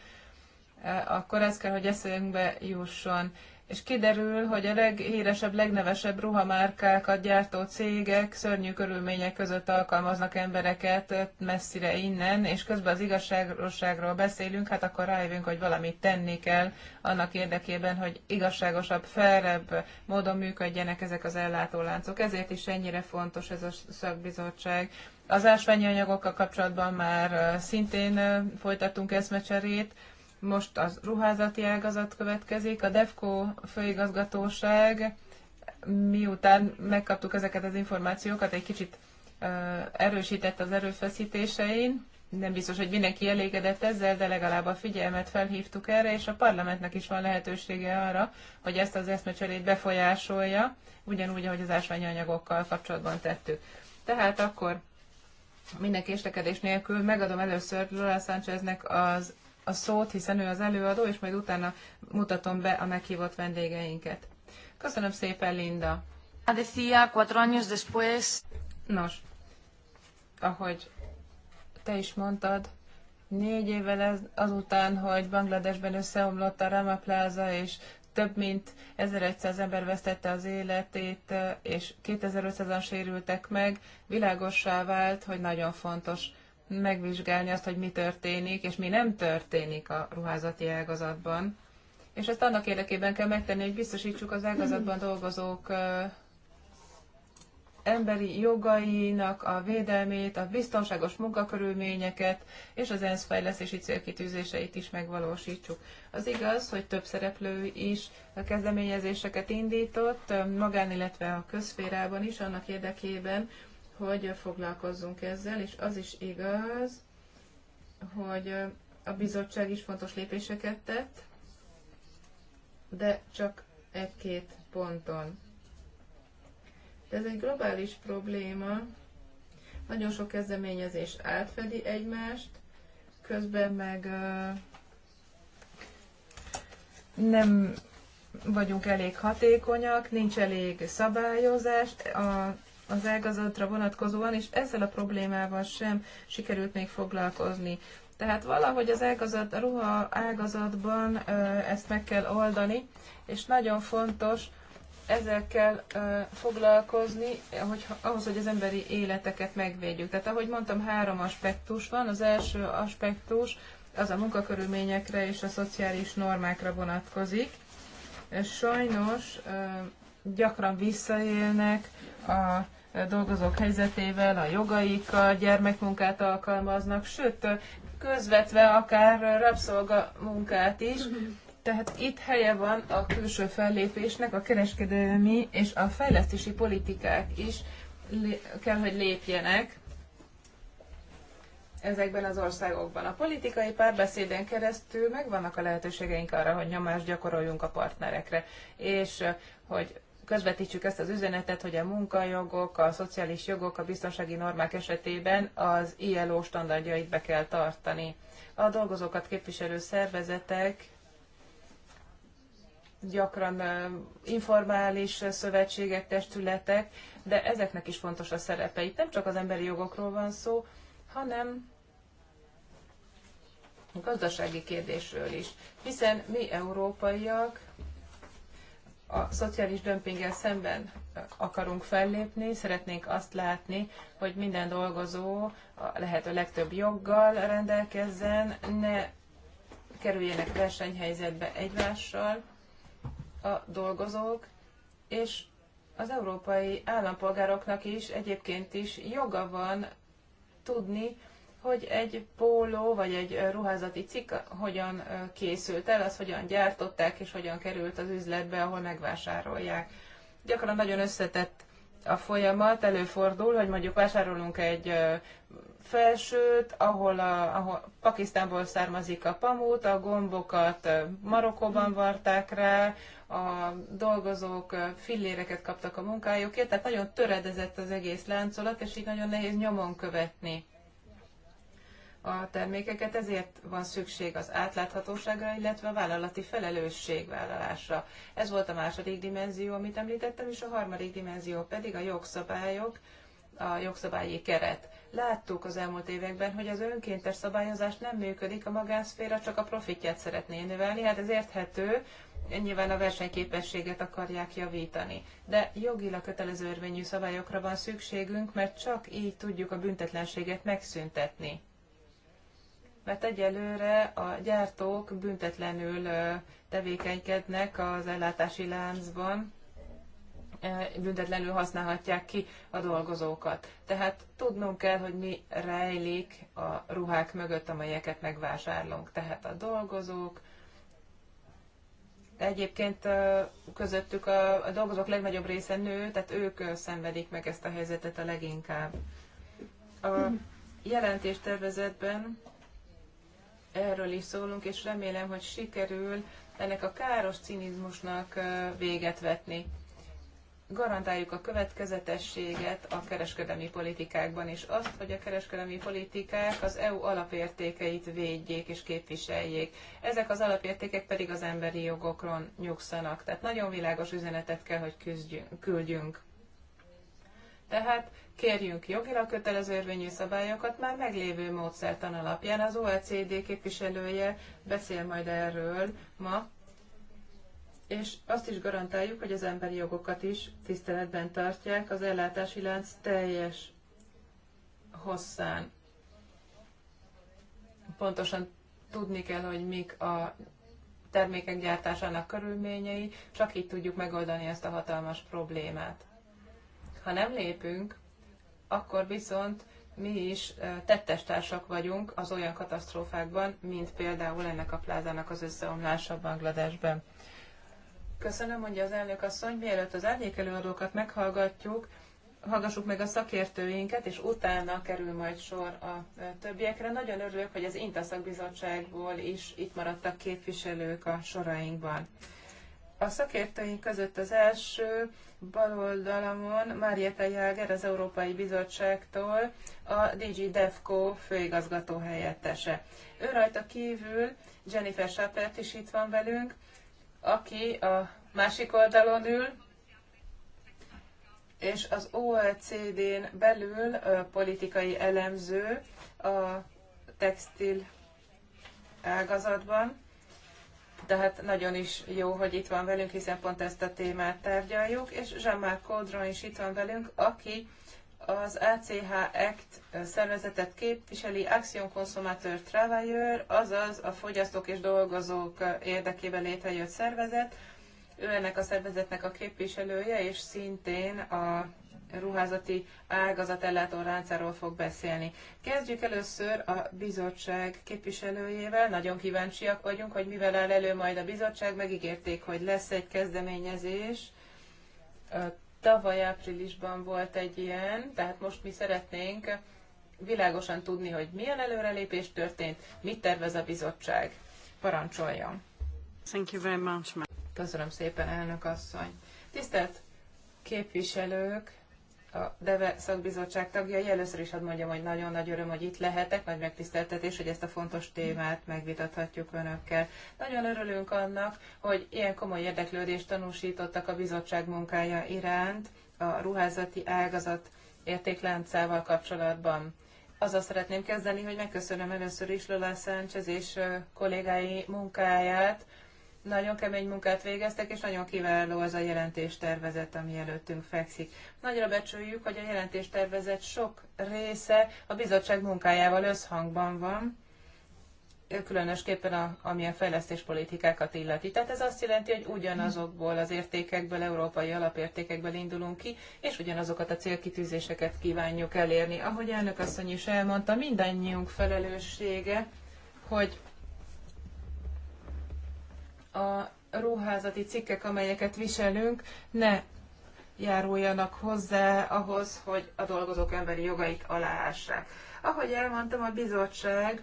eh, akkor ez kell, hogy eszünkbe jusson és kiderül, hogy a leghíresebb, legnevesebb ruhamárkákat gyártó cégek szörnyű körülmények között alkalmaznak embereket messzire innen, és közben az igazságosságról beszélünk, hát akkor rájövünk, hogy valamit tenni kell annak érdekében, hogy igazságosabb, felrebb módon működjenek ezek az ellátóláncok. Ezért is ennyire fontos ez a szakbizottság. Az ásványi anyagokkal kapcsolatban már szintén folytattunk eszmecserét, most az ruházati ágazat következik, a DEFCO főigazgatóság, miután megkaptuk ezeket az információkat, egy kicsit erősített az erőfeszítésein. Nem biztos, hogy mindenki elégedett ezzel, de legalább a figyelmet felhívtuk erre, és a parlamentnek is van lehetősége arra, hogy ezt az eszmecserét befolyásolja, ugyanúgy, ahogy az anyagokkal kapcsolatban tettük. Tehát akkor minden késlekedés nélkül megadom először Lola Sáncheznek az a szót, hiszen ő az előadó, és majd utána mutatom be a meghívott vendégeinket. Köszönöm szépen, Linda! Decía cuatro años después. Nos, ahogy te is mondtad, négy évvel ez, azután, hogy Bangladesben összeomlott a Rama Plaza, és több mint 1100 ember vesztette az életét, és 2500-an sérültek meg, világossá vált, hogy nagyon fontos megvizsgálni azt, hogy mi történik, és mi nem történik a ruházati ágazatban. És ezt annak érdekében kell megtenni, hogy biztosítsuk az ágazatban dolgozók emberi jogainak a védelmét, a biztonságos munkakörülményeket és az ENSZ fejlesztési célkitűzéseit is megvalósítsuk. Az igaz, hogy több szereplő is a kezdeményezéseket indított, magán, illetve a közférában is annak érdekében, hogy foglalkozzunk ezzel, és az is igaz, hogy a bizottság is fontos lépéseket tett, de csak egy-két ponton. De ez egy globális probléma, nagyon sok kezdeményezés átfedi egymást, közben meg nem vagyunk elég hatékonyak, nincs elég szabályozás, a az ágazatra vonatkozóan, és ezzel a problémával sem sikerült még foglalkozni. Tehát valahogy az ágazat, a ruha ágazatban ezt meg kell oldani, és nagyon fontos ezzel kell foglalkozni, hogy, ahhoz, hogy az emberi életeket megvédjük. Tehát ahogy mondtam, három aspektus van. Az első aspektus az a munkakörülményekre és a szociális normákra vonatkozik. Sajnos gyakran visszaélnek a dolgozók helyzetével, a jogaikkal, gyermekmunkát alkalmaznak, sőt, közvetve akár munkát is. Tehát itt helye van a külső fellépésnek, a kereskedelmi és a fejlesztési politikák is kell, hogy lépjenek ezekben az országokban. A politikai párbeszéden keresztül megvannak a lehetőségeink arra, hogy nyomást gyakoroljunk a partnerekre, és hogy közvetítsük ezt az üzenetet, hogy a munkajogok, a szociális jogok, a biztonsági normák esetében az ILO standardjait be kell tartani. A dolgozókat képviselő szervezetek gyakran informális szövetségek, testületek, de ezeknek is fontos a szerepe. Itt nem csak az emberi jogokról van szó, hanem gazdasági kérdésről is. Hiszen mi európaiak a szociális dömpinggel szemben akarunk fellépni, szeretnénk azt látni, hogy minden dolgozó a lehető legtöbb joggal rendelkezzen, ne kerüljenek versenyhelyzetbe egymással a dolgozók, és az európai állampolgároknak is egyébként is joga van tudni, hogy egy póló vagy egy ruházati cikk hogyan készült el, az hogyan gyártották és hogyan került az üzletbe, ahol megvásárolják. Gyakran nagyon összetett a folyamat, előfordul, hogy mondjuk vásárolunk egy felsőt, ahol, a, ahol Pakisztánból származik a pamut, a gombokat Marokkóban varták rá, a dolgozók filléreket kaptak a munkájukért, tehát nagyon töredezett az egész láncolat, és így nagyon nehéz nyomon követni a termékeket, ezért van szükség az átláthatóságra, illetve a vállalati felelősségvállalásra. Ez volt a második dimenzió, amit említettem, és a harmadik dimenzió pedig a jogszabályok, a jogszabályi keret. Láttuk az elmúlt években, hogy az önkéntes szabályozás nem működik, a magánszféra csak a profitját szeretné növelni, hát ez érthető, nyilván a versenyképességet akarják javítani. De jogilag kötelező érvényű szabályokra van szükségünk, mert csak így tudjuk a büntetlenséget megszüntetni mert egyelőre a gyártók büntetlenül tevékenykednek az ellátási láncban, büntetlenül használhatják ki a dolgozókat. Tehát tudnunk kell, hogy mi rejlik a ruhák mögött, amelyeket megvásárlunk. Tehát a dolgozók, Egyébként közöttük a, a dolgozók legnagyobb része nő, tehát ők szenvedik meg ezt a helyzetet a leginkább. A hmm. jelentéstervezetben erről is szólunk, és remélem, hogy sikerül ennek a káros cinizmusnak véget vetni. Garantáljuk a következetességet a kereskedelmi politikákban, és azt, hogy a kereskedelmi politikák az EU alapértékeit védjék és képviseljék. Ezek az alapértékek pedig az emberi jogokon nyugszanak. Tehát nagyon világos üzenetet kell, hogy küzdjünk, küldjünk tehát kérjünk jogilag kötelező érvényű szabályokat már meglévő módszertan alapján. Az OECD képviselője beszél majd erről ma, és azt is garantáljuk, hogy az emberi jogokat is tiszteletben tartják az ellátási lánc teljes hosszán. Pontosan tudni kell, hogy mik a termékek gyártásának körülményei, csak így tudjuk megoldani ezt a hatalmas problémát ha nem lépünk, akkor viszont mi is tettestársak vagyunk az olyan katasztrófákban, mint például ennek a plázának az összeomlása Bangladesben. Köszönöm, mondja az elnök asszony, mielőtt az árnyék előadókat meghallgatjuk, hallgassuk meg a szakértőinket, és utána kerül majd sor a többiekre. Nagyon örülök, hogy az INTA szakbizottságból is itt maradtak képviselők a sorainkban. A szakértőink között az első baloldalamon Marietta Jäger az Európai Bizottságtól a DG DEFCO főigazgató helyettese. Ő rajta kívül Jennifer Schappert is itt van velünk, aki a másik oldalon ül, és az OECD-n belül politikai elemző a textil ágazatban tehát nagyon is jó, hogy itt van velünk, hiszen pont ezt a témát tárgyaljuk, és Jean-Marc Caudron is itt van velünk, aki az ACH Act szervezetet képviseli Action Consommateur Travailleur, azaz a fogyasztók és dolgozók érdekében létrejött szervezet. Ő ennek a szervezetnek a képviselője, és szintén a ruházati ágazat ellátórendszerről fog beszélni. Kezdjük először a bizottság képviselőjével. Nagyon kíváncsiak vagyunk, hogy mivel áll elő majd a bizottság. Megígérték, hogy lesz egy kezdeményezés. Tavaly áprilisban volt egy ilyen, tehát most mi szeretnénk világosan tudni, hogy milyen előrelépés történt, mit tervez a bizottság. Parancsoljon! Thank you very much, Köszönöm szépen, elnök asszony! Tisztelt képviselők, a DEVE szakbizottság tagjai. Először is hadd mondjam, hogy nagyon nagy öröm, hogy itt lehetek, nagy megtiszteltetés, hogy ezt a fontos témát megvitathatjuk önökkel. Nagyon örülünk annak, hogy ilyen komoly érdeklődést tanúsítottak a bizottság munkája iránt a ruházati ágazat értékláncával kapcsolatban. Azzal szeretném kezdeni, hogy megköszönöm először is Lola Sánchez és kollégái munkáját, nagyon kemény munkát végeztek, és nagyon kiváló az a jelentéstervezet, ami előttünk fekszik. Nagyra becsüljük, hogy a jelentéstervezet sok része a bizottság munkájával összhangban van, különösképpen a, ami a fejlesztéspolitikákat illeti. Tehát ez azt jelenti, hogy ugyanazokból az értékekből, európai alapértékekből indulunk ki, és ugyanazokat a célkitűzéseket kívánjuk elérni. Ahogy elnök asszony is elmondta, mindannyiunk felelőssége, hogy a ruházati cikkek, amelyeket viselünk, ne járuljanak hozzá ahhoz, hogy a dolgozók emberi jogait aláássák. Ahogy elmondtam, a bizottság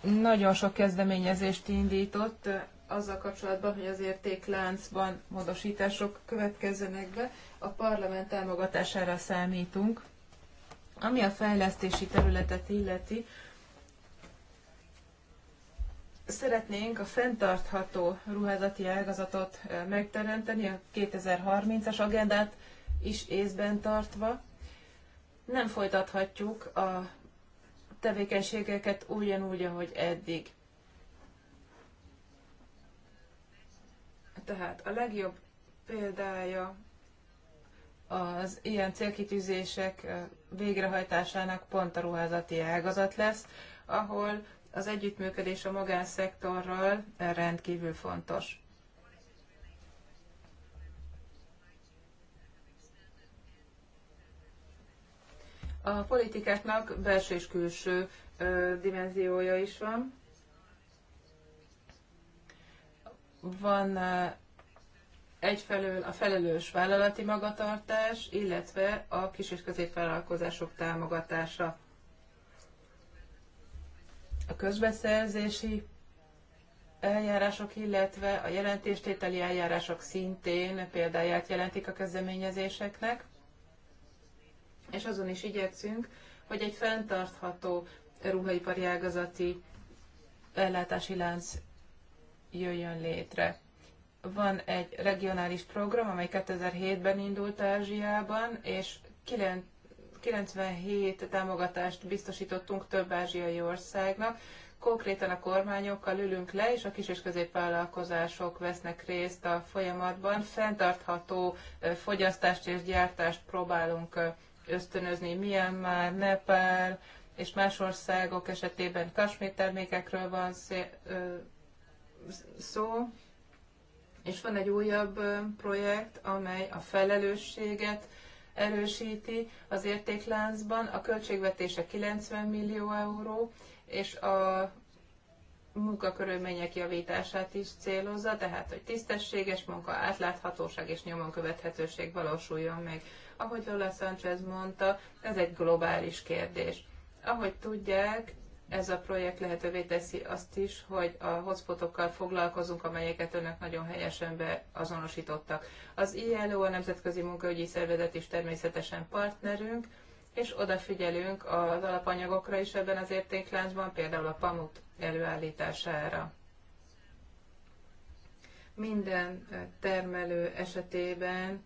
nagyon sok kezdeményezést indított azzal kapcsolatban, hogy az értékláncban módosítások következzenek be. A parlament támogatására számítunk. Ami a fejlesztési területet illeti, szeretnénk a fenntartható ruházati ágazatot megteremteni, a 2030-as agendát is észben tartva. Nem folytathatjuk a tevékenységeket ugyanúgy, ahogy eddig. Tehát a legjobb példája az ilyen célkitűzések végrehajtásának pont a ruházati ágazat lesz, ahol az együttműködés a magánszektorral rendkívül fontos. A politikáknak belső és külső dimenziója is van. Van egyfelől a felelős vállalati magatartás, illetve a kis és középvállalkozások támogatása a közbeszerzési eljárások, illetve a jelentéstételi eljárások szintén példáját jelentik a kezdeményezéseknek, és azon is igyekszünk, hogy egy fenntartható ruhaipari ágazati ellátási lánc jöjjön létre. Van egy regionális program, amely 2007-ben indult Ázsiában, és 97 támogatást biztosítottunk több ázsiai országnak, konkrétan a kormányokkal ülünk le, és a kis- és középvállalkozások vesznek részt a folyamatban. Fentartható fogyasztást és gyártást próbálunk ösztönözni már Nepál és más országok esetében kasmét termékekről van szó. És van egy újabb projekt, amely a felelősséget erősíti az értékláncban, a költségvetése 90 millió euró, és a munkakörülmények javítását is célozza, tehát hogy tisztességes munka, átláthatóság és nyomon követhetőség valósuljon meg. Ahogy Lola Sanchez mondta, ez egy globális kérdés. Ahogy tudják, ez a projekt lehetővé teszi azt is, hogy a hotspotokkal foglalkozunk, amelyeket önök nagyon helyesen beazonosítottak. Az ILO, a Nemzetközi Munkaügyi Szervezet is természetesen partnerünk, és odafigyelünk az alapanyagokra is ebben az értékláncban, például a pamut előállítására. Minden termelő esetében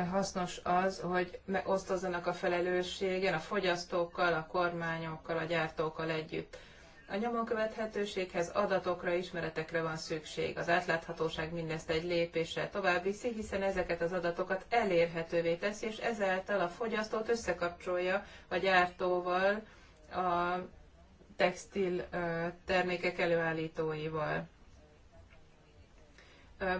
hasznos az, hogy osztozzanak a felelősségen a fogyasztókkal, a kormányokkal, a gyártókkal együtt. A nyomon követhetőséghez adatokra, ismeretekre van szükség. Az átláthatóság mindezt egy lépéssel tovább viszi, hiszen ezeket az adatokat elérhetővé teszi, és ezáltal a fogyasztót összekapcsolja a gyártóval, a textil termékek előállítóival.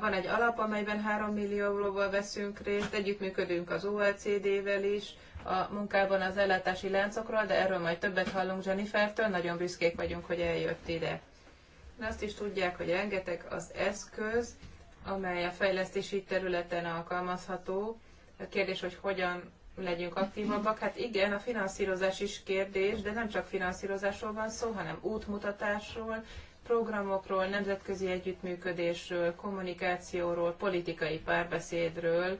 Van egy alap, amelyben 3 millió euróval veszünk részt, együttműködünk az OECD-vel is, a munkában az ellátási láncokról, de erről majd többet hallunk Jennifertől, nagyon büszkék vagyunk, hogy eljött ide. De azt is tudják, hogy rengeteg az eszköz, amely a fejlesztési területen alkalmazható. A kérdés, hogy hogyan legyünk aktívabbak. Hát igen, a finanszírozás is kérdés, de nem csak finanszírozásról van szó, hanem útmutatásról, programokról, nemzetközi együttműködésről, kommunikációról, politikai párbeszédről,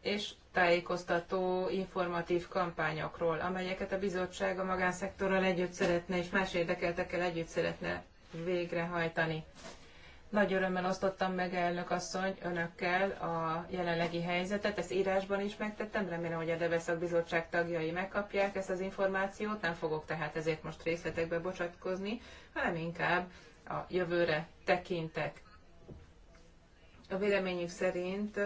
és tájékoztató, informatív kampányokról, amelyeket a bizottság a magánszektorral együtt szeretne és más érdekeltekkel együtt szeretne végrehajtani. Nagy örömmel osztottam meg, elnök asszony, önökkel a jelenlegi helyzetet. Ezt írásban is megtettem, remélem, hogy a Debeszak Bizottság tagjai megkapják ezt az információt. Nem fogok tehát ezért most részletekbe bocsatkozni, hanem inkább a jövőre tekintek. A véleményük szerint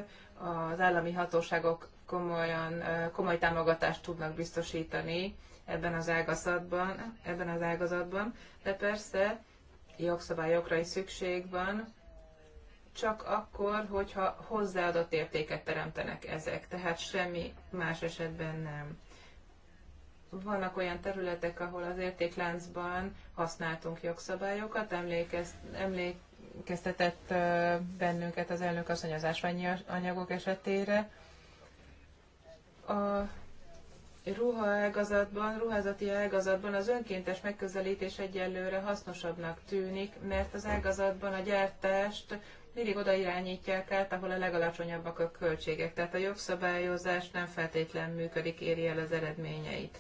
az állami hatóságok komolyan, komoly támogatást tudnak biztosítani ebben az ágazatban, ebben az ágazatban de persze jogszabályokra is szükség van, csak akkor, hogyha hozzáadott értéket teremtenek ezek, tehát semmi más esetben nem. Vannak olyan területek, ahol az értékláncban használtunk jogszabályokat, emlékez, emlékeztetett bennünket az elnök asszony az ásványi anyagok esetére. A ruhaágazatban, ruházati ágazatban az önkéntes megközelítés egyelőre hasznosabbnak tűnik, mert az ágazatban a gyártást mindig oda irányítják át, ahol a legalacsonyabbak a költségek. Tehát a jogszabályozás nem feltétlen működik, éri el az eredményeit.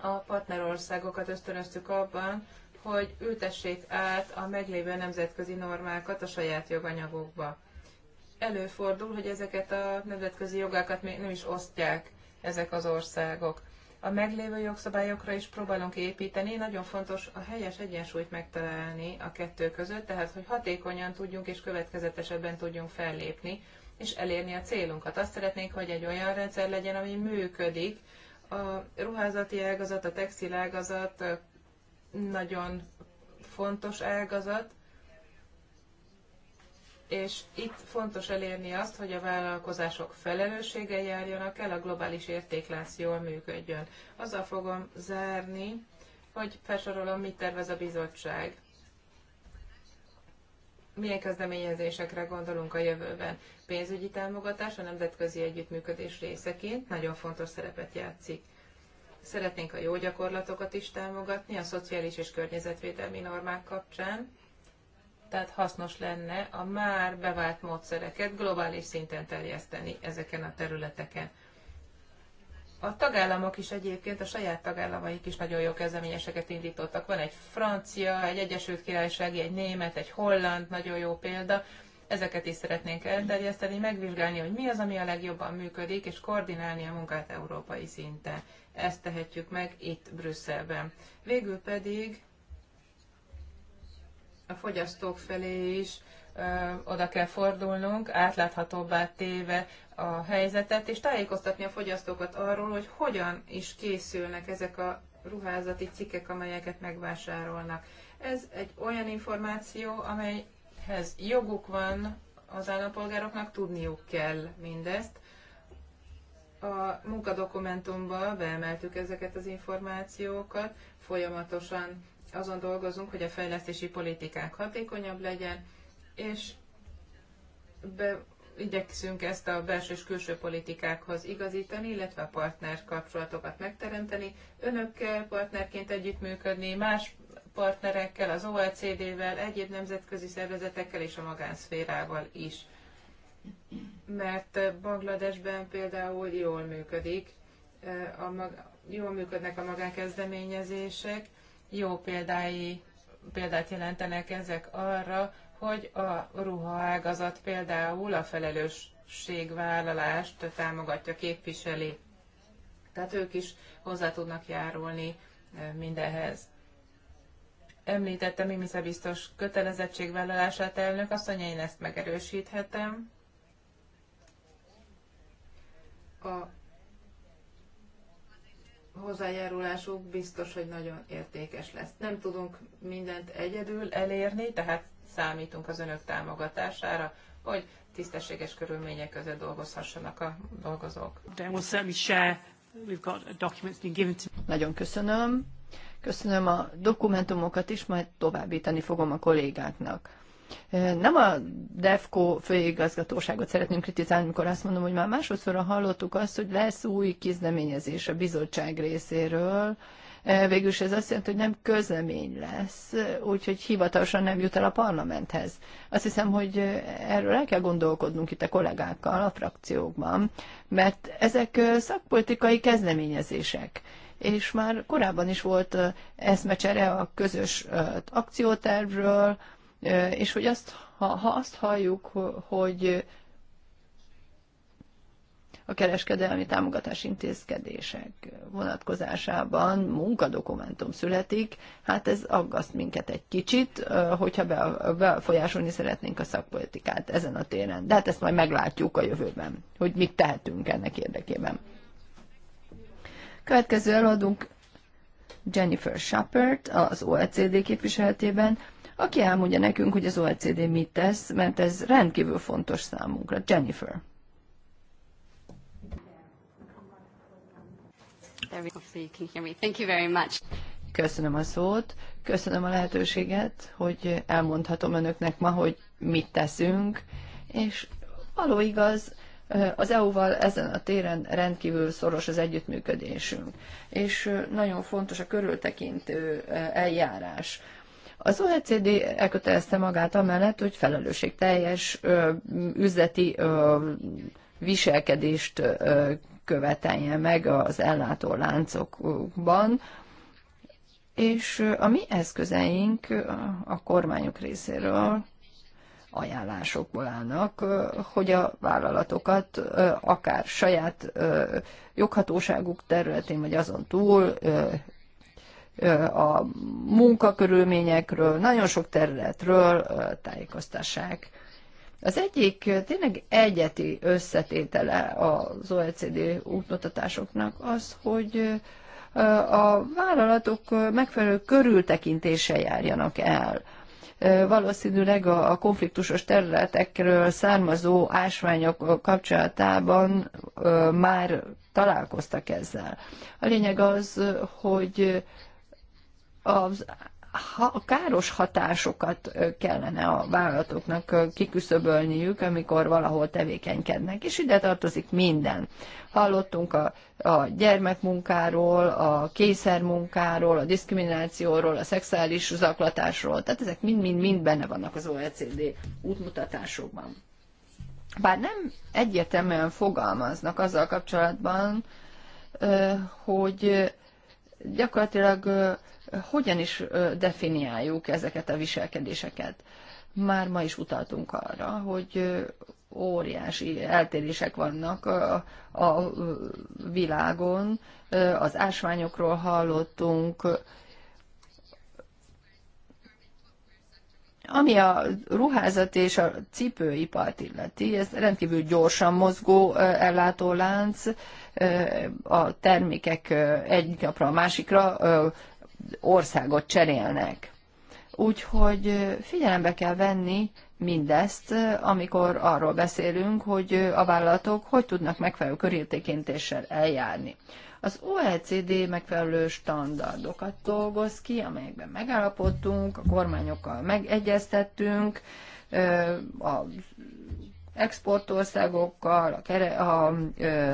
A partnerországokat ösztönöztük abban, hogy ültessék át a meglévő nemzetközi normákat a saját joganyagokba. Előfordul, hogy ezeket a nemzetközi jogákat még nem is osztják ezek az országok. A meglévő jogszabályokra is próbálunk építeni, nagyon fontos a helyes egyensúlyt megtalálni a kettő között, tehát hogy hatékonyan tudjunk és következetesebben tudjunk fellépni, és elérni a célunkat. Azt szeretnénk, hogy egy olyan rendszer legyen, ami működik. A ruházati ágazat, a textil ágazat nagyon fontos ágazat, és itt fontos elérni azt, hogy a vállalkozások felelősséggel járjanak el, a globális értéklánc jól működjön. Azzal fogom zárni, hogy felsorolom, mit tervez a bizottság. Milyen kezdeményezésekre gondolunk a jövőben? Pénzügyi támogatás a nemzetközi együttműködés részeként nagyon fontos szerepet játszik. Szeretnénk a jó gyakorlatokat is támogatni a szociális és környezetvédelmi normák kapcsán tehát hasznos lenne a már bevált módszereket globális szinten terjeszteni ezeken a területeken. A tagállamok is egyébként, a saját tagállamaik is nagyon jó kezdeményeseket indítottak. Van egy francia, egy Egyesült Királysági, egy német, egy holland, nagyon jó példa. Ezeket is szeretnénk elterjeszteni, megvizsgálni, hogy mi az, ami a legjobban működik, és koordinálni a munkát európai szinten. Ezt tehetjük meg itt Brüsszelben. Végül pedig a fogyasztók felé is oda kell fordulnunk, átláthatóbbá téve a helyzetet, és tájékoztatni a fogyasztókat arról, hogy hogyan is készülnek ezek a ruházati cikkek, amelyeket megvásárolnak. Ez egy olyan információ, amelyhez joguk van az állampolgároknak, tudniuk kell mindezt. A munkadokumentumban beemeltük ezeket az információkat, folyamatosan azon dolgozunk, hogy a fejlesztési politikánk hatékonyabb legyen, és be, igyekszünk ezt a belső és külső politikákhoz igazítani, illetve a partner kapcsolatokat megteremteni, önökkel partnerként együttműködni, más partnerekkel, az OECD-vel, egyéb nemzetközi szervezetekkel és a magánszférával is. Mert Bangladesben például jól működik, eh, a maga, jól működnek a magánkezdeményezések, jó példái, példát jelentenek ezek arra, hogy a ruhaágazat például a felelősségvállalást támogatja, képviseli. Tehát ők is hozzá tudnak járulni mindenhez. Említettem Imisze biztos kötelezettségvállalását elnök, azt mondja, én ezt megerősíthetem. A hozzájárulásuk biztos, hogy nagyon értékes lesz. Nem tudunk mindent egyedül elérni, tehát számítunk az önök támogatására, hogy tisztességes körülmények között dolgozhassanak a dolgozók. Nagyon köszönöm. Köszönöm a dokumentumokat is, majd továbbítani fogom a kollégáknak. Nem a DEFCO főigazgatóságot szeretném kritizálni, amikor azt mondom, hogy már másodszorra hallottuk azt, hogy lesz új kizdeményezés a bizottság részéről, Végülis ez azt jelenti, hogy nem közlemény lesz, úgyhogy hivatalosan nem jut el a parlamenthez. Azt hiszem, hogy erről el kell gondolkodnunk itt a kollégákkal a frakciókban, mert ezek szakpolitikai kezdeményezések és már korábban is volt eszmecsere a közös akciótervről, és hogy azt, ha, ha azt halljuk, hogy a kereskedelmi támogatás intézkedések vonatkozásában munkadokumentum születik, hát ez aggaszt minket egy kicsit, hogyha befolyásolni szeretnénk a szakpolitikát ezen a téren. De hát ezt majd meglátjuk a jövőben, hogy mit tehetünk ennek érdekében. Következő előadunk Jennifer Shepard az OECD képviseletében, aki elmondja nekünk, hogy az OECD mit tesz, mert ez rendkívül fontos számunkra. Jennifer. Köszönöm a szót, köszönöm a lehetőséget, hogy elmondhatom önöknek ma, hogy mit teszünk, és való igaz, az EU-val ezen a téren rendkívül szoros az együttműködésünk, és nagyon fontos a körültekintő eljárás. Az OECD elkötelezte magát amellett, hogy felelősségteljes üzleti viselkedést követelje meg az ellátóláncokban, és a mi eszközeink a kormányok részéről ajánlásokból állnak, hogy a vállalatokat akár saját joghatóságuk területén, vagy azon túl a munkakörülményekről, nagyon sok területről tájékoztassák. Az egyik tényleg egyeti összetétele az OECD útmutatásoknak az, hogy a vállalatok megfelelő körültekintéssel járjanak el. Valószínűleg a konfliktusos területekről származó ásványok kapcsolatában már találkoztak ezzel. A lényeg az, hogy az a káros hatásokat kellene a vállalatoknak kiküszöbölniük, amikor valahol tevékenykednek, és ide tartozik minden. Hallottunk a, a gyermekmunkáról, a kényszermunkáról, a diszkriminációról, a szexuális zaklatásról, tehát ezek mind-mind-mind benne vannak az OECD útmutatásokban. Bár nem egyértelműen fogalmaznak azzal kapcsolatban, hogy gyakorlatilag hogyan is definiáljuk ezeket a viselkedéseket. Már ma is utaltunk arra, hogy óriási eltérések vannak a, a világon. Az ásványokról hallottunk, Ami a ruházat és a cipőipart illeti, ez rendkívül gyorsan mozgó ellátólánc, a termékek egy napra a másikra országot cserélnek. Úgyhogy figyelembe kell venni mindezt, amikor arról beszélünk, hogy a vállalatok hogy tudnak megfelelő körértékintéssel eljárni. Az OECD megfelelő standardokat dolgoz ki, amelyekben megállapodtunk, a kormányokkal megegyeztettünk, az exportországokkal, a, kere, a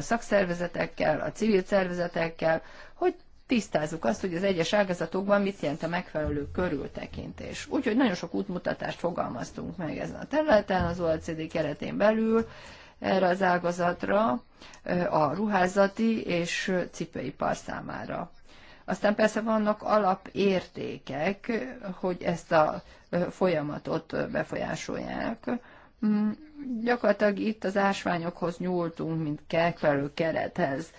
szakszervezetekkel, a civil szervezetekkel, hogy tisztázzuk azt, hogy az egyes ágazatokban mit jelent a megfelelő körültekintés. Úgyhogy nagyon sok útmutatást fogalmaztunk meg ezen a területen az OECD keretén belül, erre az ágazatra, a ruházati és cipőipar számára. Aztán persze vannak alapértékek, hogy ezt a folyamatot befolyásolják. Mm, gyakorlatilag itt az ásványokhoz nyúltunk, mint kekvelő kerethez.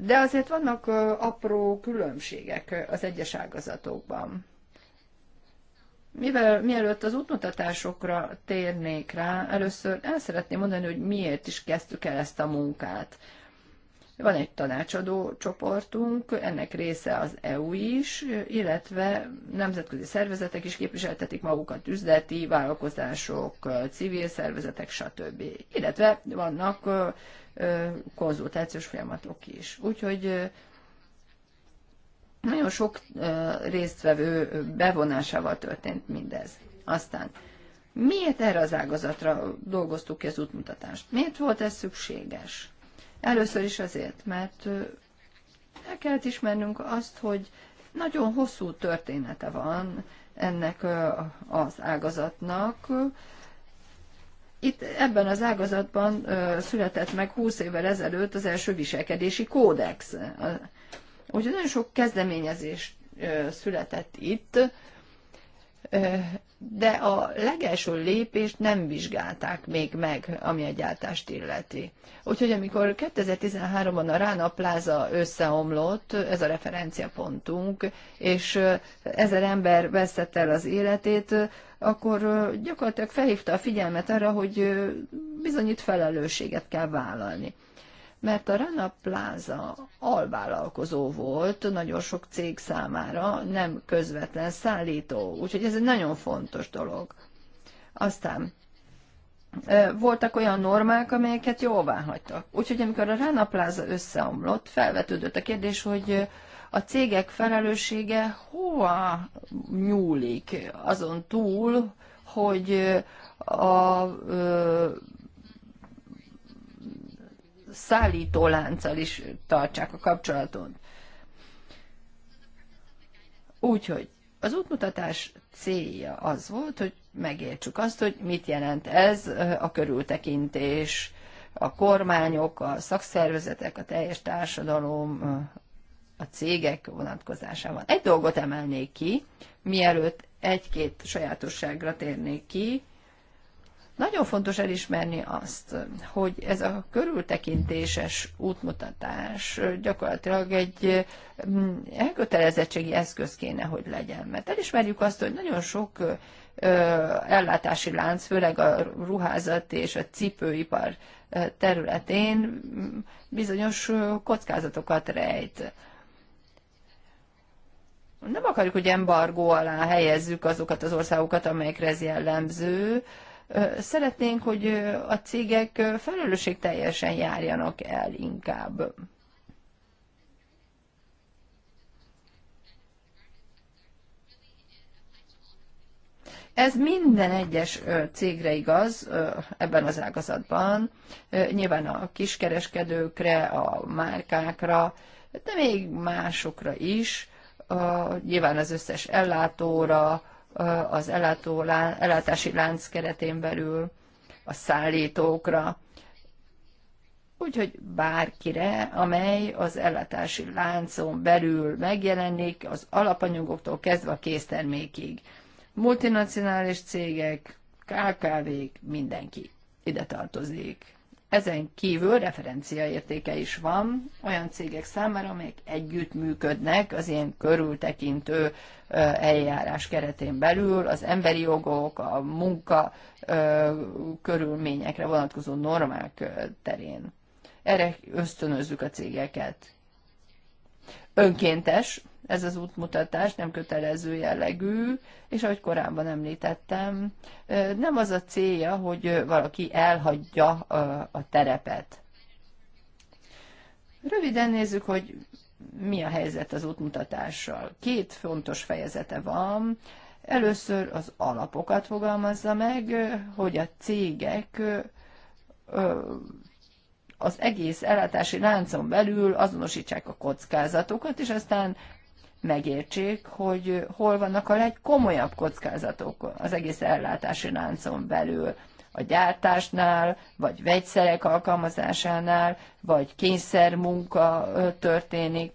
De azért vannak apró különbségek az egyes ágazatokban. Mivel mielőtt az útmutatásokra térnék rá, először el szeretném mondani, hogy miért is kezdtük el ezt a munkát. Van egy tanácsadó csoportunk, ennek része az EU is, illetve nemzetközi szervezetek is képviseltetik magukat, üzleti vállalkozások, civil szervezetek, stb. Illetve vannak konzultációs folyamatok is. Úgyhogy nagyon sok résztvevő bevonásával történt mindez. Aztán miért erre az ágazatra dolgoztuk ki az útmutatást? Miért volt ez szükséges? Először is azért, mert el kellett ismernünk azt, hogy nagyon hosszú története van ennek az ágazatnak. Itt ebben az ágazatban született meg 20 évvel ezelőtt az első viselkedési kódex Úgyhogy nagyon sok kezdeményezés született itt, de a legelső lépést nem vizsgálták még meg, ami a gyártást illeti. Úgyhogy amikor 2013-ban a Rána pláza összeomlott, ez a referenciapontunk, és ezer ember veszett el az életét, akkor gyakorlatilag felhívta a figyelmet arra, hogy bizonyít felelősséget kell vállalni mert a Rana Plaza alvállalkozó volt nagyon sok cég számára, nem közvetlen szállító, úgyhogy ez egy nagyon fontos dolog. Aztán voltak olyan normák, amelyeket jóvá hagytak. Úgyhogy amikor a Rana Plaza összeomlott, felvetődött a kérdés, hogy a cégek felelőssége hova nyúlik azon túl, hogy a szállító lánccal is tartsák a kapcsolatot. Úgyhogy az útmutatás célja az volt, hogy megértsük azt, hogy mit jelent ez a körültekintés, a kormányok, a szakszervezetek, a teljes társadalom, a cégek vonatkozásában. Egy dolgot emelnék ki, mielőtt egy-két sajátosságra térnék ki, nagyon fontos elismerni azt, hogy ez a körültekintéses útmutatás gyakorlatilag egy mm, elkötelezettségi eszköz kéne, hogy legyen. Mert elismerjük azt, hogy nagyon sok ellátási lánc, főleg a ruházat és a cipőipar területén mm, bizonyos kockázatokat rejt. Nem akarjuk, hogy embargó alá helyezzük azokat az országokat, amelyekre ez jellemző, Szeretnénk, hogy a cégek teljesen járjanak el inkább. Ez minden egyes cégre igaz ebben az ágazatban, nyilván a kiskereskedőkre, a márkákra, de még másokra is, nyilván az összes ellátóra, az ellátó, ellátási lánc keretén belül a szállítókra, úgyhogy bárkire, amely az ellátási láncon belül megjelenik, az alapanyagoktól kezdve a késztermékig. Multinacionális cégek, KKV-k, mindenki ide tartozik. Ezen kívül referenciaértéke is van olyan cégek számára, amelyek együttműködnek az ilyen körültekintő eljárás keretén belül, az emberi jogok, a munka körülményekre vonatkozó normák terén. Erre ösztönözzük a cégeket önkéntes, ez az útmutatás nem kötelező jellegű, és ahogy korábban említettem, nem az a célja, hogy valaki elhagyja a terepet. Röviden nézzük, hogy mi a helyzet az útmutatással. Két fontos fejezete van. Először az alapokat fogalmazza meg, hogy a cégek az egész ellátási láncon belül azonosítsák a kockázatokat, és aztán megértsék, hogy hol vannak a legkomolyabb kockázatok az egész ellátási láncon belül a gyártásnál, vagy vegyszerek alkalmazásánál, vagy kényszermunka történik.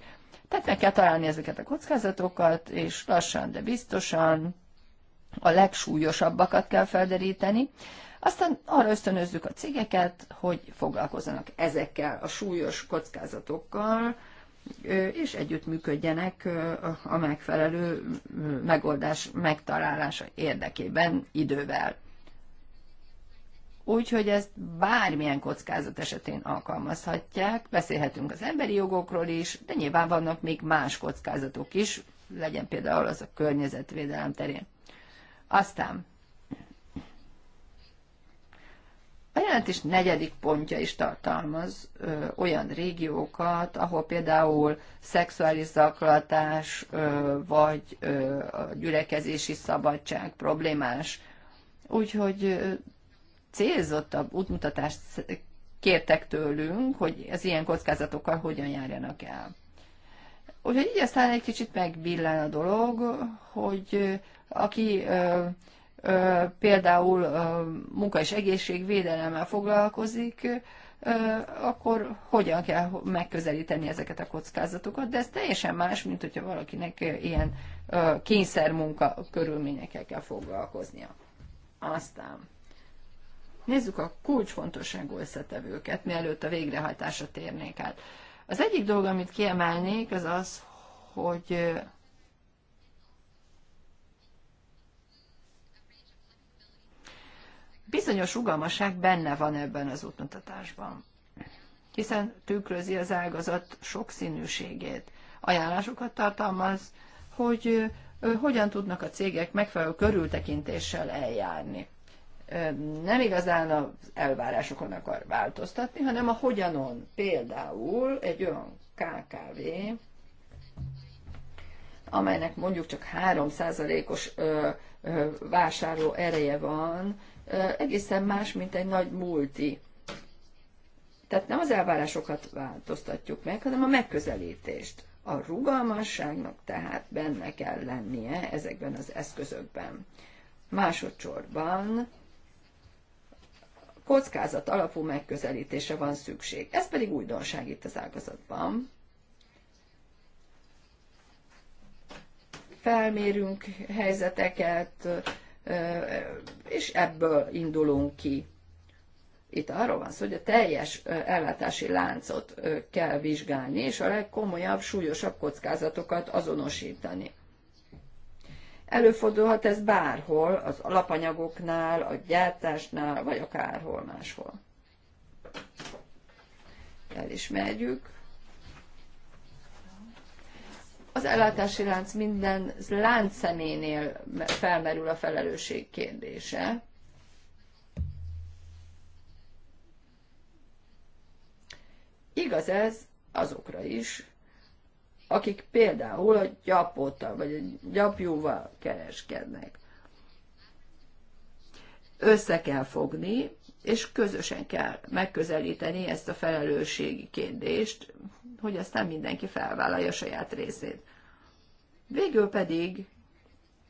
Tehát meg kell találni ezeket a kockázatokat, és lassan, de biztosan a legsúlyosabbakat kell felderíteni, aztán arra ösztönözzük a cégeket, hogy foglalkozzanak ezekkel a súlyos kockázatokkal, és együttműködjenek a megfelelő megoldás megtalálása érdekében idővel. Úgyhogy ezt bármilyen kockázat esetén alkalmazhatják. Beszélhetünk az emberi jogokról is, de nyilván vannak még más kockázatok is, legyen például az a környezetvédelem terén. Aztán A jelentés negyedik pontja is tartalmaz ö, olyan régiókat, ahol például szexuális zaklatás ö, vagy ö, a gyülekezési szabadság problémás. Úgyhogy ö, célzottabb útmutatást kértek tőlünk, hogy az ilyen kockázatokkal hogyan járjanak el. Úgyhogy így aztán egy kicsit megbillen a dolog, hogy aki ö, például munka és egészségvédelemmel foglalkozik, akkor hogyan kell megközelíteni ezeket a kockázatokat, de ez teljesen más, mint hogyha valakinek ilyen kényszermunka körülményekkel kell foglalkoznia. Aztán nézzük a kulcsfontosságú összetevőket, mielőtt a végrehajtásra térnék át. Az egyik dolog, amit kiemelnék, az az, hogy Bizonyos rugalmasság benne van ebben az útmutatásban, hiszen tükrözi az ágazat sokszínűségét. Ajánlásokat tartalmaz, hogy hogyan tudnak a cégek megfelelő körültekintéssel eljárni. Nem igazán az elvárásokon akar változtatni, hanem a hogyanon. Például egy olyan KKV, amelynek mondjuk csak 3%-os vásárló ereje van, egészen más, mint egy nagy multi. Tehát nem az elvárásokat változtatjuk meg, hanem a megközelítést. A rugalmasságnak tehát benne kell lennie ezekben az eszközökben. Másodszorban kockázat alapú megközelítése van szükség. Ez pedig újdonság itt az ágazatban. Felmérünk helyzeteket, és ebből indulunk ki. Itt arról van szó, hogy a teljes ellátási láncot kell vizsgálni, és a legkomolyabb, súlyosabb kockázatokat azonosítani. Előfordulhat ez bárhol, az alapanyagoknál, a gyártásnál, vagy akárhol máshol. Elismerjük, az ellátási lánc minden láncszeménél felmerül a felelősség kérdése. Igaz ez azokra is, akik például a gyapóta vagy a gyapjúval kereskednek. Össze kell fogni, és közösen kell megközelíteni ezt a felelősségi kérdést, hogy aztán mindenki felvállalja a saját részét. Végül pedig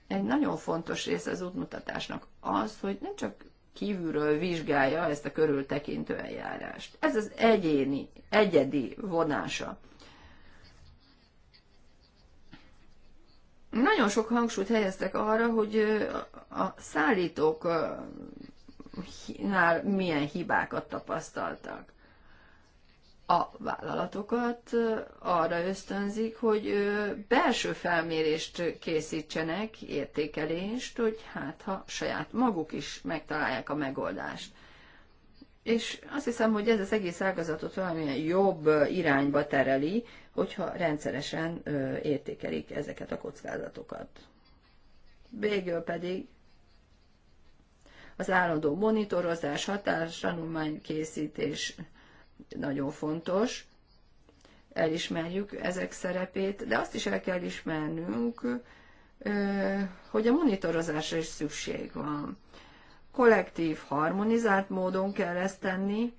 egy nagyon fontos része az útmutatásnak az, hogy nem csak kívülről vizsgálja ezt a körültekintő eljárást. Ez az egyéni, egyedi vonása. Nagyon sok hangsúlyt helyeztek arra, hogy a szállítóknál milyen hibákat tapasztaltak a vállalatokat arra ösztönzik, hogy belső felmérést készítsenek, értékelést, hogy hát ha saját maguk is megtalálják a megoldást. És azt hiszem, hogy ez az egész ágazatot valamilyen jobb irányba tereli, hogyha rendszeresen értékelik ezeket a kockázatokat. Végül pedig az állandó monitorozás, hatástanulmány készítés, nagyon fontos, elismerjük ezek szerepét, de azt is el kell ismernünk, hogy a monitorozásra is szükség van. Kollektív, harmonizált módon kell ezt tenni,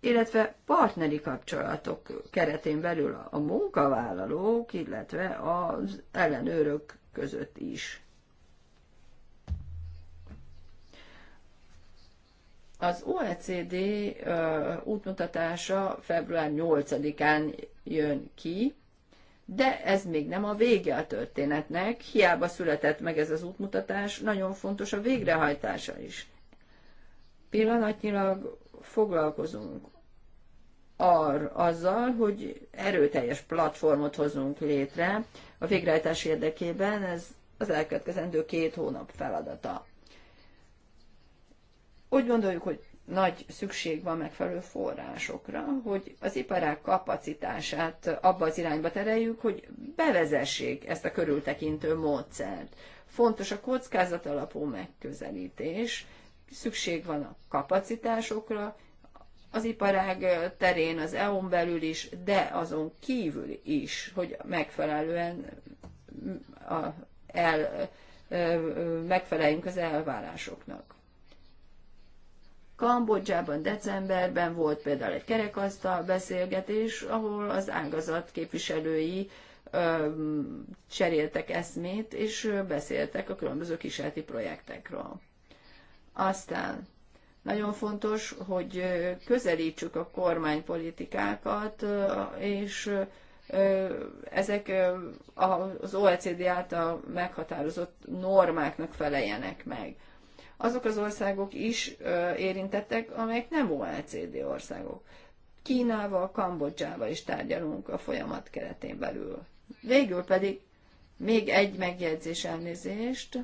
illetve partneri kapcsolatok keretén belül a munkavállalók, illetve az ellenőrök között is. Az OECD útmutatása február 8-án jön ki, de ez még nem a vége a történetnek, hiába született meg ez az útmutatás, nagyon fontos a végrehajtása is. Pillanatnyilag foglalkozunk ar, azzal, hogy erőteljes platformot hozunk létre a végrehajtás érdekében, ez az elkövetkezendő két hónap feladata. Úgy gondoljuk, hogy nagy szükség van megfelelő forrásokra, hogy az iparák kapacitását abba az irányba tereljük, hogy bevezessék ezt a körültekintő módszert. Fontos a kockázat alapú megközelítés, szükség van a kapacitásokra, az iparág terén, az EON belül is, de azon kívül is, hogy megfelelően a, el, megfeleljünk az elvárásoknak Kambodzsában decemberben volt például egy kerekasztal beszélgetés, ahol az ágazat képviselői cseréltek eszmét, és beszéltek a különböző kísérleti projektekről. Aztán nagyon fontos, hogy közelítsük a kormánypolitikákat, és ezek az OECD által meghatározott normáknak feleljenek meg azok az országok is érintettek, amelyek nem OECD országok. Kínával, Kambodzsával is tárgyalunk a folyamat keretén belül. Végül pedig még egy megjegyzés elnézést.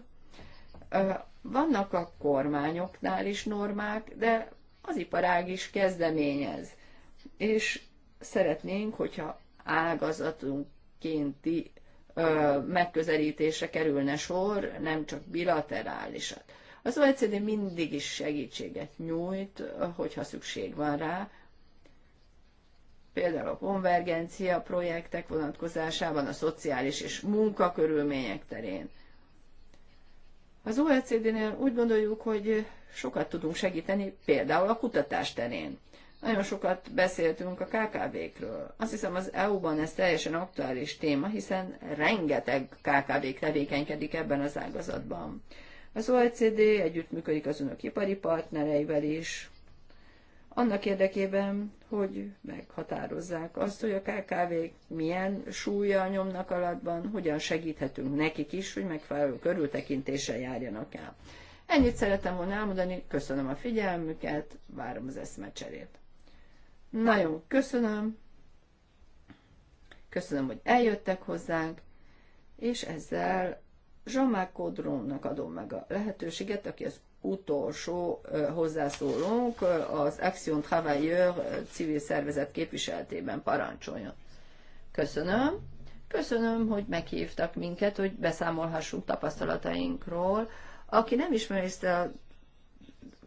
Vannak a kormányoknál is normák, de az iparág is kezdeményez. És szeretnénk, hogyha ágazatunkénti megközelítése kerülne sor, nem csak bilaterálisat. Az OECD mindig is segítséget nyújt, hogyha szükség van rá, például a konvergencia projektek vonatkozásában, a szociális és munkakörülmények terén. Az OECD-nél úgy gondoljuk, hogy sokat tudunk segíteni, például a kutatás terén. Nagyon sokat beszéltünk a KKV-kről. Azt hiszem az EU-ban ez teljesen aktuális téma, hiszen rengeteg KKV tevékenykedik ebben az ágazatban. Az OECD együttműködik az önök ipari partnereivel is, annak érdekében, hogy meghatározzák azt, hogy a kkv milyen súlya a nyomnak alattban, hogyan segíthetünk nekik is, hogy megfelelő körültekintéssel járjanak el. Ennyit szeretem volna elmondani, köszönöm a figyelmüket, várom az eszmecserét. Nagyon köszönöm, köszönöm, hogy eljöttek hozzánk, és ezzel Jean-Marc Codron-nak adom meg a lehetőséget, aki az utolsó hozzászólónk az Action Travailleur civil szervezet képviseltében parancsoljon. Köszönöm. Köszönöm, hogy meghívtak minket, hogy beszámolhassunk tapasztalatainkról. Aki nem ismeri ezt a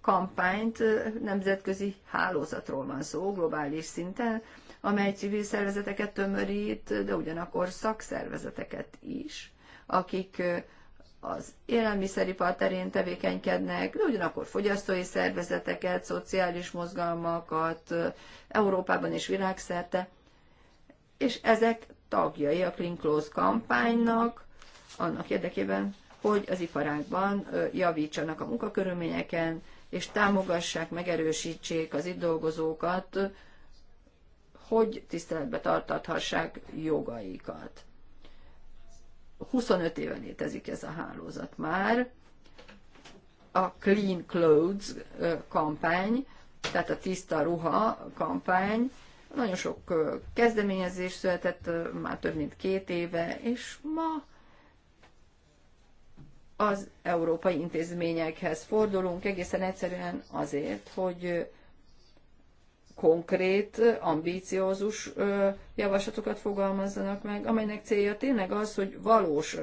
kampányt, nemzetközi hálózatról van szó, globális szinten, amely civil szervezeteket tömörít, de ugyanakkor szakszervezeteket is akik az élelmiszeripar terén tevékenykednek, de ugyanakkor fogyasztói szervezeteket, szociális mozgalmakat Európában és világszerte, és ezek tagjai a Clean Close kampánynak, annak érdekében, hogy az iparákban javítsanak a munkakörülményeken, és támogassák, megerősítsék az itt dolgozókat, hogy tiszteletbe tartathassák jogaikat. 25 éve létezik ez a hálózat már, a Clean Clothes kampány, tehát a tiszta ruha kampány, nagyon sok kezdeményezés született már több mint két éve, és ma az európai intézményekhez fordulunk egészen egyszerűen azért, hogy konkrét, ambíciózus javaslatokat fogalmazzanak meg, amelynek célja tényleg az, hogy valós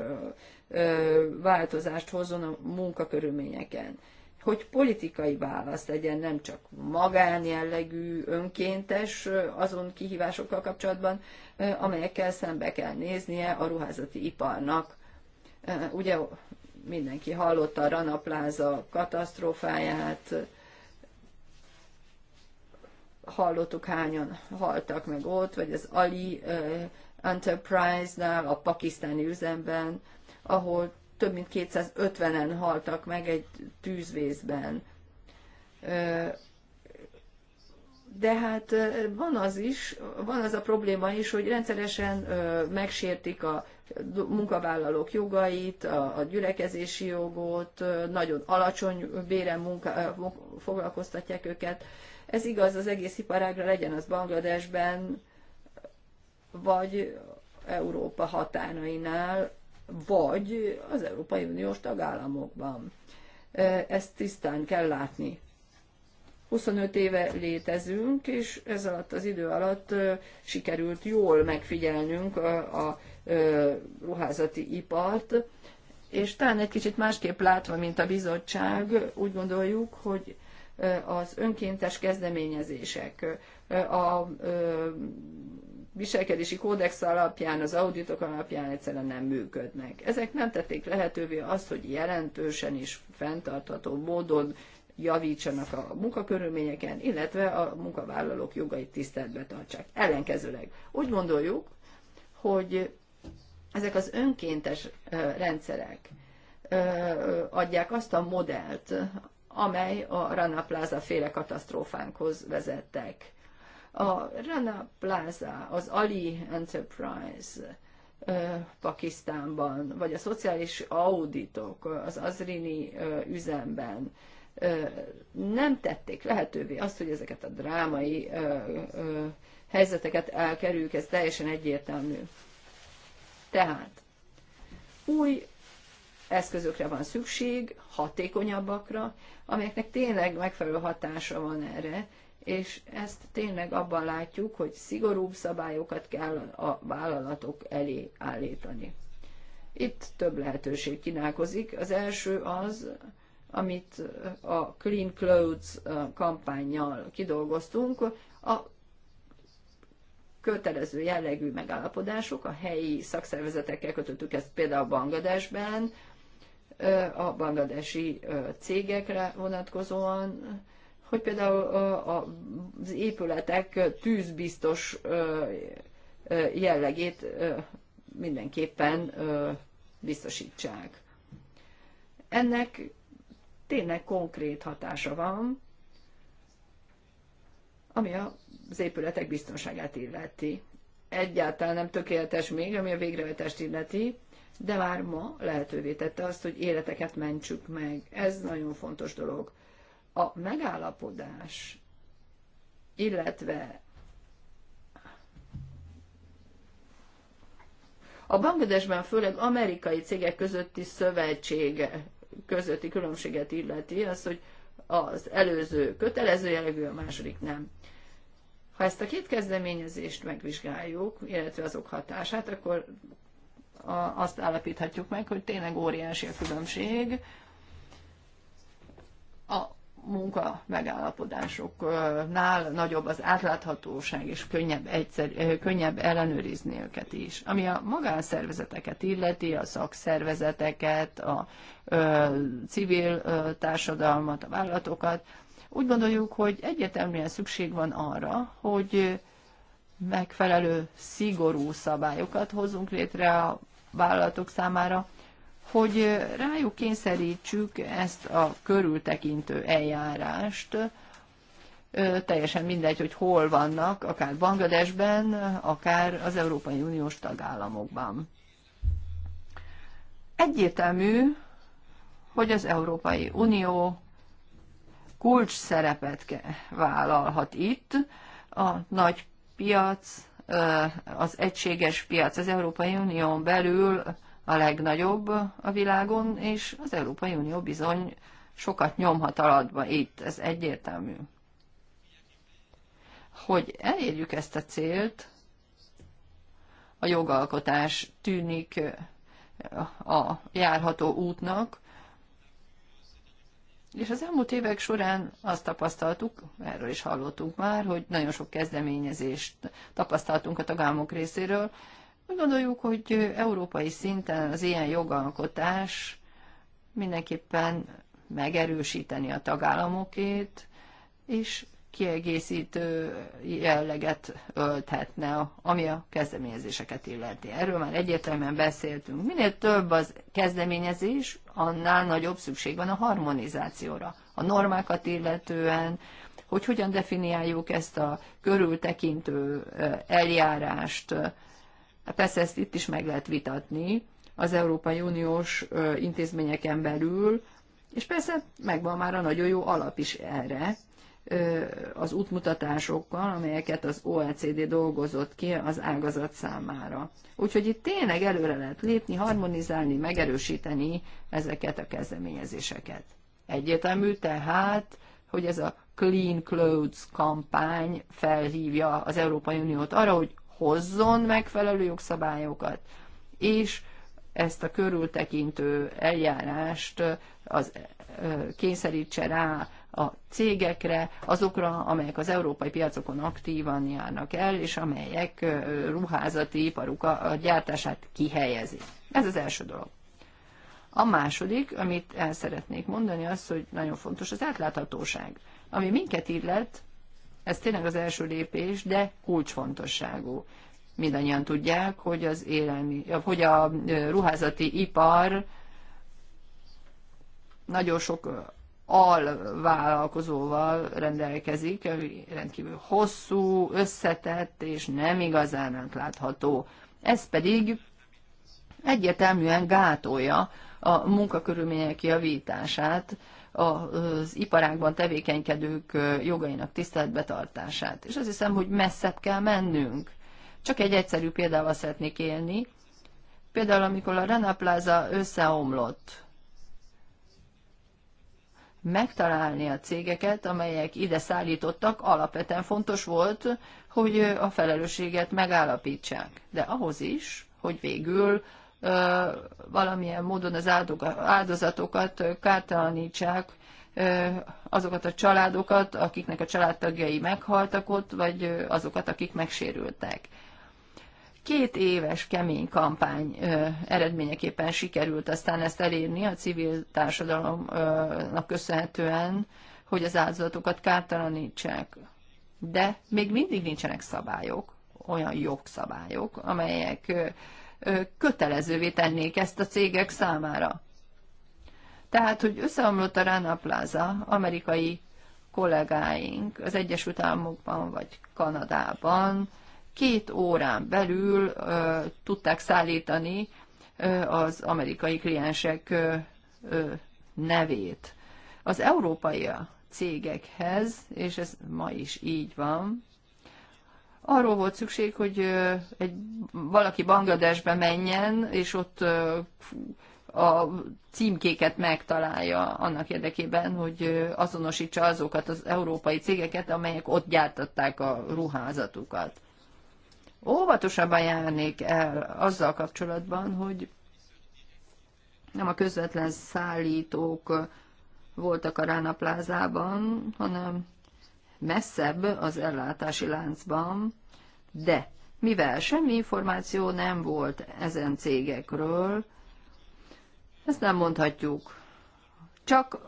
változást hozzon a munkakörülményeken. Hogy politikai választ legyen, nem csak magánjellegű, önkéntes azon kihívásokkal kapcsolatban, amelyekkel szembe kell néznie a ruházati iparnak. Ugye mindenki hallotta a Rana Plaza katasztrófáját, hallottuk hányan haltak meg ott, vagy az Ali Enterprise-nál, a pakisztáni üzemben, ahol több mint 250-en haltak meg egy tűzvészben. De hát van az is, van az a probléma is, hogy rendszeresen megsértik a munkavállalók jogait, a gyülekezési jogot, nagyon alacsony béren munka, foglalkoztatják őket, ez igaz az egész iparágra, legyen az Bangladesben, vagy Európa határainál, vagy az Európai Uniós tagállamokban. Ezt tisztán kell látni. 25 éve létezünk, és ez alatt az idő alatt sikerült jól megfigyelnünk a ruházati ipart, és talán egy kicsit másképp látva, mint a bizottság, úgy gondoljuk, hogy az önkéntes kezdeményezések, a viselkedési kódex alapján, az auditok alapján egyszerűen nem működnek. Ezek nem tették lehetővé azt, hogy jelentősen is fenntartható módon javítsanak a munkakörülményeken, illetve a munkavállalók jogait tiszteletbe tartsák. Ellenkezőleg úgy gondoljuk, hogy ezek az önkéntes rendszerek adják azt a modellt, amely a Rana Plaza féle katasztrófánkhoz vezettek. A Rana Plaza, az Ali Enterprise Pakisztánban, vagy a szociális auditok az Azrini üzemben nem tették lehetővé azt, hogy ezeket a drámai helyzeteket elkerüljük, ez teljesen egyértelmű. Tehát új eszközökre van szükség, hatékonyabbakra, amelyeknek tényleg megfelelő hatása van erre, és ezt tényleg abban látjuk, hogy szigorúbb szabályokat kell a vállalatok elé állítani. Itt több lehetőség kínálkozik. Az első az, amit a Clean Clothes kampányjal kidolgoztunk, a kötelező jellegű megállapodások, a helyi szakszervezetekkel kötöttük ezt például Bangladesben, a bangladesi cégekre vonatkozóan, hogy például az épületek tűzbiztos jellegét mindenképpen biztosítsák. Ennek tényleg konkrét hatása van, ami az épületek biztonságát illeti. Egyáltalán nem tökéletes még, ami a végrehajtást illeti, de már ma lehetővé tette azt, hogy életeket mentsük meg. Ez nagyon fontos dolog. A megállapodás, illetve a Bangladesben főleg amerikai cégek közötti szövetség közötti különbséget illeti, az, hogy az előző kötelező jellegű, a második nem. Ha ezt a két kezdeményezést megvizsgáljuk, illetve azok hatását, akkor azt állapíthatjuk meg, hogy tényleg óriási a különbség a munka megállapodásoknál nagyobb az átláthatóság, és könnyebb, egyszer, könnyebb ellenőrizni őket is. Ami a magánszervezeteket illeti, a szakszervezeteket, a civil társadalmat, a vállalatokat, úgy gondoljuk, hogy egyértelműen szükség van arra, hogy megfelelő szigorú szabályokat hozunk létre a vállalatok számára, hogy rájuk kényszerítsük ezt a körültekintő eljárást, teljesen mindegy, hogy hol vannak, akár Bangladesben, akár az Európai Uniós tagállamokban. Egyértelmű, hogy az Európai Unió kulcs szerepet vállalhat itt, a nagy piac az egységes piac az Európai Unión belül a legnagyobb a világon, és az Európai Unió bizony sokat nyomhat alatba itt, ez egyértelmű. Hogy elérjük ezt a célt, a jogalkotás tűnik a járható útnak, és az elmúlt évek során azt tapasztaltuk, erről is hallottunk már, hogy nagyon sok kezdeményezést tapasztaltunk a tagállamok részéről. Úgy gondoljuk, hogy európai szinten az ilyen jogalkotás mindenképpen megerősíteni a tagállamokét, és kiegészítő jelleget ölthetne, ami a kezdeményezéseket illeti. Erről már egyértelműen beszéltünk. Minél több az kezdeményezés, annál nagyobb szükség van a harmonizációra. A normákat illetően, hogy hogyan definiáljuk ezt a körültekintő eljárást. Persze ezt itt is meg lehet vitatni az Európai Uniós intézményeken belül, és persze megvan már a nagyon jó alap is erre, az útmutatásokkal, amelyeket az OECD dolgozott ki az ágazat számára. Úgyhogy itt tényleg előre lehet lépni, harmonizálni, megerősíteni ezeket a kezdeményezéseket. Egyértelmű tehát, hogy ez a Clean Clothes kampány felhívja az Európai Uniót arra, hogy hozzon megfelelő jogszabályokat, és ezt a körültekintő eljárást az kényszerítse rá a cégekre, azokra, amelyek az európai piacokon aktívan járnak el, és amelyek ruházati iparuk a gyártását kihelyezi. Ez az első dolog. A második, amit el szeretnék mondani, az, hogy nagyon fontos az átláthatóság. Ami minket illet, ez tényleg az első lépés, de kulcsfontosságú. Mindannyian tudják, hogy, az élelmi, hogy a ruházati ipar nagyon sok alvállalkozóval rendelkezik, rendkívül hosszú, összetett és nem igazán átlátható. Ez pedig egyértelműen gátolja a munkakörülmények javítását, az iparágban tevékenykedők jogainak betartását. És azt hiszem, hogy messzebb kell mennünk. Csak egy egyszerű példával szeretnék élni. Például, amikor a Renapláza Plaza összeomlott, megtalálni a cégeket, amelyek ide szállítottak, alapvetően fontos volt, hogy a felelősséget megállapítsák. De ahhoz is, hogy végül valamilyen módon az áldozatokat kártalanítsák, azokat a családokat, akiknek a családtagjai meghaltak ott, vagy azokat, akik megsérültek. Két éves kemény kampány eredményeképpen sikerült aztán ezt elérni a civil társadalomnak köszönhetően, hogy az áldozatokat kártalanítsák. De még mindig nincsenek szabályok, olyan jogszabályok, amelyek kötelezővé tennék ezt a cégek számára. Tehát, hogy összeomlott a Rana Plaza, amerikai kollégáink az Egyesült Államokban vagy Kanadában két órán belül ö, tudták szállítani ö, az amerikai kliensek ö, ö, nevét. Az európai cégekhez, és ez ma is így van, arról volt szükség, hogy ö, egy, valaki Bangladesbe menjen, és ott ö, a címkéket megtalálja annak érdekében, hogy azonosítsa azokat az európai cégeket, amelyek ott gyártatták a ruházatukat óvatosabban járnék el azzal kapcsolatban, hogy nem a közvetlen szállítók voltak a Rána plázában, hanem messzebb az ellátási láncban, de mivel semmi információ nem volt ezen cégekről, ezt nem mondhatjuk. Csak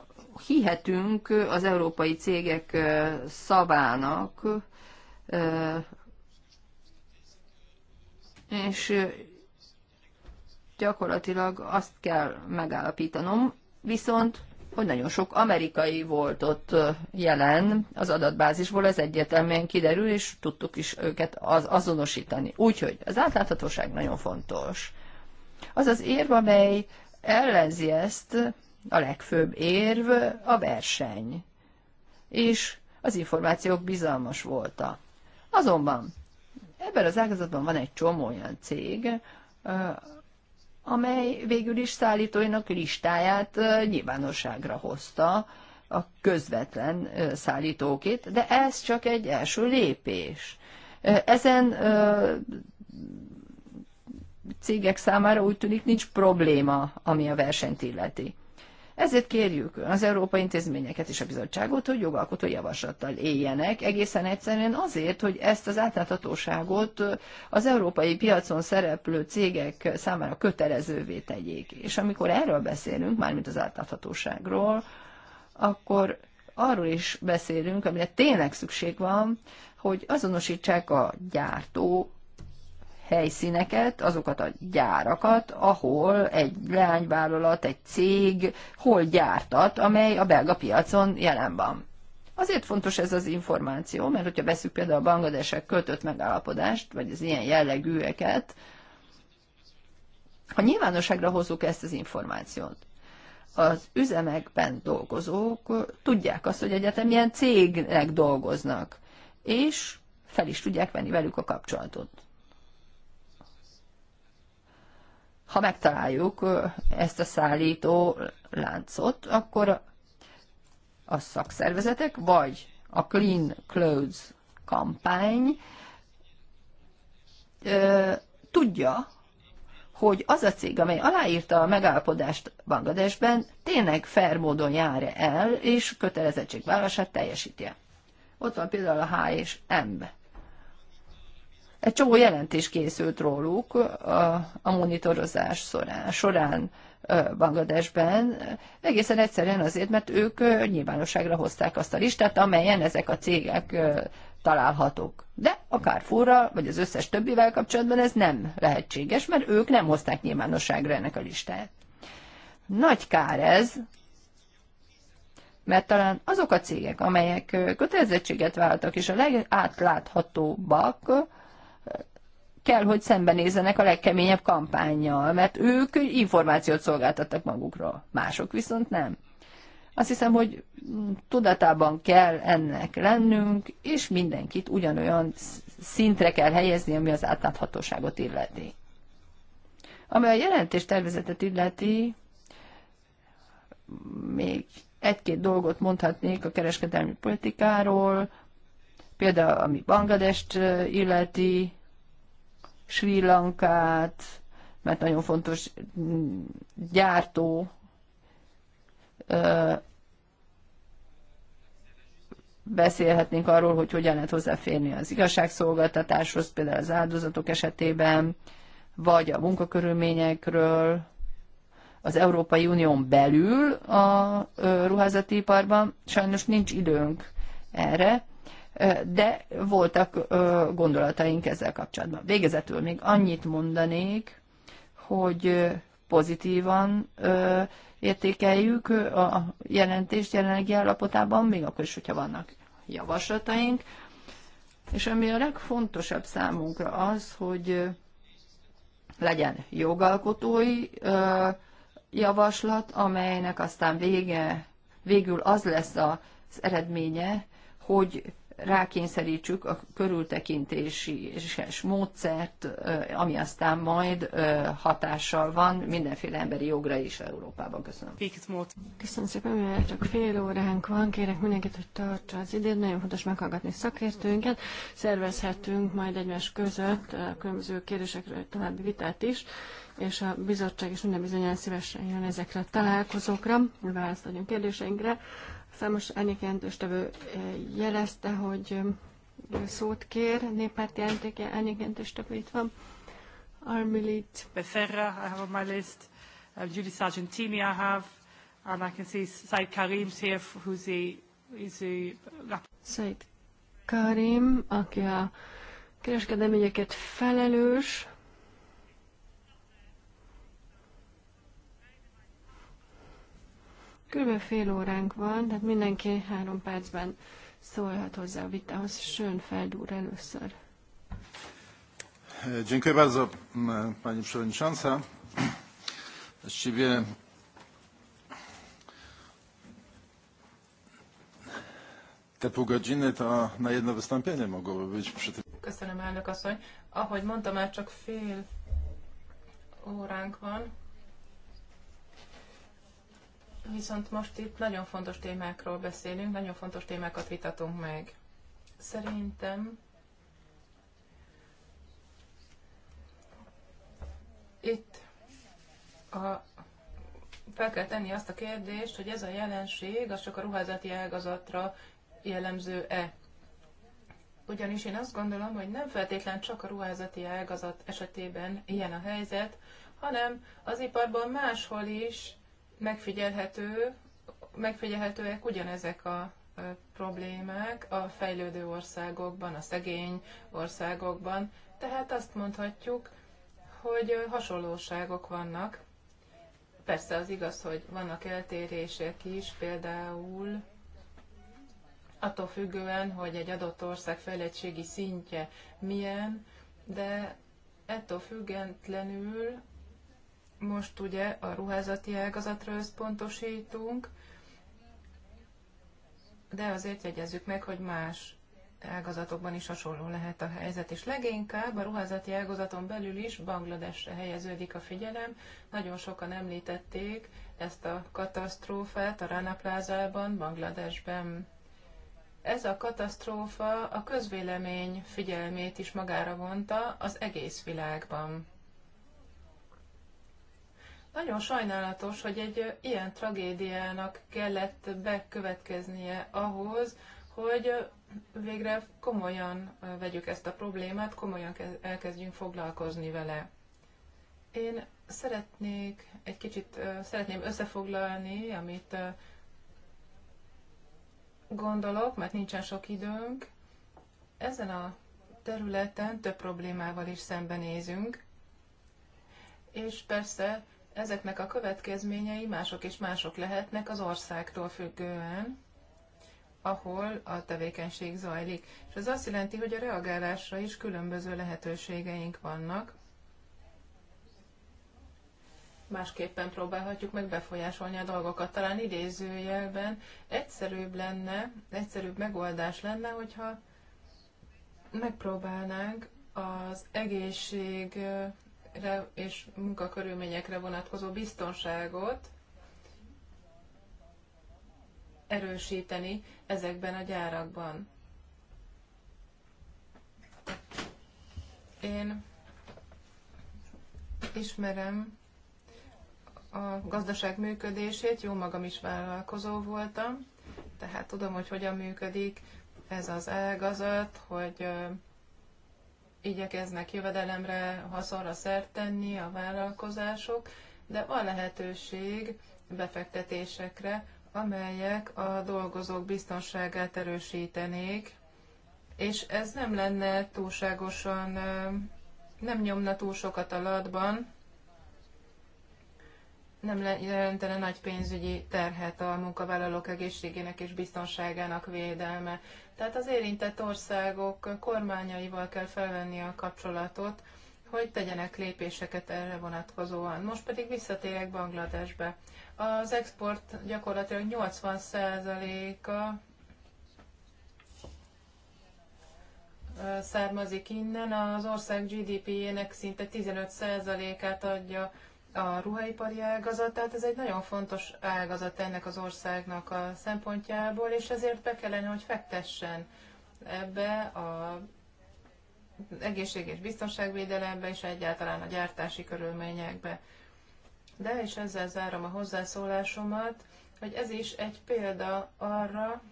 hihetünk az európai cégek szavának, és gyakorlatilag azt kell megállapítanom, viszont hogy nagyon sok amerikai volt ott jelen az adatbázisból, ez egyértelműen kiderül, és tudtuk is őket az azonosítani. Úgyhogy az átláthatóság nagyon fontos. Az az érv, amely ellenzi ezt, a legfőbb érv a verseny. És az információk bizalmas voltak Azonban Ebben az ágazatban van egy csomó olyan cég, amely végül is szállítóinak listáját nyilvánosságra hozta a közvetlen szállítókét, de ez csak egy első lépés. Ezen cégek számára úgy tűnik nincs probléma, ami a versenyt illeti. Ezért kérjük az európai intézményeket és a bizottságot, hogy jogalkotó javaslattal éljenek, egészen egyszerűen azért, hogy ezt az átláthatóságot az európai piacon szereplő cégek számára kötelezővé tegyék. És amikor erről beszélünk, mármint az átláthatóságról, akkor arról is beszélünk, amire tényleg szükség van, hogy azonosítsák a gyártó helyszíneket, azokat a gyárakat, ahol egy leányvállalat, egy cég hol gyártat, amely a belga piacon jelen van. Azért fontos ez az információ, mert hogyha veszük például a bangladesek kötött megállapodást, vagy az ilyen jellegűeket, ha nyilvánosságra hozzuk ezt az információt, az üzemekben dolgozók tudják azt, hogy egyetem milyen cégnek dolgoznak, és fel is tudják venni velük a kapcsolatot. ha megtaláljuk ezt a szállító láncot, akkor a szakszervezetek vagy a Clean Clothes kampány tudja, hogy az a cég, amely aláírta a megállapodást Bangladesben, tényleg fair módon jár -e el, és kötelezettségvállását teljesíti. Ott van például a H és M egy csomó jelentés készült róluk a monitorozás során Bangladesben, egészen egyszerűen azért, mert ők nyilvánosságra hozták azt a listát, amelyen ezek a cégek találhatók. De a Carrefourral, vagy az összes többivel kapcsolatban ez nem lehetséges, mert ők nem hozták nyilvánosságra ennek a listát. Nagy kár ez, mert talán azok a cégek, amelyek kötelezettséget váltak, és a legátláthatóbbak, kell, hogy szembenézzenek a legkeményebb kampányjal, mert ők információt szolgáltattak magukról, mások viszont nem. Azt hiszem, hogy tudatában kell ennek lennünk, és mindenkit ugyanolyan szintre kell helyezni, ami az átláthatóságot illeti. Ami a jelentés tervezetet illeti, még egy-két dolgot mondhatnék a kereskedelmi politikáról, például ami Bangladest illeti, Sri Lankát, mert nagyon fontos gyártó beszélhetnénk arról, hogy hogyan lehet hozzáférni az igazságszolgáltatáshoz, például az áldozatok esetében, vagy a munkakörülményekről, az Európai Unión belül a ruházati iparban. Sajnos nincs időnk erre, de voltak gondolataink ezzel kapcsolatban. Végezetül még annyit mondanék, hogy pozitívan értékeljük a jelentést jelenlegi állapotában, még akkor is, hogyha vannak javaslataink. És ami a legfontosabb számunkra az, hogy legyen jogalkotói javaslat, amelynek aztán vége, végül az lesz az eredménye, hogy rákényszerítsük a körültekintési és módszert, ami aztán majd hatással van mindenféle emberi jogra is Európában. Köszönöm. Köszönöm szépen, mivel csak fél óránk van, kérek mindenkit, hogy tartsa az időt. Nagyon fontos meghallgatni szakértőinket. Szervezhetünk majd egymás között a különböző kérdésekről egy további vitát is, és a bizottság is minden bizonyán szívesen jön ezekre a találkozókra, választ adjunk kérdéseinkre. Számos tevő eh, jelezte, hogy eh, szót kér, néppárti tevő itt van. Armilit. Becerra, I have on my list. Um, Judy Sargentini I have. And I can see Said Karim's here, who's the... Is the... Uh, Said Karim, aki a kereskedelmi felelős, Kb. fél óránk van, tehát mindenki három percben szólhat hozzá a vitához. Sőn feldúr először. Dziękuję bardzo, Pani Przewodnicząca. Właściwie te pół godziny to na jedno wystąpienie mogłoby być przy tym. Köszönöm, elnök asszony. Ahogy mondtam, már csak fél óránk van. Viszont most itt nagyon fontos témákról beszélünk, nagyon fontos témákat vitatunk meg. Szerintem itt a, fel kell tenni azt a kérdést, hogy ez a jelenség az csak a ruházati ágazatra jellemző-e. Ugyanis én azt gondolom, hogy nem feltétlen csak a ruházati ágazat esetében ilyen a helyzet, hanem az iparban máshol is megfigyelhető, megfigyelhetőek ugyanezek a problémák a fejlődő országokban, a szegény országokban. Tehát azt mondhatjuk, hogy hasonlóságok vannak. Persze az igaz, hogy vannak eltérések is, például attól függően, hogy egy adott ország fejlettségi szintje milyen, de ettől függetlenül most ugye a ruházati ágazatra összpontosítunk, de azért jegyezzük meg, hogy más ágazatokban is hasonló lehet a helyzet, és leginkább a ruházati ágazaton belül is Bangladesre helyeződik a figyelem. Nagyon sokan említették ezt a katasztrófát a Rana plázában, Bangladesben. Ez a katasztrófa a közvélemény figyelmét is magára vonta az egész világban. Nagyon sajnálatos, hogy egy ilyen tragédiának kellett bekövetkeznie ahhoz, hogy végre komolyan vegyük ezt a problémát, komolyan elkezdjünk foglalkozni vele. Én szeretnék egy kicsit, szeretném összefoglalni, amit gondolok, mert nincsen sok időnk. Ezen a területen több problémával is szembenézünk, és persze ezeknek a következményei mások és mások lehetnek az országtól függően, ahol a tevékenység zajlik. És ez azt jelenti, hogy a reagálásra is különböző lehetőségeink vannak. Másképpen próbálhatjuk meg befolyásolni a dolgokat. Talán idézőjelben egyszerűbb lenne, egyszerűbb megoldás lenne, hogyha megpróbálnánk az egészség munkahelyre és munkakörülményekre vonatkozó biztonságot erősíteni ezekben a gyárakban. Én ismerem a gazdaság működését, jó magam is vállalkozó voltam, tehát tudom, hogy hogyan működik ez az ágazat, hogy igyekeznek jövedelemre, haszonra szert tenni a vállalkozások, de van lehetőség befektetésekre, amelyek a dolgozók biztonságát erősítenék, és ez nem lenne túlságosan, nem nyomna túl sokat a latban, nem jelentene nagy pénzügyi terhet a munkavállalók egészségének és biztonságának védelme. Tehát az érintett országok kormányaival kell felvenni a kapcsolatot, hogy tegyenek lépéseket erre vonatkozóan. Most pedig visszatérek Bangladesbe. Az export gyakorlatilag 80%-a származik innen, az ország GDP-jének szinte 15%-át adja a ruhaipari ágazat, tehát ez egy nagyon fontos ágazat ennek az országnak a szempontjából, és ezért be kellene, hogy fektessen ebbe a egészség és biztonságvédelembe, és egyáltalán a gyártási körülményekbe. De, és ezzel zárom a hozzászólásomat, hogy ez is egy példa arra,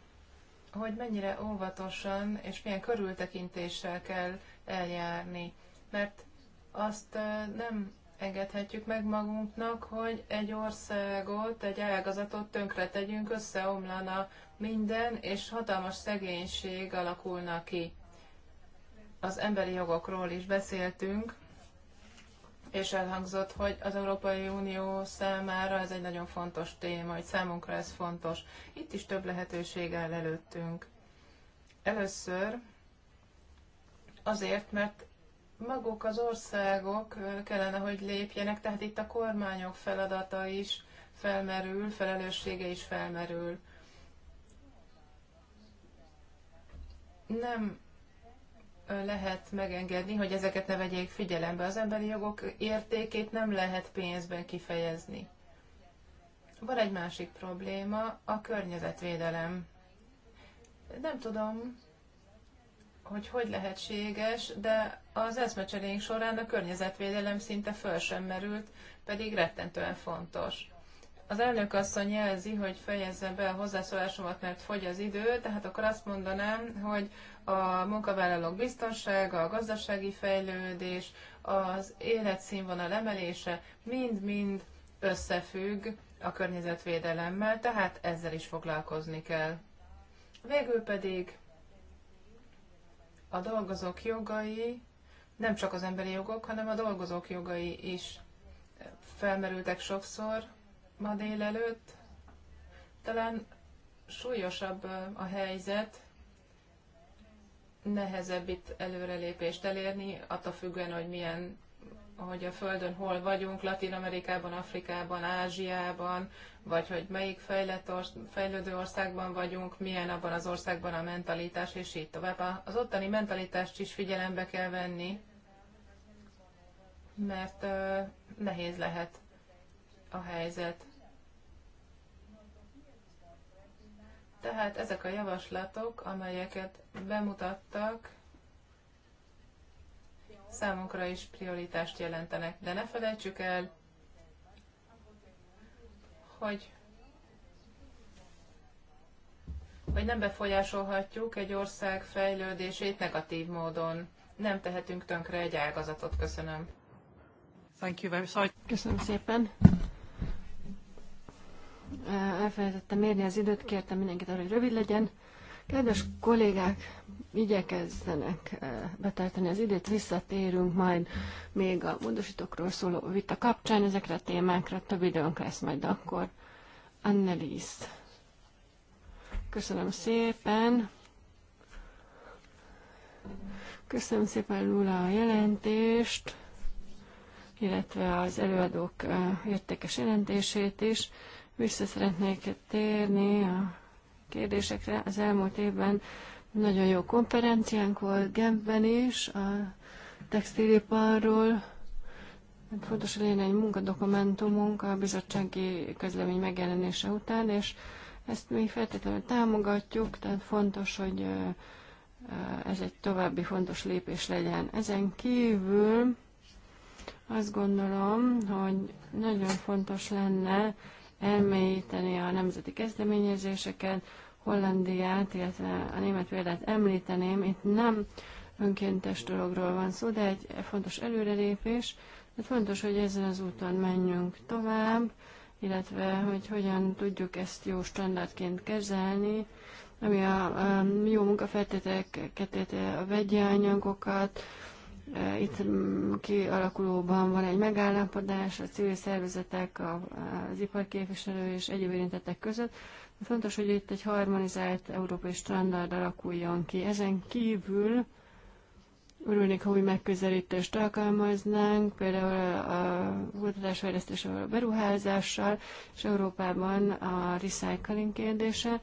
hogy mennyire óvatosan és milyen körültekintéssel kell eljárni. Mert azt nem engedhetjük meg magunknak, hogy egy országot, egy ágazatot tönkre tegyünk, összeomlana minden, és hatalmas szegénység alakulna ki. Az emberi jogokról is beszéltünk, és elhangzott, hogy az Európai Unió számára ez egy nagyon fontos téma, hogy számunkra ez fontos. Itt is több lehetőség áll előttünk. Először azért, mert maguk az országok kellene, hogy lépjenek, tehát itt a kormányok feladata is felmerül, felelőssége is felmerül. Nem lehet megengedni, hogy ezeket ne vegyék figyelembe. Az emberi jogok értékét nem lehet pénzben kifejezni. Van egy másik probléma, a környezetvédelem. Nem tudom, hogy hogy lehetséges, de az eszmecserénk során a környezetvédelem szinte föl sem merült, pedig rettentően fontos. Az elnök asszony jelzi, hogy fejezze be a hozzászólásomat, mert fogy az idő, tehát akkor azt mondanám, hogy a munkavállalók biztonsága, a gazdasági fejlődés, az életszínvonal emelése mind-mind összefügg a környezetvédelemmel, tehát ezzel is foglalkozni kell. Végül pedig a dolgozók jogai, nem csak az emberi jogok, hanem a dolgozók jogai is felmerültek sokszor ma délelőtt. Talán súlyosabb a helyzet, nehezebb itt előrelépést elérni, attól függően, hogy milyen hogy a Földön hol vagyunk, Latin Amerikában, Afrikában, Ázsiában, vagy hogy melyik fejlett or- fejlődő országban vagyunk, milyen abban az országban a mentalitás, és így tovább. Az ottani mentalitást is figyelembe kell venni, mert uh, nehéz lehet a helyzet. Tehát ezek a javaslatok, amelyeket bemutattak, számunkra is prioritást jelentenek. De ne felejtsük el, hogy hogy nem befolyásolhatjuk egy ország fejlődését negatív módon. Nem tehetünk tönkre egy ágazatot. Köszönöm. Thank you very much. Köszönöm szépen. Elfelejtettem mérni az időt, kértem mindenkit arra, hogy rövid legyen. Kedves kollégák, igyekezzenek eh, betartani az időt, visszatérünk majd még a módosítókról szóló vita kapcsán, ezekre a témákra több időnk lesz majd akkor. Annelies. Köszönöm szépen. Köszönöm szépen Lula a jelentést, illetve az előadók eh, értékes jelentését is. Vissza szeretnék térni a kérdésekre. Az elmúlt évben nagyon jó konferenciánk volt Genfben is a textiliparról. Hát fontos, hogy legyen egy munkadokumentumunk a bizottsági közlemény megjelenése után, és ezt mi feltétlenül támogatjuk, tehát fontos, hogy ez egy további fontos lépés legyen. Ezen kívül azt gondolom, hogy nagyon fontos lenne elmélyíteni a nemzeti kezdeményezéseket, Hollandiát, illetve a német példát említeném. Itt nem önkéntes dologról van szó, de egy fontos előrelépés. De hát fontos, hogy ezen az úton menjünk tovább, illetve hogy hogyan tudjuk ezt jó standardként kezelni, ami a, a jó munkafeltételeket, a vegyi anyagokat, e, itt kialakulóban van egy megállapodás a civil szervezetek, az iparképviselő és egyéb érintettek között, Fontos, hogy itt egy harmonizált európai standard alakuljon ki. Ezen kívül örülnék, ha új megközelítést alkalmaznánk, például a kutatásfejlesztésével, a beruházással, és Európában a recycling kérdése.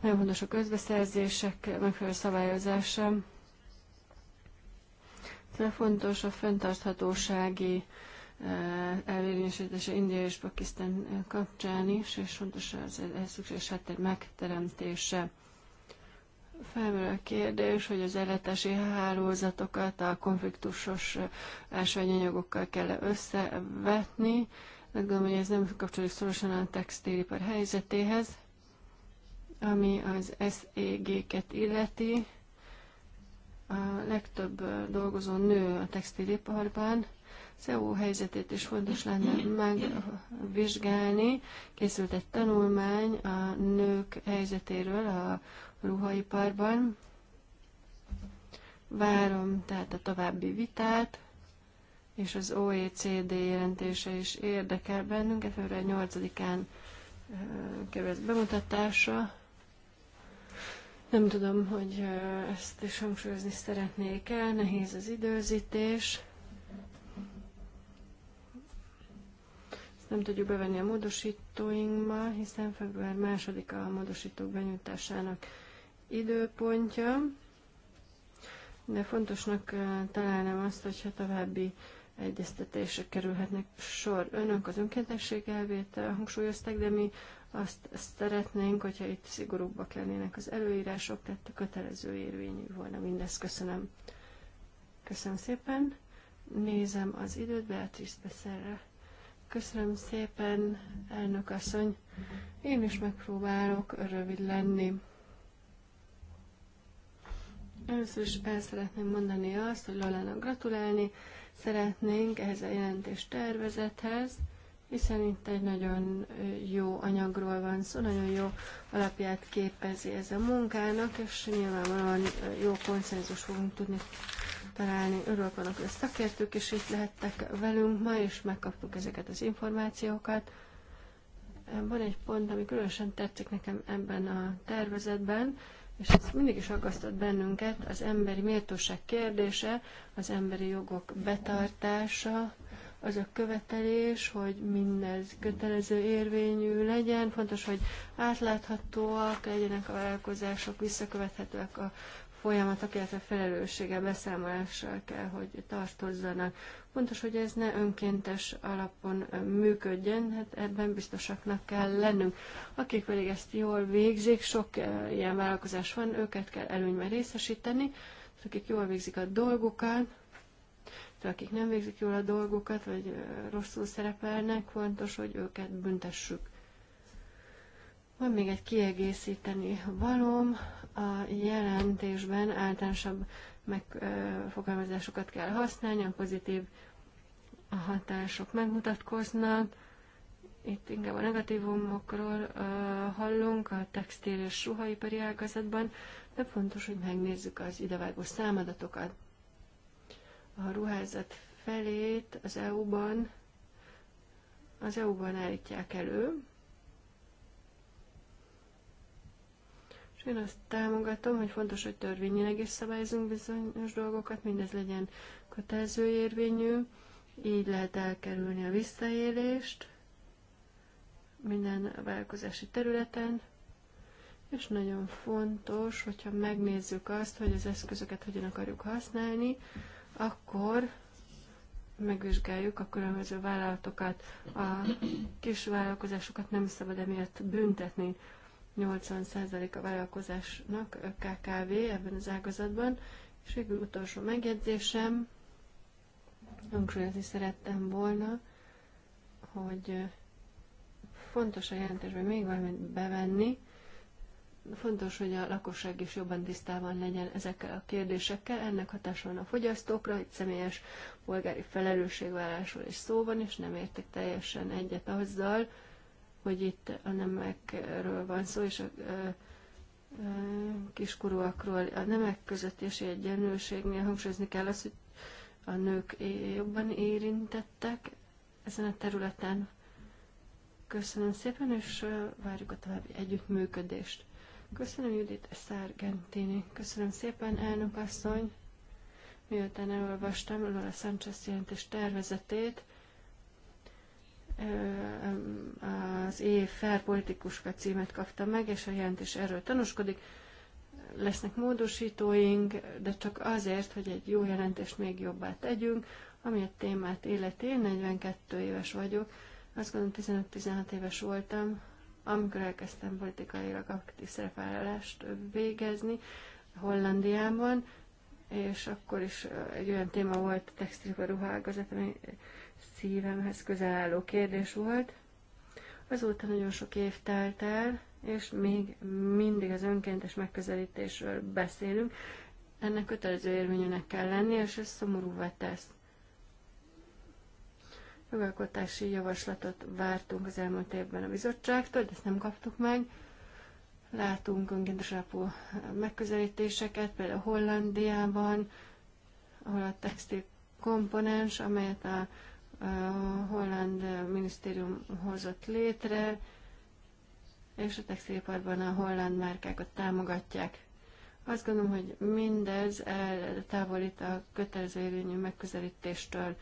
Nagyon fontos a közbeszerzések megfelelő szabályozása. De fontos a fenntarthatósági elvérvényesítése India és Pakisztán kapcsán is, és fontos az ehhez szükséges háttér megteremtése. Felmerül a kérdés, hogy az ellátási hálózatokat a konfliktusos ásványanyagokkal kell -e összevetni. Meg gondolom, hogy ez nem kapcsolódik szorosan a textilipar helyzetéhez, ami az SEG-ket illeti. A legtöbb dolgozó nő a textiliparban, CO e helyzetét is fontos lenne megvizsgálni. Készült egy tanulmány a nők helyzetéről a ruhaiparban. Várom tehát a további vitát, és az OECD jelentése is érdekel bennünket. Február 8-án kerül bemutatása. Nem tudom, hogy ezt is hangsúlyozni szeretnék el, nehéz az időzítés. nem tudjuk bevenni a módosítóinkba, hiszen február második a módosítók benyújtásának időpontja, de fontosnak eh, találnám azt, hogyha további egyeztetésre kerülhetnek sor. Önök az önkéntesség elvét eh, hangsúlyozták, de mi azt szeretnénk, hogyha itt szigorúbbak lennének az előírások, tehát a kötelező érvényű volna mindez. Köszönöm. Köszönöm szépen. Nézem az időt, Beatrice Beszerre. Köszönöm szépen, elnök asszony. Én is megpróbálok rövid lenni. Először is el szeretném mondani azt, hogy Lolának gratulálni szeretnénk ehhez a jelentés tervezethez, hiszen itt egy nagyon jó anyagról van szó, nagyon jó alapját képezi ez a munkának, és nyilvánvalóan jó konszenzus fogunk tudni találni. Örülök annak, hogy a szakértők is itt lehettek velünk ma, és megkaptuk ezeket az információkat. Van egy pont, ami különösen tetszik nekem ebben a tervezetben, és ez mindig is aggasztott bennünket, az emberi méltóság kérdése, az emberi jogok betartása, az a követelés, hogy mindez kötelező érvényű legyen, fontos, hogy átláthatóak legyenek a vállalkozások, visszakövethetőek a folyamatok, illetve felelőssége beszámolással kell, hogy tartozzanak. Fontos, hogy ez ne önkéntes alapon működjön, hát ebben biztosaknak kell lennünk. Akik pedig ezt jól végzik, sok eh, ilyen vállalkozás van, őket kell előnyben részesíteni, akik jól végzik a dolgukat, akik nem végzik jól a dolgukat, vagy eh, rosszul szerepelnek, fontos, hogy őket büntessük. Van még egy kiegészíteni valóm. A jelentésben általánosabb megfogalmazásokat kell használni, a pozitív a hatások megmutatkoznak. Itt inkább a negatívumokról uh, hallunk a textil és ruhaipari ágazatban, de fontos, hogy megnézzük az idevágó számadatokat. A ruházat felét az EU-ban az EU-ban állítják elő, És én azt támogatom, hogy fontos, hogy törvényileg is szabályozunk bizonyos dolgokat, mindez legyen kötelező érvényű, így lehet elkerülni a visszaélést minden vállalkozási területen, és nagyon fontos, hogyha megnézzük azt, hogy az eszközöket hogyan akarjuk használni, akkor megvizsgáljuk a különböző vállalatokat, a kis vállalkozásokat nem szabad emiatt büntetni. 80% a vállalkozásnak KKV ebben az ágazatban. És végül utolsó megjegyzésem, hangsúlyozni szerettem volna, hogy fontos a jelentésben még valamit bevenni, fontos, hogy a lakosság is jobban tisztában legyen ezekkel a kérdésekkel. Ennek hatása van a fogyasztókra, itt személyes polgári felelősségvállásról is szó van, és nem értek teljesen egyet azzal, hogy itt a nemekről van szó, és a kiskorúakról. A nemek közötti egyenlőségnél hangsúlyozni kell azt, hogy a nők jobban érintettek ezen a területen. Köszönöm szépen, és várjuk a további együttműködést. Köszönöm Judit Szárgentini. Köszönöm szépen, elnök asszony. Miután elolvastam Lola Sanchez jelentés tervezetét, az év e fair politikuska címet kapta meg, és a jelentés erről tanúskodik. Lesznek módosítóink, de csak azért, hogy egy jó jelentést még jobbá tegyünk, ami a témát illeti. 42 éves vagyok, azt gondolom 15-16 éves voltam, amikor elkezdtem politikailag aktív szerepvállalást végezni Hollandiában, és akkor is egy olyan téma volt a textilba ruhágazat, ami szívemhez közel álló kérdés volt. Azóta nagyon sok év telt el, és még mindig az önkéntes megközelítésről beszélünk. Ennek kötelező érvényűnek kell lenni, és ez szomorúvá tesz. Jogalkotási javaslatot vártunk az elmúlt évben a bizottságtól, de ezt nem kaptuk meg. Látunk önkéntes alapú megközelítéseket, például Hollandiában, ahol a textil komponens, amelyet a holland minisztérium hozott létre, és a textiliparban a holland márkákat támogatják. Azt gondolom, hogy mindez távolít a kötelező érvényű megközelítéstől.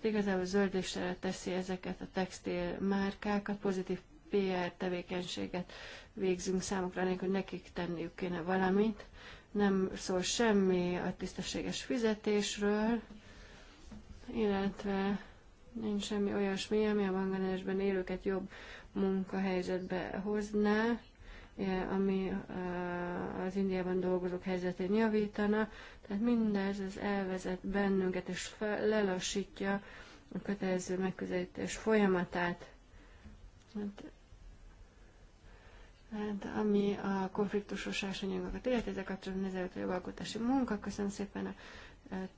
Igazából zöldésre teszi ezeket a textil márkákat, pozitív PR tevékenységet végzünk számukra, nélkül nekik tenniük kéne valamit. Nem szól semmi a tisztességes fizetésről, illetve Nincs semmi olyasmi, ami a Bangladesben élőket jobb munkahelyzetbe hozná, e, ami e, az Indiában dolgozók helyzetén javítana. Tehát mindez az elvezet bennünket és lelassítja a kötelező megközelítés folyamatát. Hát, hát ami a konfliktusos ásanyagokat illeti, ezek a jogalkotási munka. Köszönöm szépen a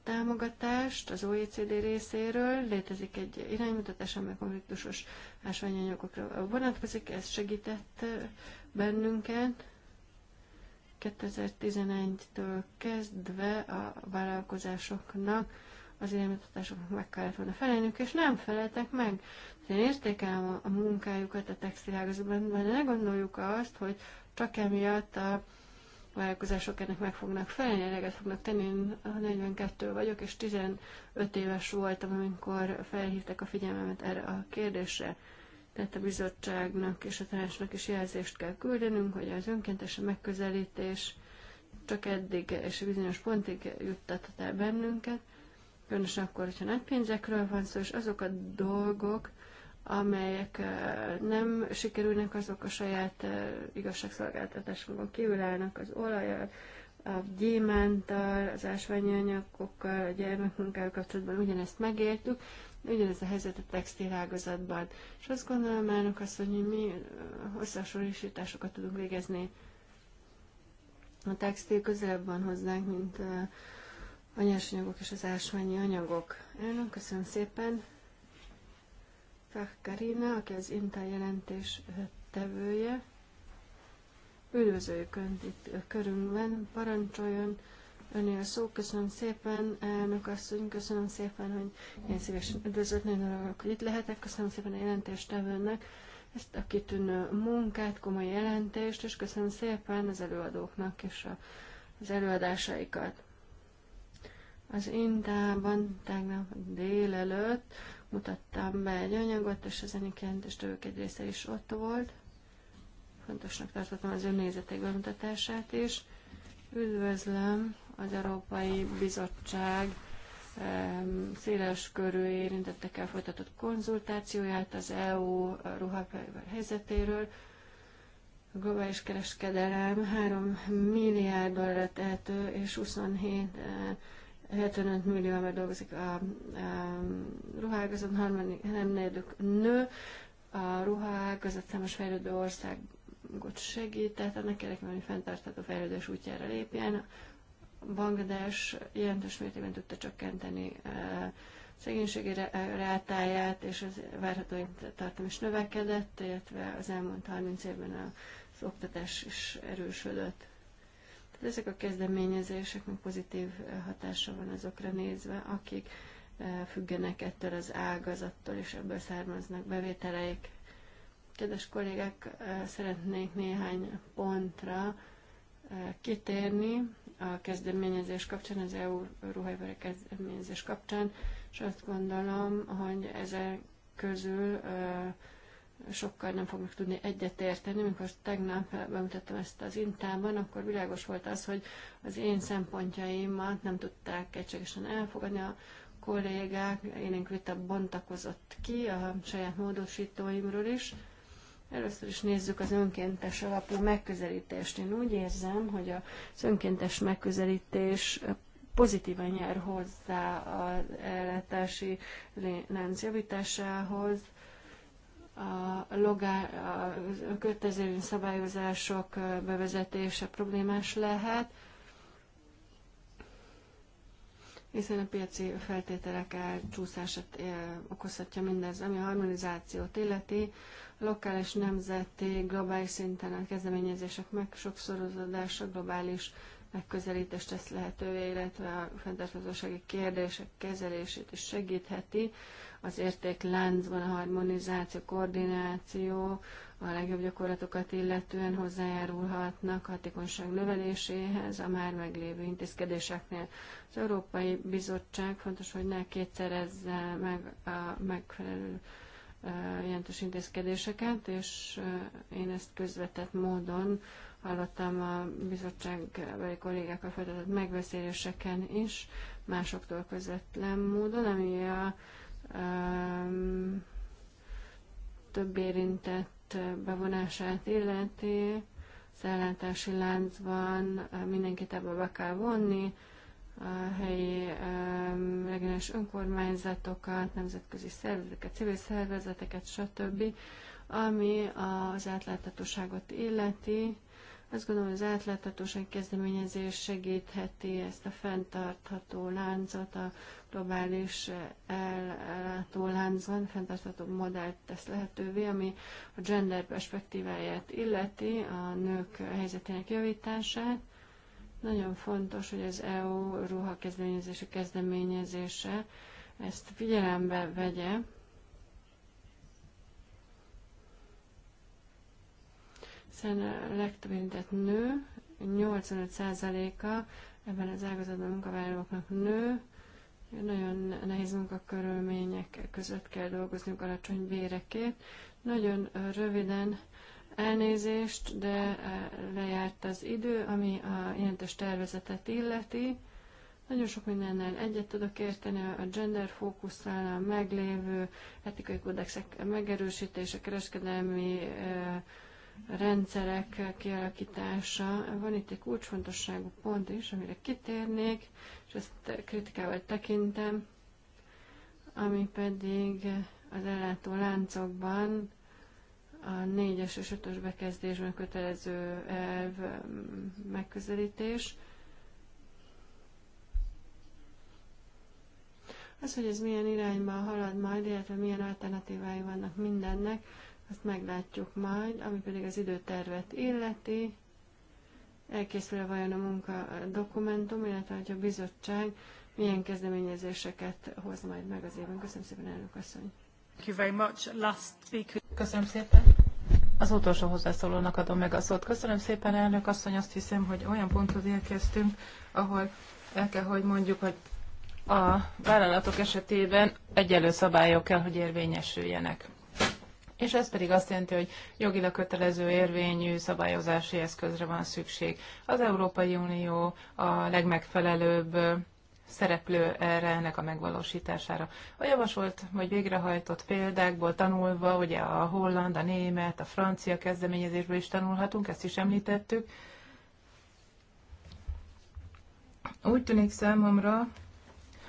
támogatást az OECD részéről. Létezik egy iránymutatás, amely konfliktusos ásványanyagokra vonatkozik, ez segített bennünket. 2011-től kezdve a vállalkozásoknak az iránymutatásoknak meg kellett volna felelniük, és nem feleltek meg. Én értékelem a munkájukat a textilágazatban, de ne gondoljuk azt, hogy csak emiatt a vállalkozások ennek meg fognak felelni, eleget fognak tenni. Én 42 vagyok, és 15 éves voltam, amikor felhívták a figyelmemet erre a kérdésre. Tehát a bizottságnak és a tanácsnak is jelzést kell küldenünk, hogy az önkéntes megközelítés csak eddig és bizonyos pontig juttathat el bennünket, különösen akkor, hogyha nagy pénzekről van szó, és azok a dolgok, amelyek nem sikerülnek, azok a saját igazságszolgáltatásunkon kívül állnak az olajjal, a gyémántal, az ásványi anyagokkal, a gyermekmunkával kapcsolatban ugyanezt megértük, ugyanez a helyzet a textilágazatban. És azt gondolom, elnök azt, hogy mi összehasonlításokat tudunk végezni. A textil közelebb van hozzánk, mint a nyersanyagok és az ásványi anyagok. Elnök, köszönöm szépen! Fach Karina, aki az Inta jelentés tevője. Üdvözöljük Önt itt körünkben, parancsoljon Önél szó. Köszönöm szépen, elnök asszony, köszönöm szépen, hogy én szívesen üdvözlött, nagyon örülök, hogy itt lehetek, köszönöm szépen a jelentéstevőnek ezt a kitűnő munkát, komoly jelentést, és köszönöm szépen az előadóknak és a, az előadásaikat. Az Intában tegnap délelőtt mutattam be egy anyagot, és az ennek jelentéstevők egy része is ott volt. Fontosnak tartottam az önnézetek bemutatását is. Üdvözlöm az Európai Bizottság széles körű érintettekkel folytatott konzultációját az EU ruhapályával helyzetéről. A globális kereskedelem 3 milliárd dollárra tehető, és 27 75 millió ember dolgozik a, a ruhágazat, nem negyedük nő, a ruhágazat számos fejlődő országot segít, tehát ennek érdekében, hogy fenntartható fejlődés útjára lépjen. Banglades jelentős mértékben tudta csökkenteni e, szegénységi e, rátáját, és az várható tartom is növekedett, illetve az elmúlt 30 évben az oktatás is erősödött. Tehát ezek a kezdeményezéseknek pozitív eh, hatása van azokra nézve, akik eh, függenek ettől az ágazattól, és ebből származnak bevételeik. Kedves kollégák, eh, szeretnék néhány pontra kitérni a kezdeményezés kapcsán, az EU ruhajvere kezdeményezés kapcsán, és azt gondolom, hogy ezek közül uh, sokkal nem fognak tudni egyetérteni. Mikor tegnap bemutattam ezt az intában, akkor világos volt az, hogy az én szempontjaimat nem tudták egységesen elfogadni a kollégák, én inkább bontakozott ki a saját módosítóimról is. Először is nézzük az önkéntes alapú megközelítést. Én úgy érzem, hogy az önkéntes megközelítés pozitívan jár hozzá az ellátási lánc javításához, a, logá, a kötelező szabályozások bevezetése problémás lehet, hiszen a piaci feltételek elcsúszását eh, okozhatja mindez, ami a harmonizációt illeti. A lokális, nemzeti, globális szinten a kezdeményezések meg sokszorozódása globális megközelítést tesz lehetővé, illetve a fenntarthatósági kérdések kezelését is segítheti az értékláncban a harmonizáció, koordináció, a legjobb gyakorlatokat illetően hozzájárulhatnak hatékonyság növeléséhez a már meglévő intézkedéseknél. Az Európai Bizottság fontos, hogy ne kétszerezze meg a megfelelő jelentős intézkedéseket, és én ezt közvetett módon hallottam a bizottságbeli kollégákkal folytatott megbeszéléseken is, másoktól közvetlen módon, ami a több érintett bevonását illeti, az ellátási láncban mindenkit ebbe be kell vonni, a helyi um, regionális önkormányzatokat, nemzetközi szervezeteket, civil szervezeteket, stb., ami az átláthatóságot illeti, azt gondolom, az átláthatóság kezdeményezés segítheti ezt a fenntartható láncot, a globális eh, ellátó láncban, fenntartható modellt tesz lehetővé, ami a gender perspektíváját illeti, a nők helyzetének javítását. Nagyon fontos, hogy az EU ruha kezdeményezése kezdeményezése ezt figyelembe vegye, hiszen a legtöbb nő, 85%-a ebben az ágazatban munkavállalóknak nő, nagyon nehéz munkakörülmények között kell dolgozniuk alacsony bérekért. Nagyon röviden elnézést, de e, lejárt az idő, ami a jelentős tervezetet illeti. Nagyon sok mindennel egyet tudok érteni, a gender fókuszál, a meglévő etikai kódexek megerősítése, kereskedelmi e, rendszerek kialakítása. Van itt egy kulcsfontosságú pont is, amire kitérnék, és ezt kritikával tekintem, ami pedig az ellátó láncokban a négyes és ötös bekezdésben kötelező elv mm, megközelítés. Az, hogy ez milyen irányba halad majd, illetve milyen alternatívái vannak mindennek, azt meglátjuk majd, ami pedig az időtervet illeti, elkészül vajon a munka dokumentum, illetve hogy a bizottság milyen kezdeményezéseket hoz majd meg az évben. Köszönöm szépen, elnök asszony! Köszönöm szépen! Az utolsó hozzászólónak adom meg a szót. Köszönöm szépen, elnök asszony, azt hiszem, hogy olyan ponthoz érkeztünk, ahol el kell, hogy mondjuk, hogy a vállalatok esetében egyelő szabályok kell, hogy érvényesüljenek és ez pedig azt jelenti, hogy jogilag kötelező érvényű szabályozási eszközre van szükség. Az Európai Unió a legmegfelelőbb szereplő erre ennek a megvalósítására. A javasolt vagy végrehajtott példákból tanulva, ugye a holland, a német, a francia kezdeményezésből is tanulhatunk, ezt is említettük. Úgy tűnik számomra,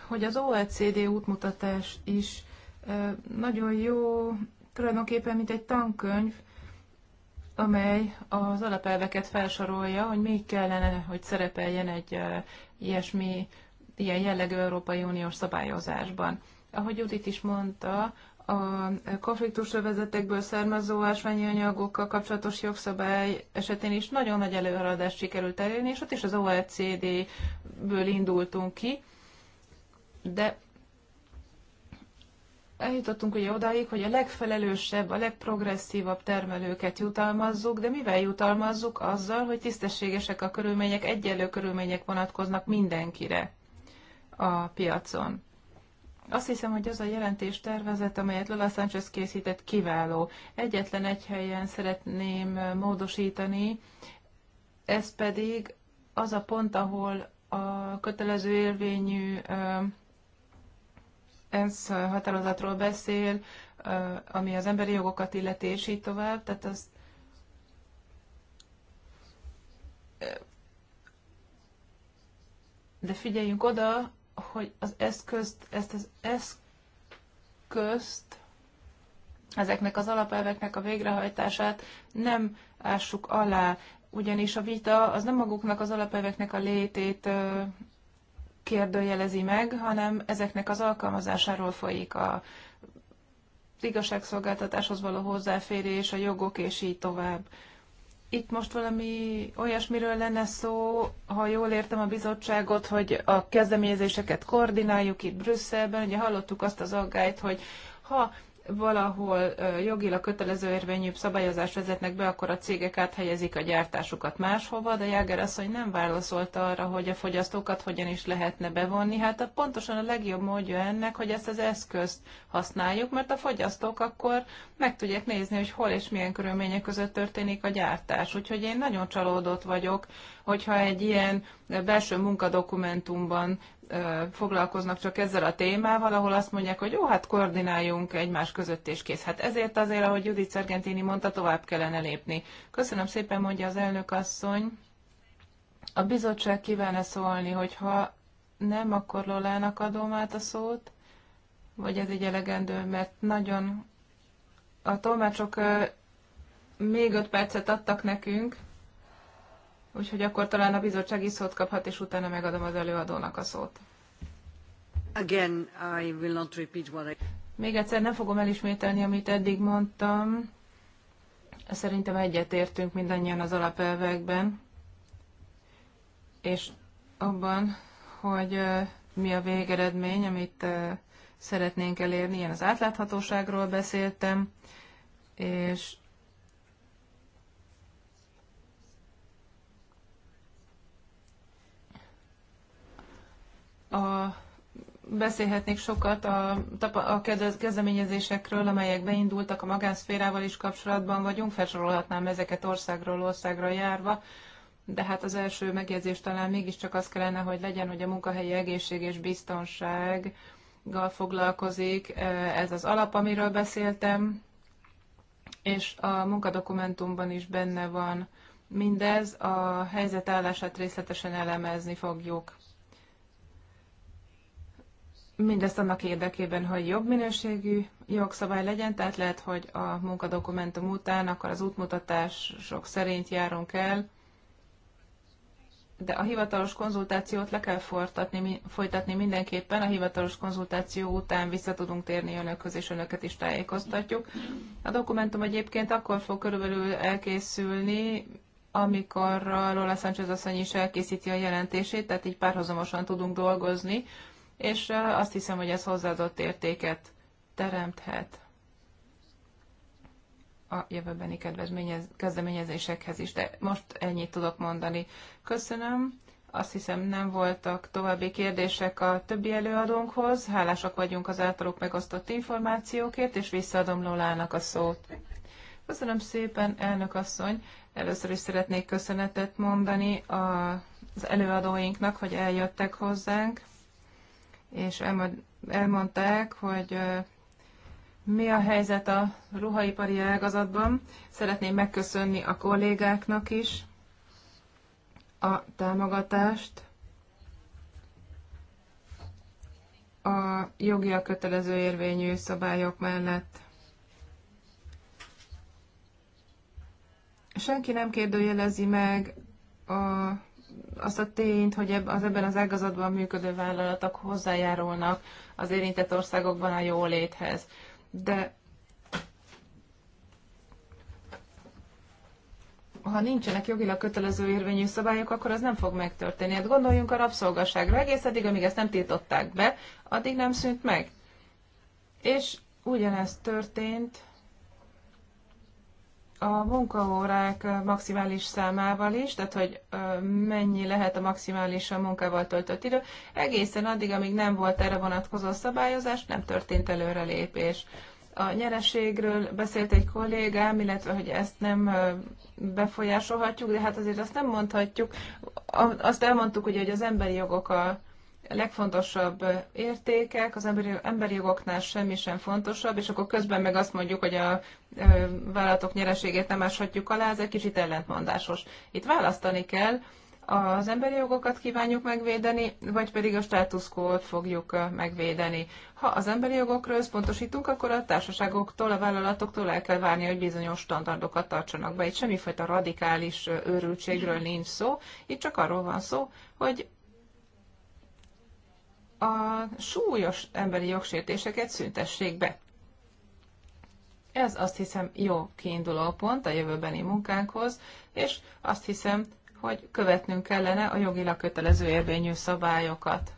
hogy az OECD útmutatás is nagyon jó tulajdonképpen mint egy tankönyv, amely az alapelveket felsorolja, hogy még kellene, hogy szerepeljen egy ilyesmi, ilyen jellegű Európai Uniós szabályozásban. Ahogy Judit is mondta, a konfliktusövezetekből származó ásványi anyagokkal kapcsolatos jogszabály esetén is nagyon nagy előadást sikerült elérni, és ott is az OECD-ből indultunk ki, de eljutottunk ugye odáig, hogy a legfelelősebb, a legprogresszívabb termelőket jutalmazzuk, de mivel jutalmazzuk? Azzal, hogy tisztességesek a körülmények, egyenlő körülmények vonatkoznak mindenkire a piacon. Azt hiszem, hogy az a jelentés tervezet, amelyet Lola Sánchez készített, kiváló. Egyetlen egy helyen szeretném módosítani, ez pedig az a pont, ahol a kötelező érvényű ENSZ határozatról beszél, ami az emberi jogokat illeti, és így tovább, tehát az de figyeljünk oda, hogy az eszközt, ezt az eszközt, ezeknek az alapelveknek a végrehajtását nem ássuk alá, ugyanis a vita az nem maguknak az alapelveknek a létét kérdőjelezi meg, hanem ezeknek az alkalmazásáról folyik a igazságszolgáltatáshoz való hozzáférés, a jogok és így tovább. Itt most valami olyasmiről lenne szó, ha jól értem a bizottságot, hogy a kezdeményezéseket koordináljuk itt Brüsszelben. Ugye hallottuk azt az aggályt, hogy ha valahol jogilag kötelező érvényűbb szabályozást vezetnek be, akkor a cégek áthelyezik a gyártásukat máshova, de Jáger asszony nem válaszolta arra, hogy a fogyasztókat hogyan is lehetne bevonni. Hát a pontosan a legjobb módja ennek, hogy ezt az eszközt használjuk, mert a fogyasztók akkor meg tudják nézni, hogy hol és milyen körülmények között történik a gyártás. Úgyhogy én nagyon csalódott vagyok, hogyha egy ilyen belső munkadokumentumban foglalkoznak csak ezzel a témával, ahol azt mondják, hogy jó, hát koordináljunk egymás között és kész. Hát ezért azért, ahogy Judit Szergentini mondta, tovább kellene lépni. Köszönöm szépen, mondja az elnök asszony. A bizottság kívánna szólni, hogyha nem, akkor Lolának adom át a szót, vagy ez így elegendő, mert nagyon a tolmácsok még öt percet adtak nekünk, Úgyhogy akkor talán a bizottság is szót kaphat, és utána megadom az előadónak a szót. Again, I will not repeat what I... Még egyszer nem fogom elismételni, amit eddig mondtam. Szerintem egyetértünk mindannyian az alapelvekben, és abban, hogy mi a végeredmény, amit szeretnénk elérni. Ilyen az átláthatóságról beszéltem, és a, beszélhetnék sokat a, a kezdeményezésekről, amelyek beindultak a magánszférával is kapcsolatban vagyunk, felsorolhatnám ezeket országról országra járva, de hát az első megjegyzés talán mégiscsak az kellene, hogy legyen, hogy a munkahelyi egészség és biztonsággal foglalkozik. E, ez az alap, amiről beszéltem, és a munkadokumentumban is benne van mindez, a helyzetállását részletesen elemezni fogjuk. Mindezt annak érdekében, hogy jobb minőségű jogszabály legyen, tehát lehet, hogy a munkadokumentum után akkor az útmutatások szerint járunk el, de a hivatalos konzultációt le kell fortatni, folytatni mindenképpen. A hivatalos konzultáció után vissza tudunk térni önökhöz, és önöket is tájékoztatjuk. A dokumentum egyébként akkor fog körülbelül elkészülni, amikor Lola Sánchez asszony is elkészíti a jelentését, tehát így párhuzamosan tudunk dolgozni és azt hiszem, hogy ez hozzáadott értéket teremthet a jövőbeni kezdeményezésekhez is. De most ennyit tudok mondani. Köszönöm. Azt hiszem nem voltak további kérdések a többi előadónkhoz. Hálásak vagyunk az általuk megosztott információkért, és visszaadom Lolának a szót. Köszönöm szépen, elnök asszony. Először is szeretnék köszönetet mondani az előadóinknak, hogy eljöttek hozzánk és elmondták, hogy mi a helyzet a ruhaipari ágazatban. Szeretném megköszönni a kollégáknak is a támogatást. a jogi a kötelező érvényű szabályok mellett. Senki nem kérdőjelezi meg a azt a tényt, hogy az ebben az ágazatban működő vállalatok hozzájárulnak az érintett országokban a jóléthez. De ha nincsenek jogilag kötelező érvényű szabályok, akkor az nem fog megtörténni. Hát gondoljunk a rabszolgaságra. Egész addig, amíg ezt nem tiltották be, addig nem szűnt meg. És ugyanezt történt a munkaórák maximális számával is, tehát hogy mennyi lehet a maximális a munkával töltött idő, egészen addig, amíg nem volt erre vonatkozó szabályozás, nem történt előrelépés. A nyereségről beszélt egy kollégám, illetve hogy ezt nem befolyásolhatjuk, de hát azért azt nem mondhatjuk. Azt elmondtuk ugye, hogy az emberi jogok a legfontosabb értékek, az emberi, emberi jogoknál semmi sem fontosabb, és akkor közben meg azt mondjuk, hogy a ö, vállalatok nyereségét nem áshatjuk alá, ez egy kicsit ellentmondásos. Itt választani kell, az emberi jogokat kívánjuk megvédeni, vagy pedig a státuszkót fogjuk megvédeni. Ha az emberi jogokról összpontosítunk, akkor a társaságoktól, a vállalatoktól el kell várni, hogy bizonyos standardokat tartsanak be. Itt semmifajta radikális őrültségről nincs szó, itt csak arról van szó, hogy a súlyos emberi jogsértéseket szüntessék be. Ez azt hiszem jó kiinduló pont a jövőbeni munkánkhoz, és azt hiszem, hogy követnünk kellene a jogilag kötelező érvényű szabályokat.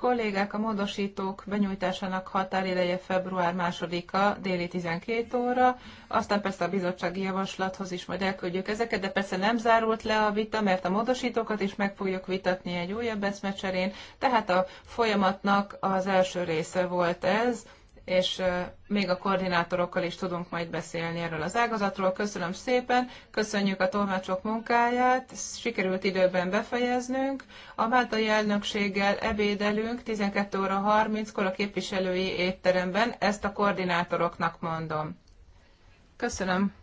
Kollégák, a módosítók benyújtásának határideje február 2-a déli 12 óra, aztán persze a bizottsági javaslathoz is majd elküldjük ezeket, de persze nem zárult le a vita, mert a módosítókat is meg fogjuk vitatni egy újabb eszmecserén, tehát a folyamatnak az első része volt ez, és még a koordinátorokkal is tudunk majd beszélni erről az ágazatról. Köszönöm szépen, köszönjük a tolmácsok munkáját, sikerült időben befejeznünk. A Máltai elnökséggel ebédelünk 12 óra 30-kor a képviselői étteremben, ezt a koordinátoroknak mondom. Köszönöm.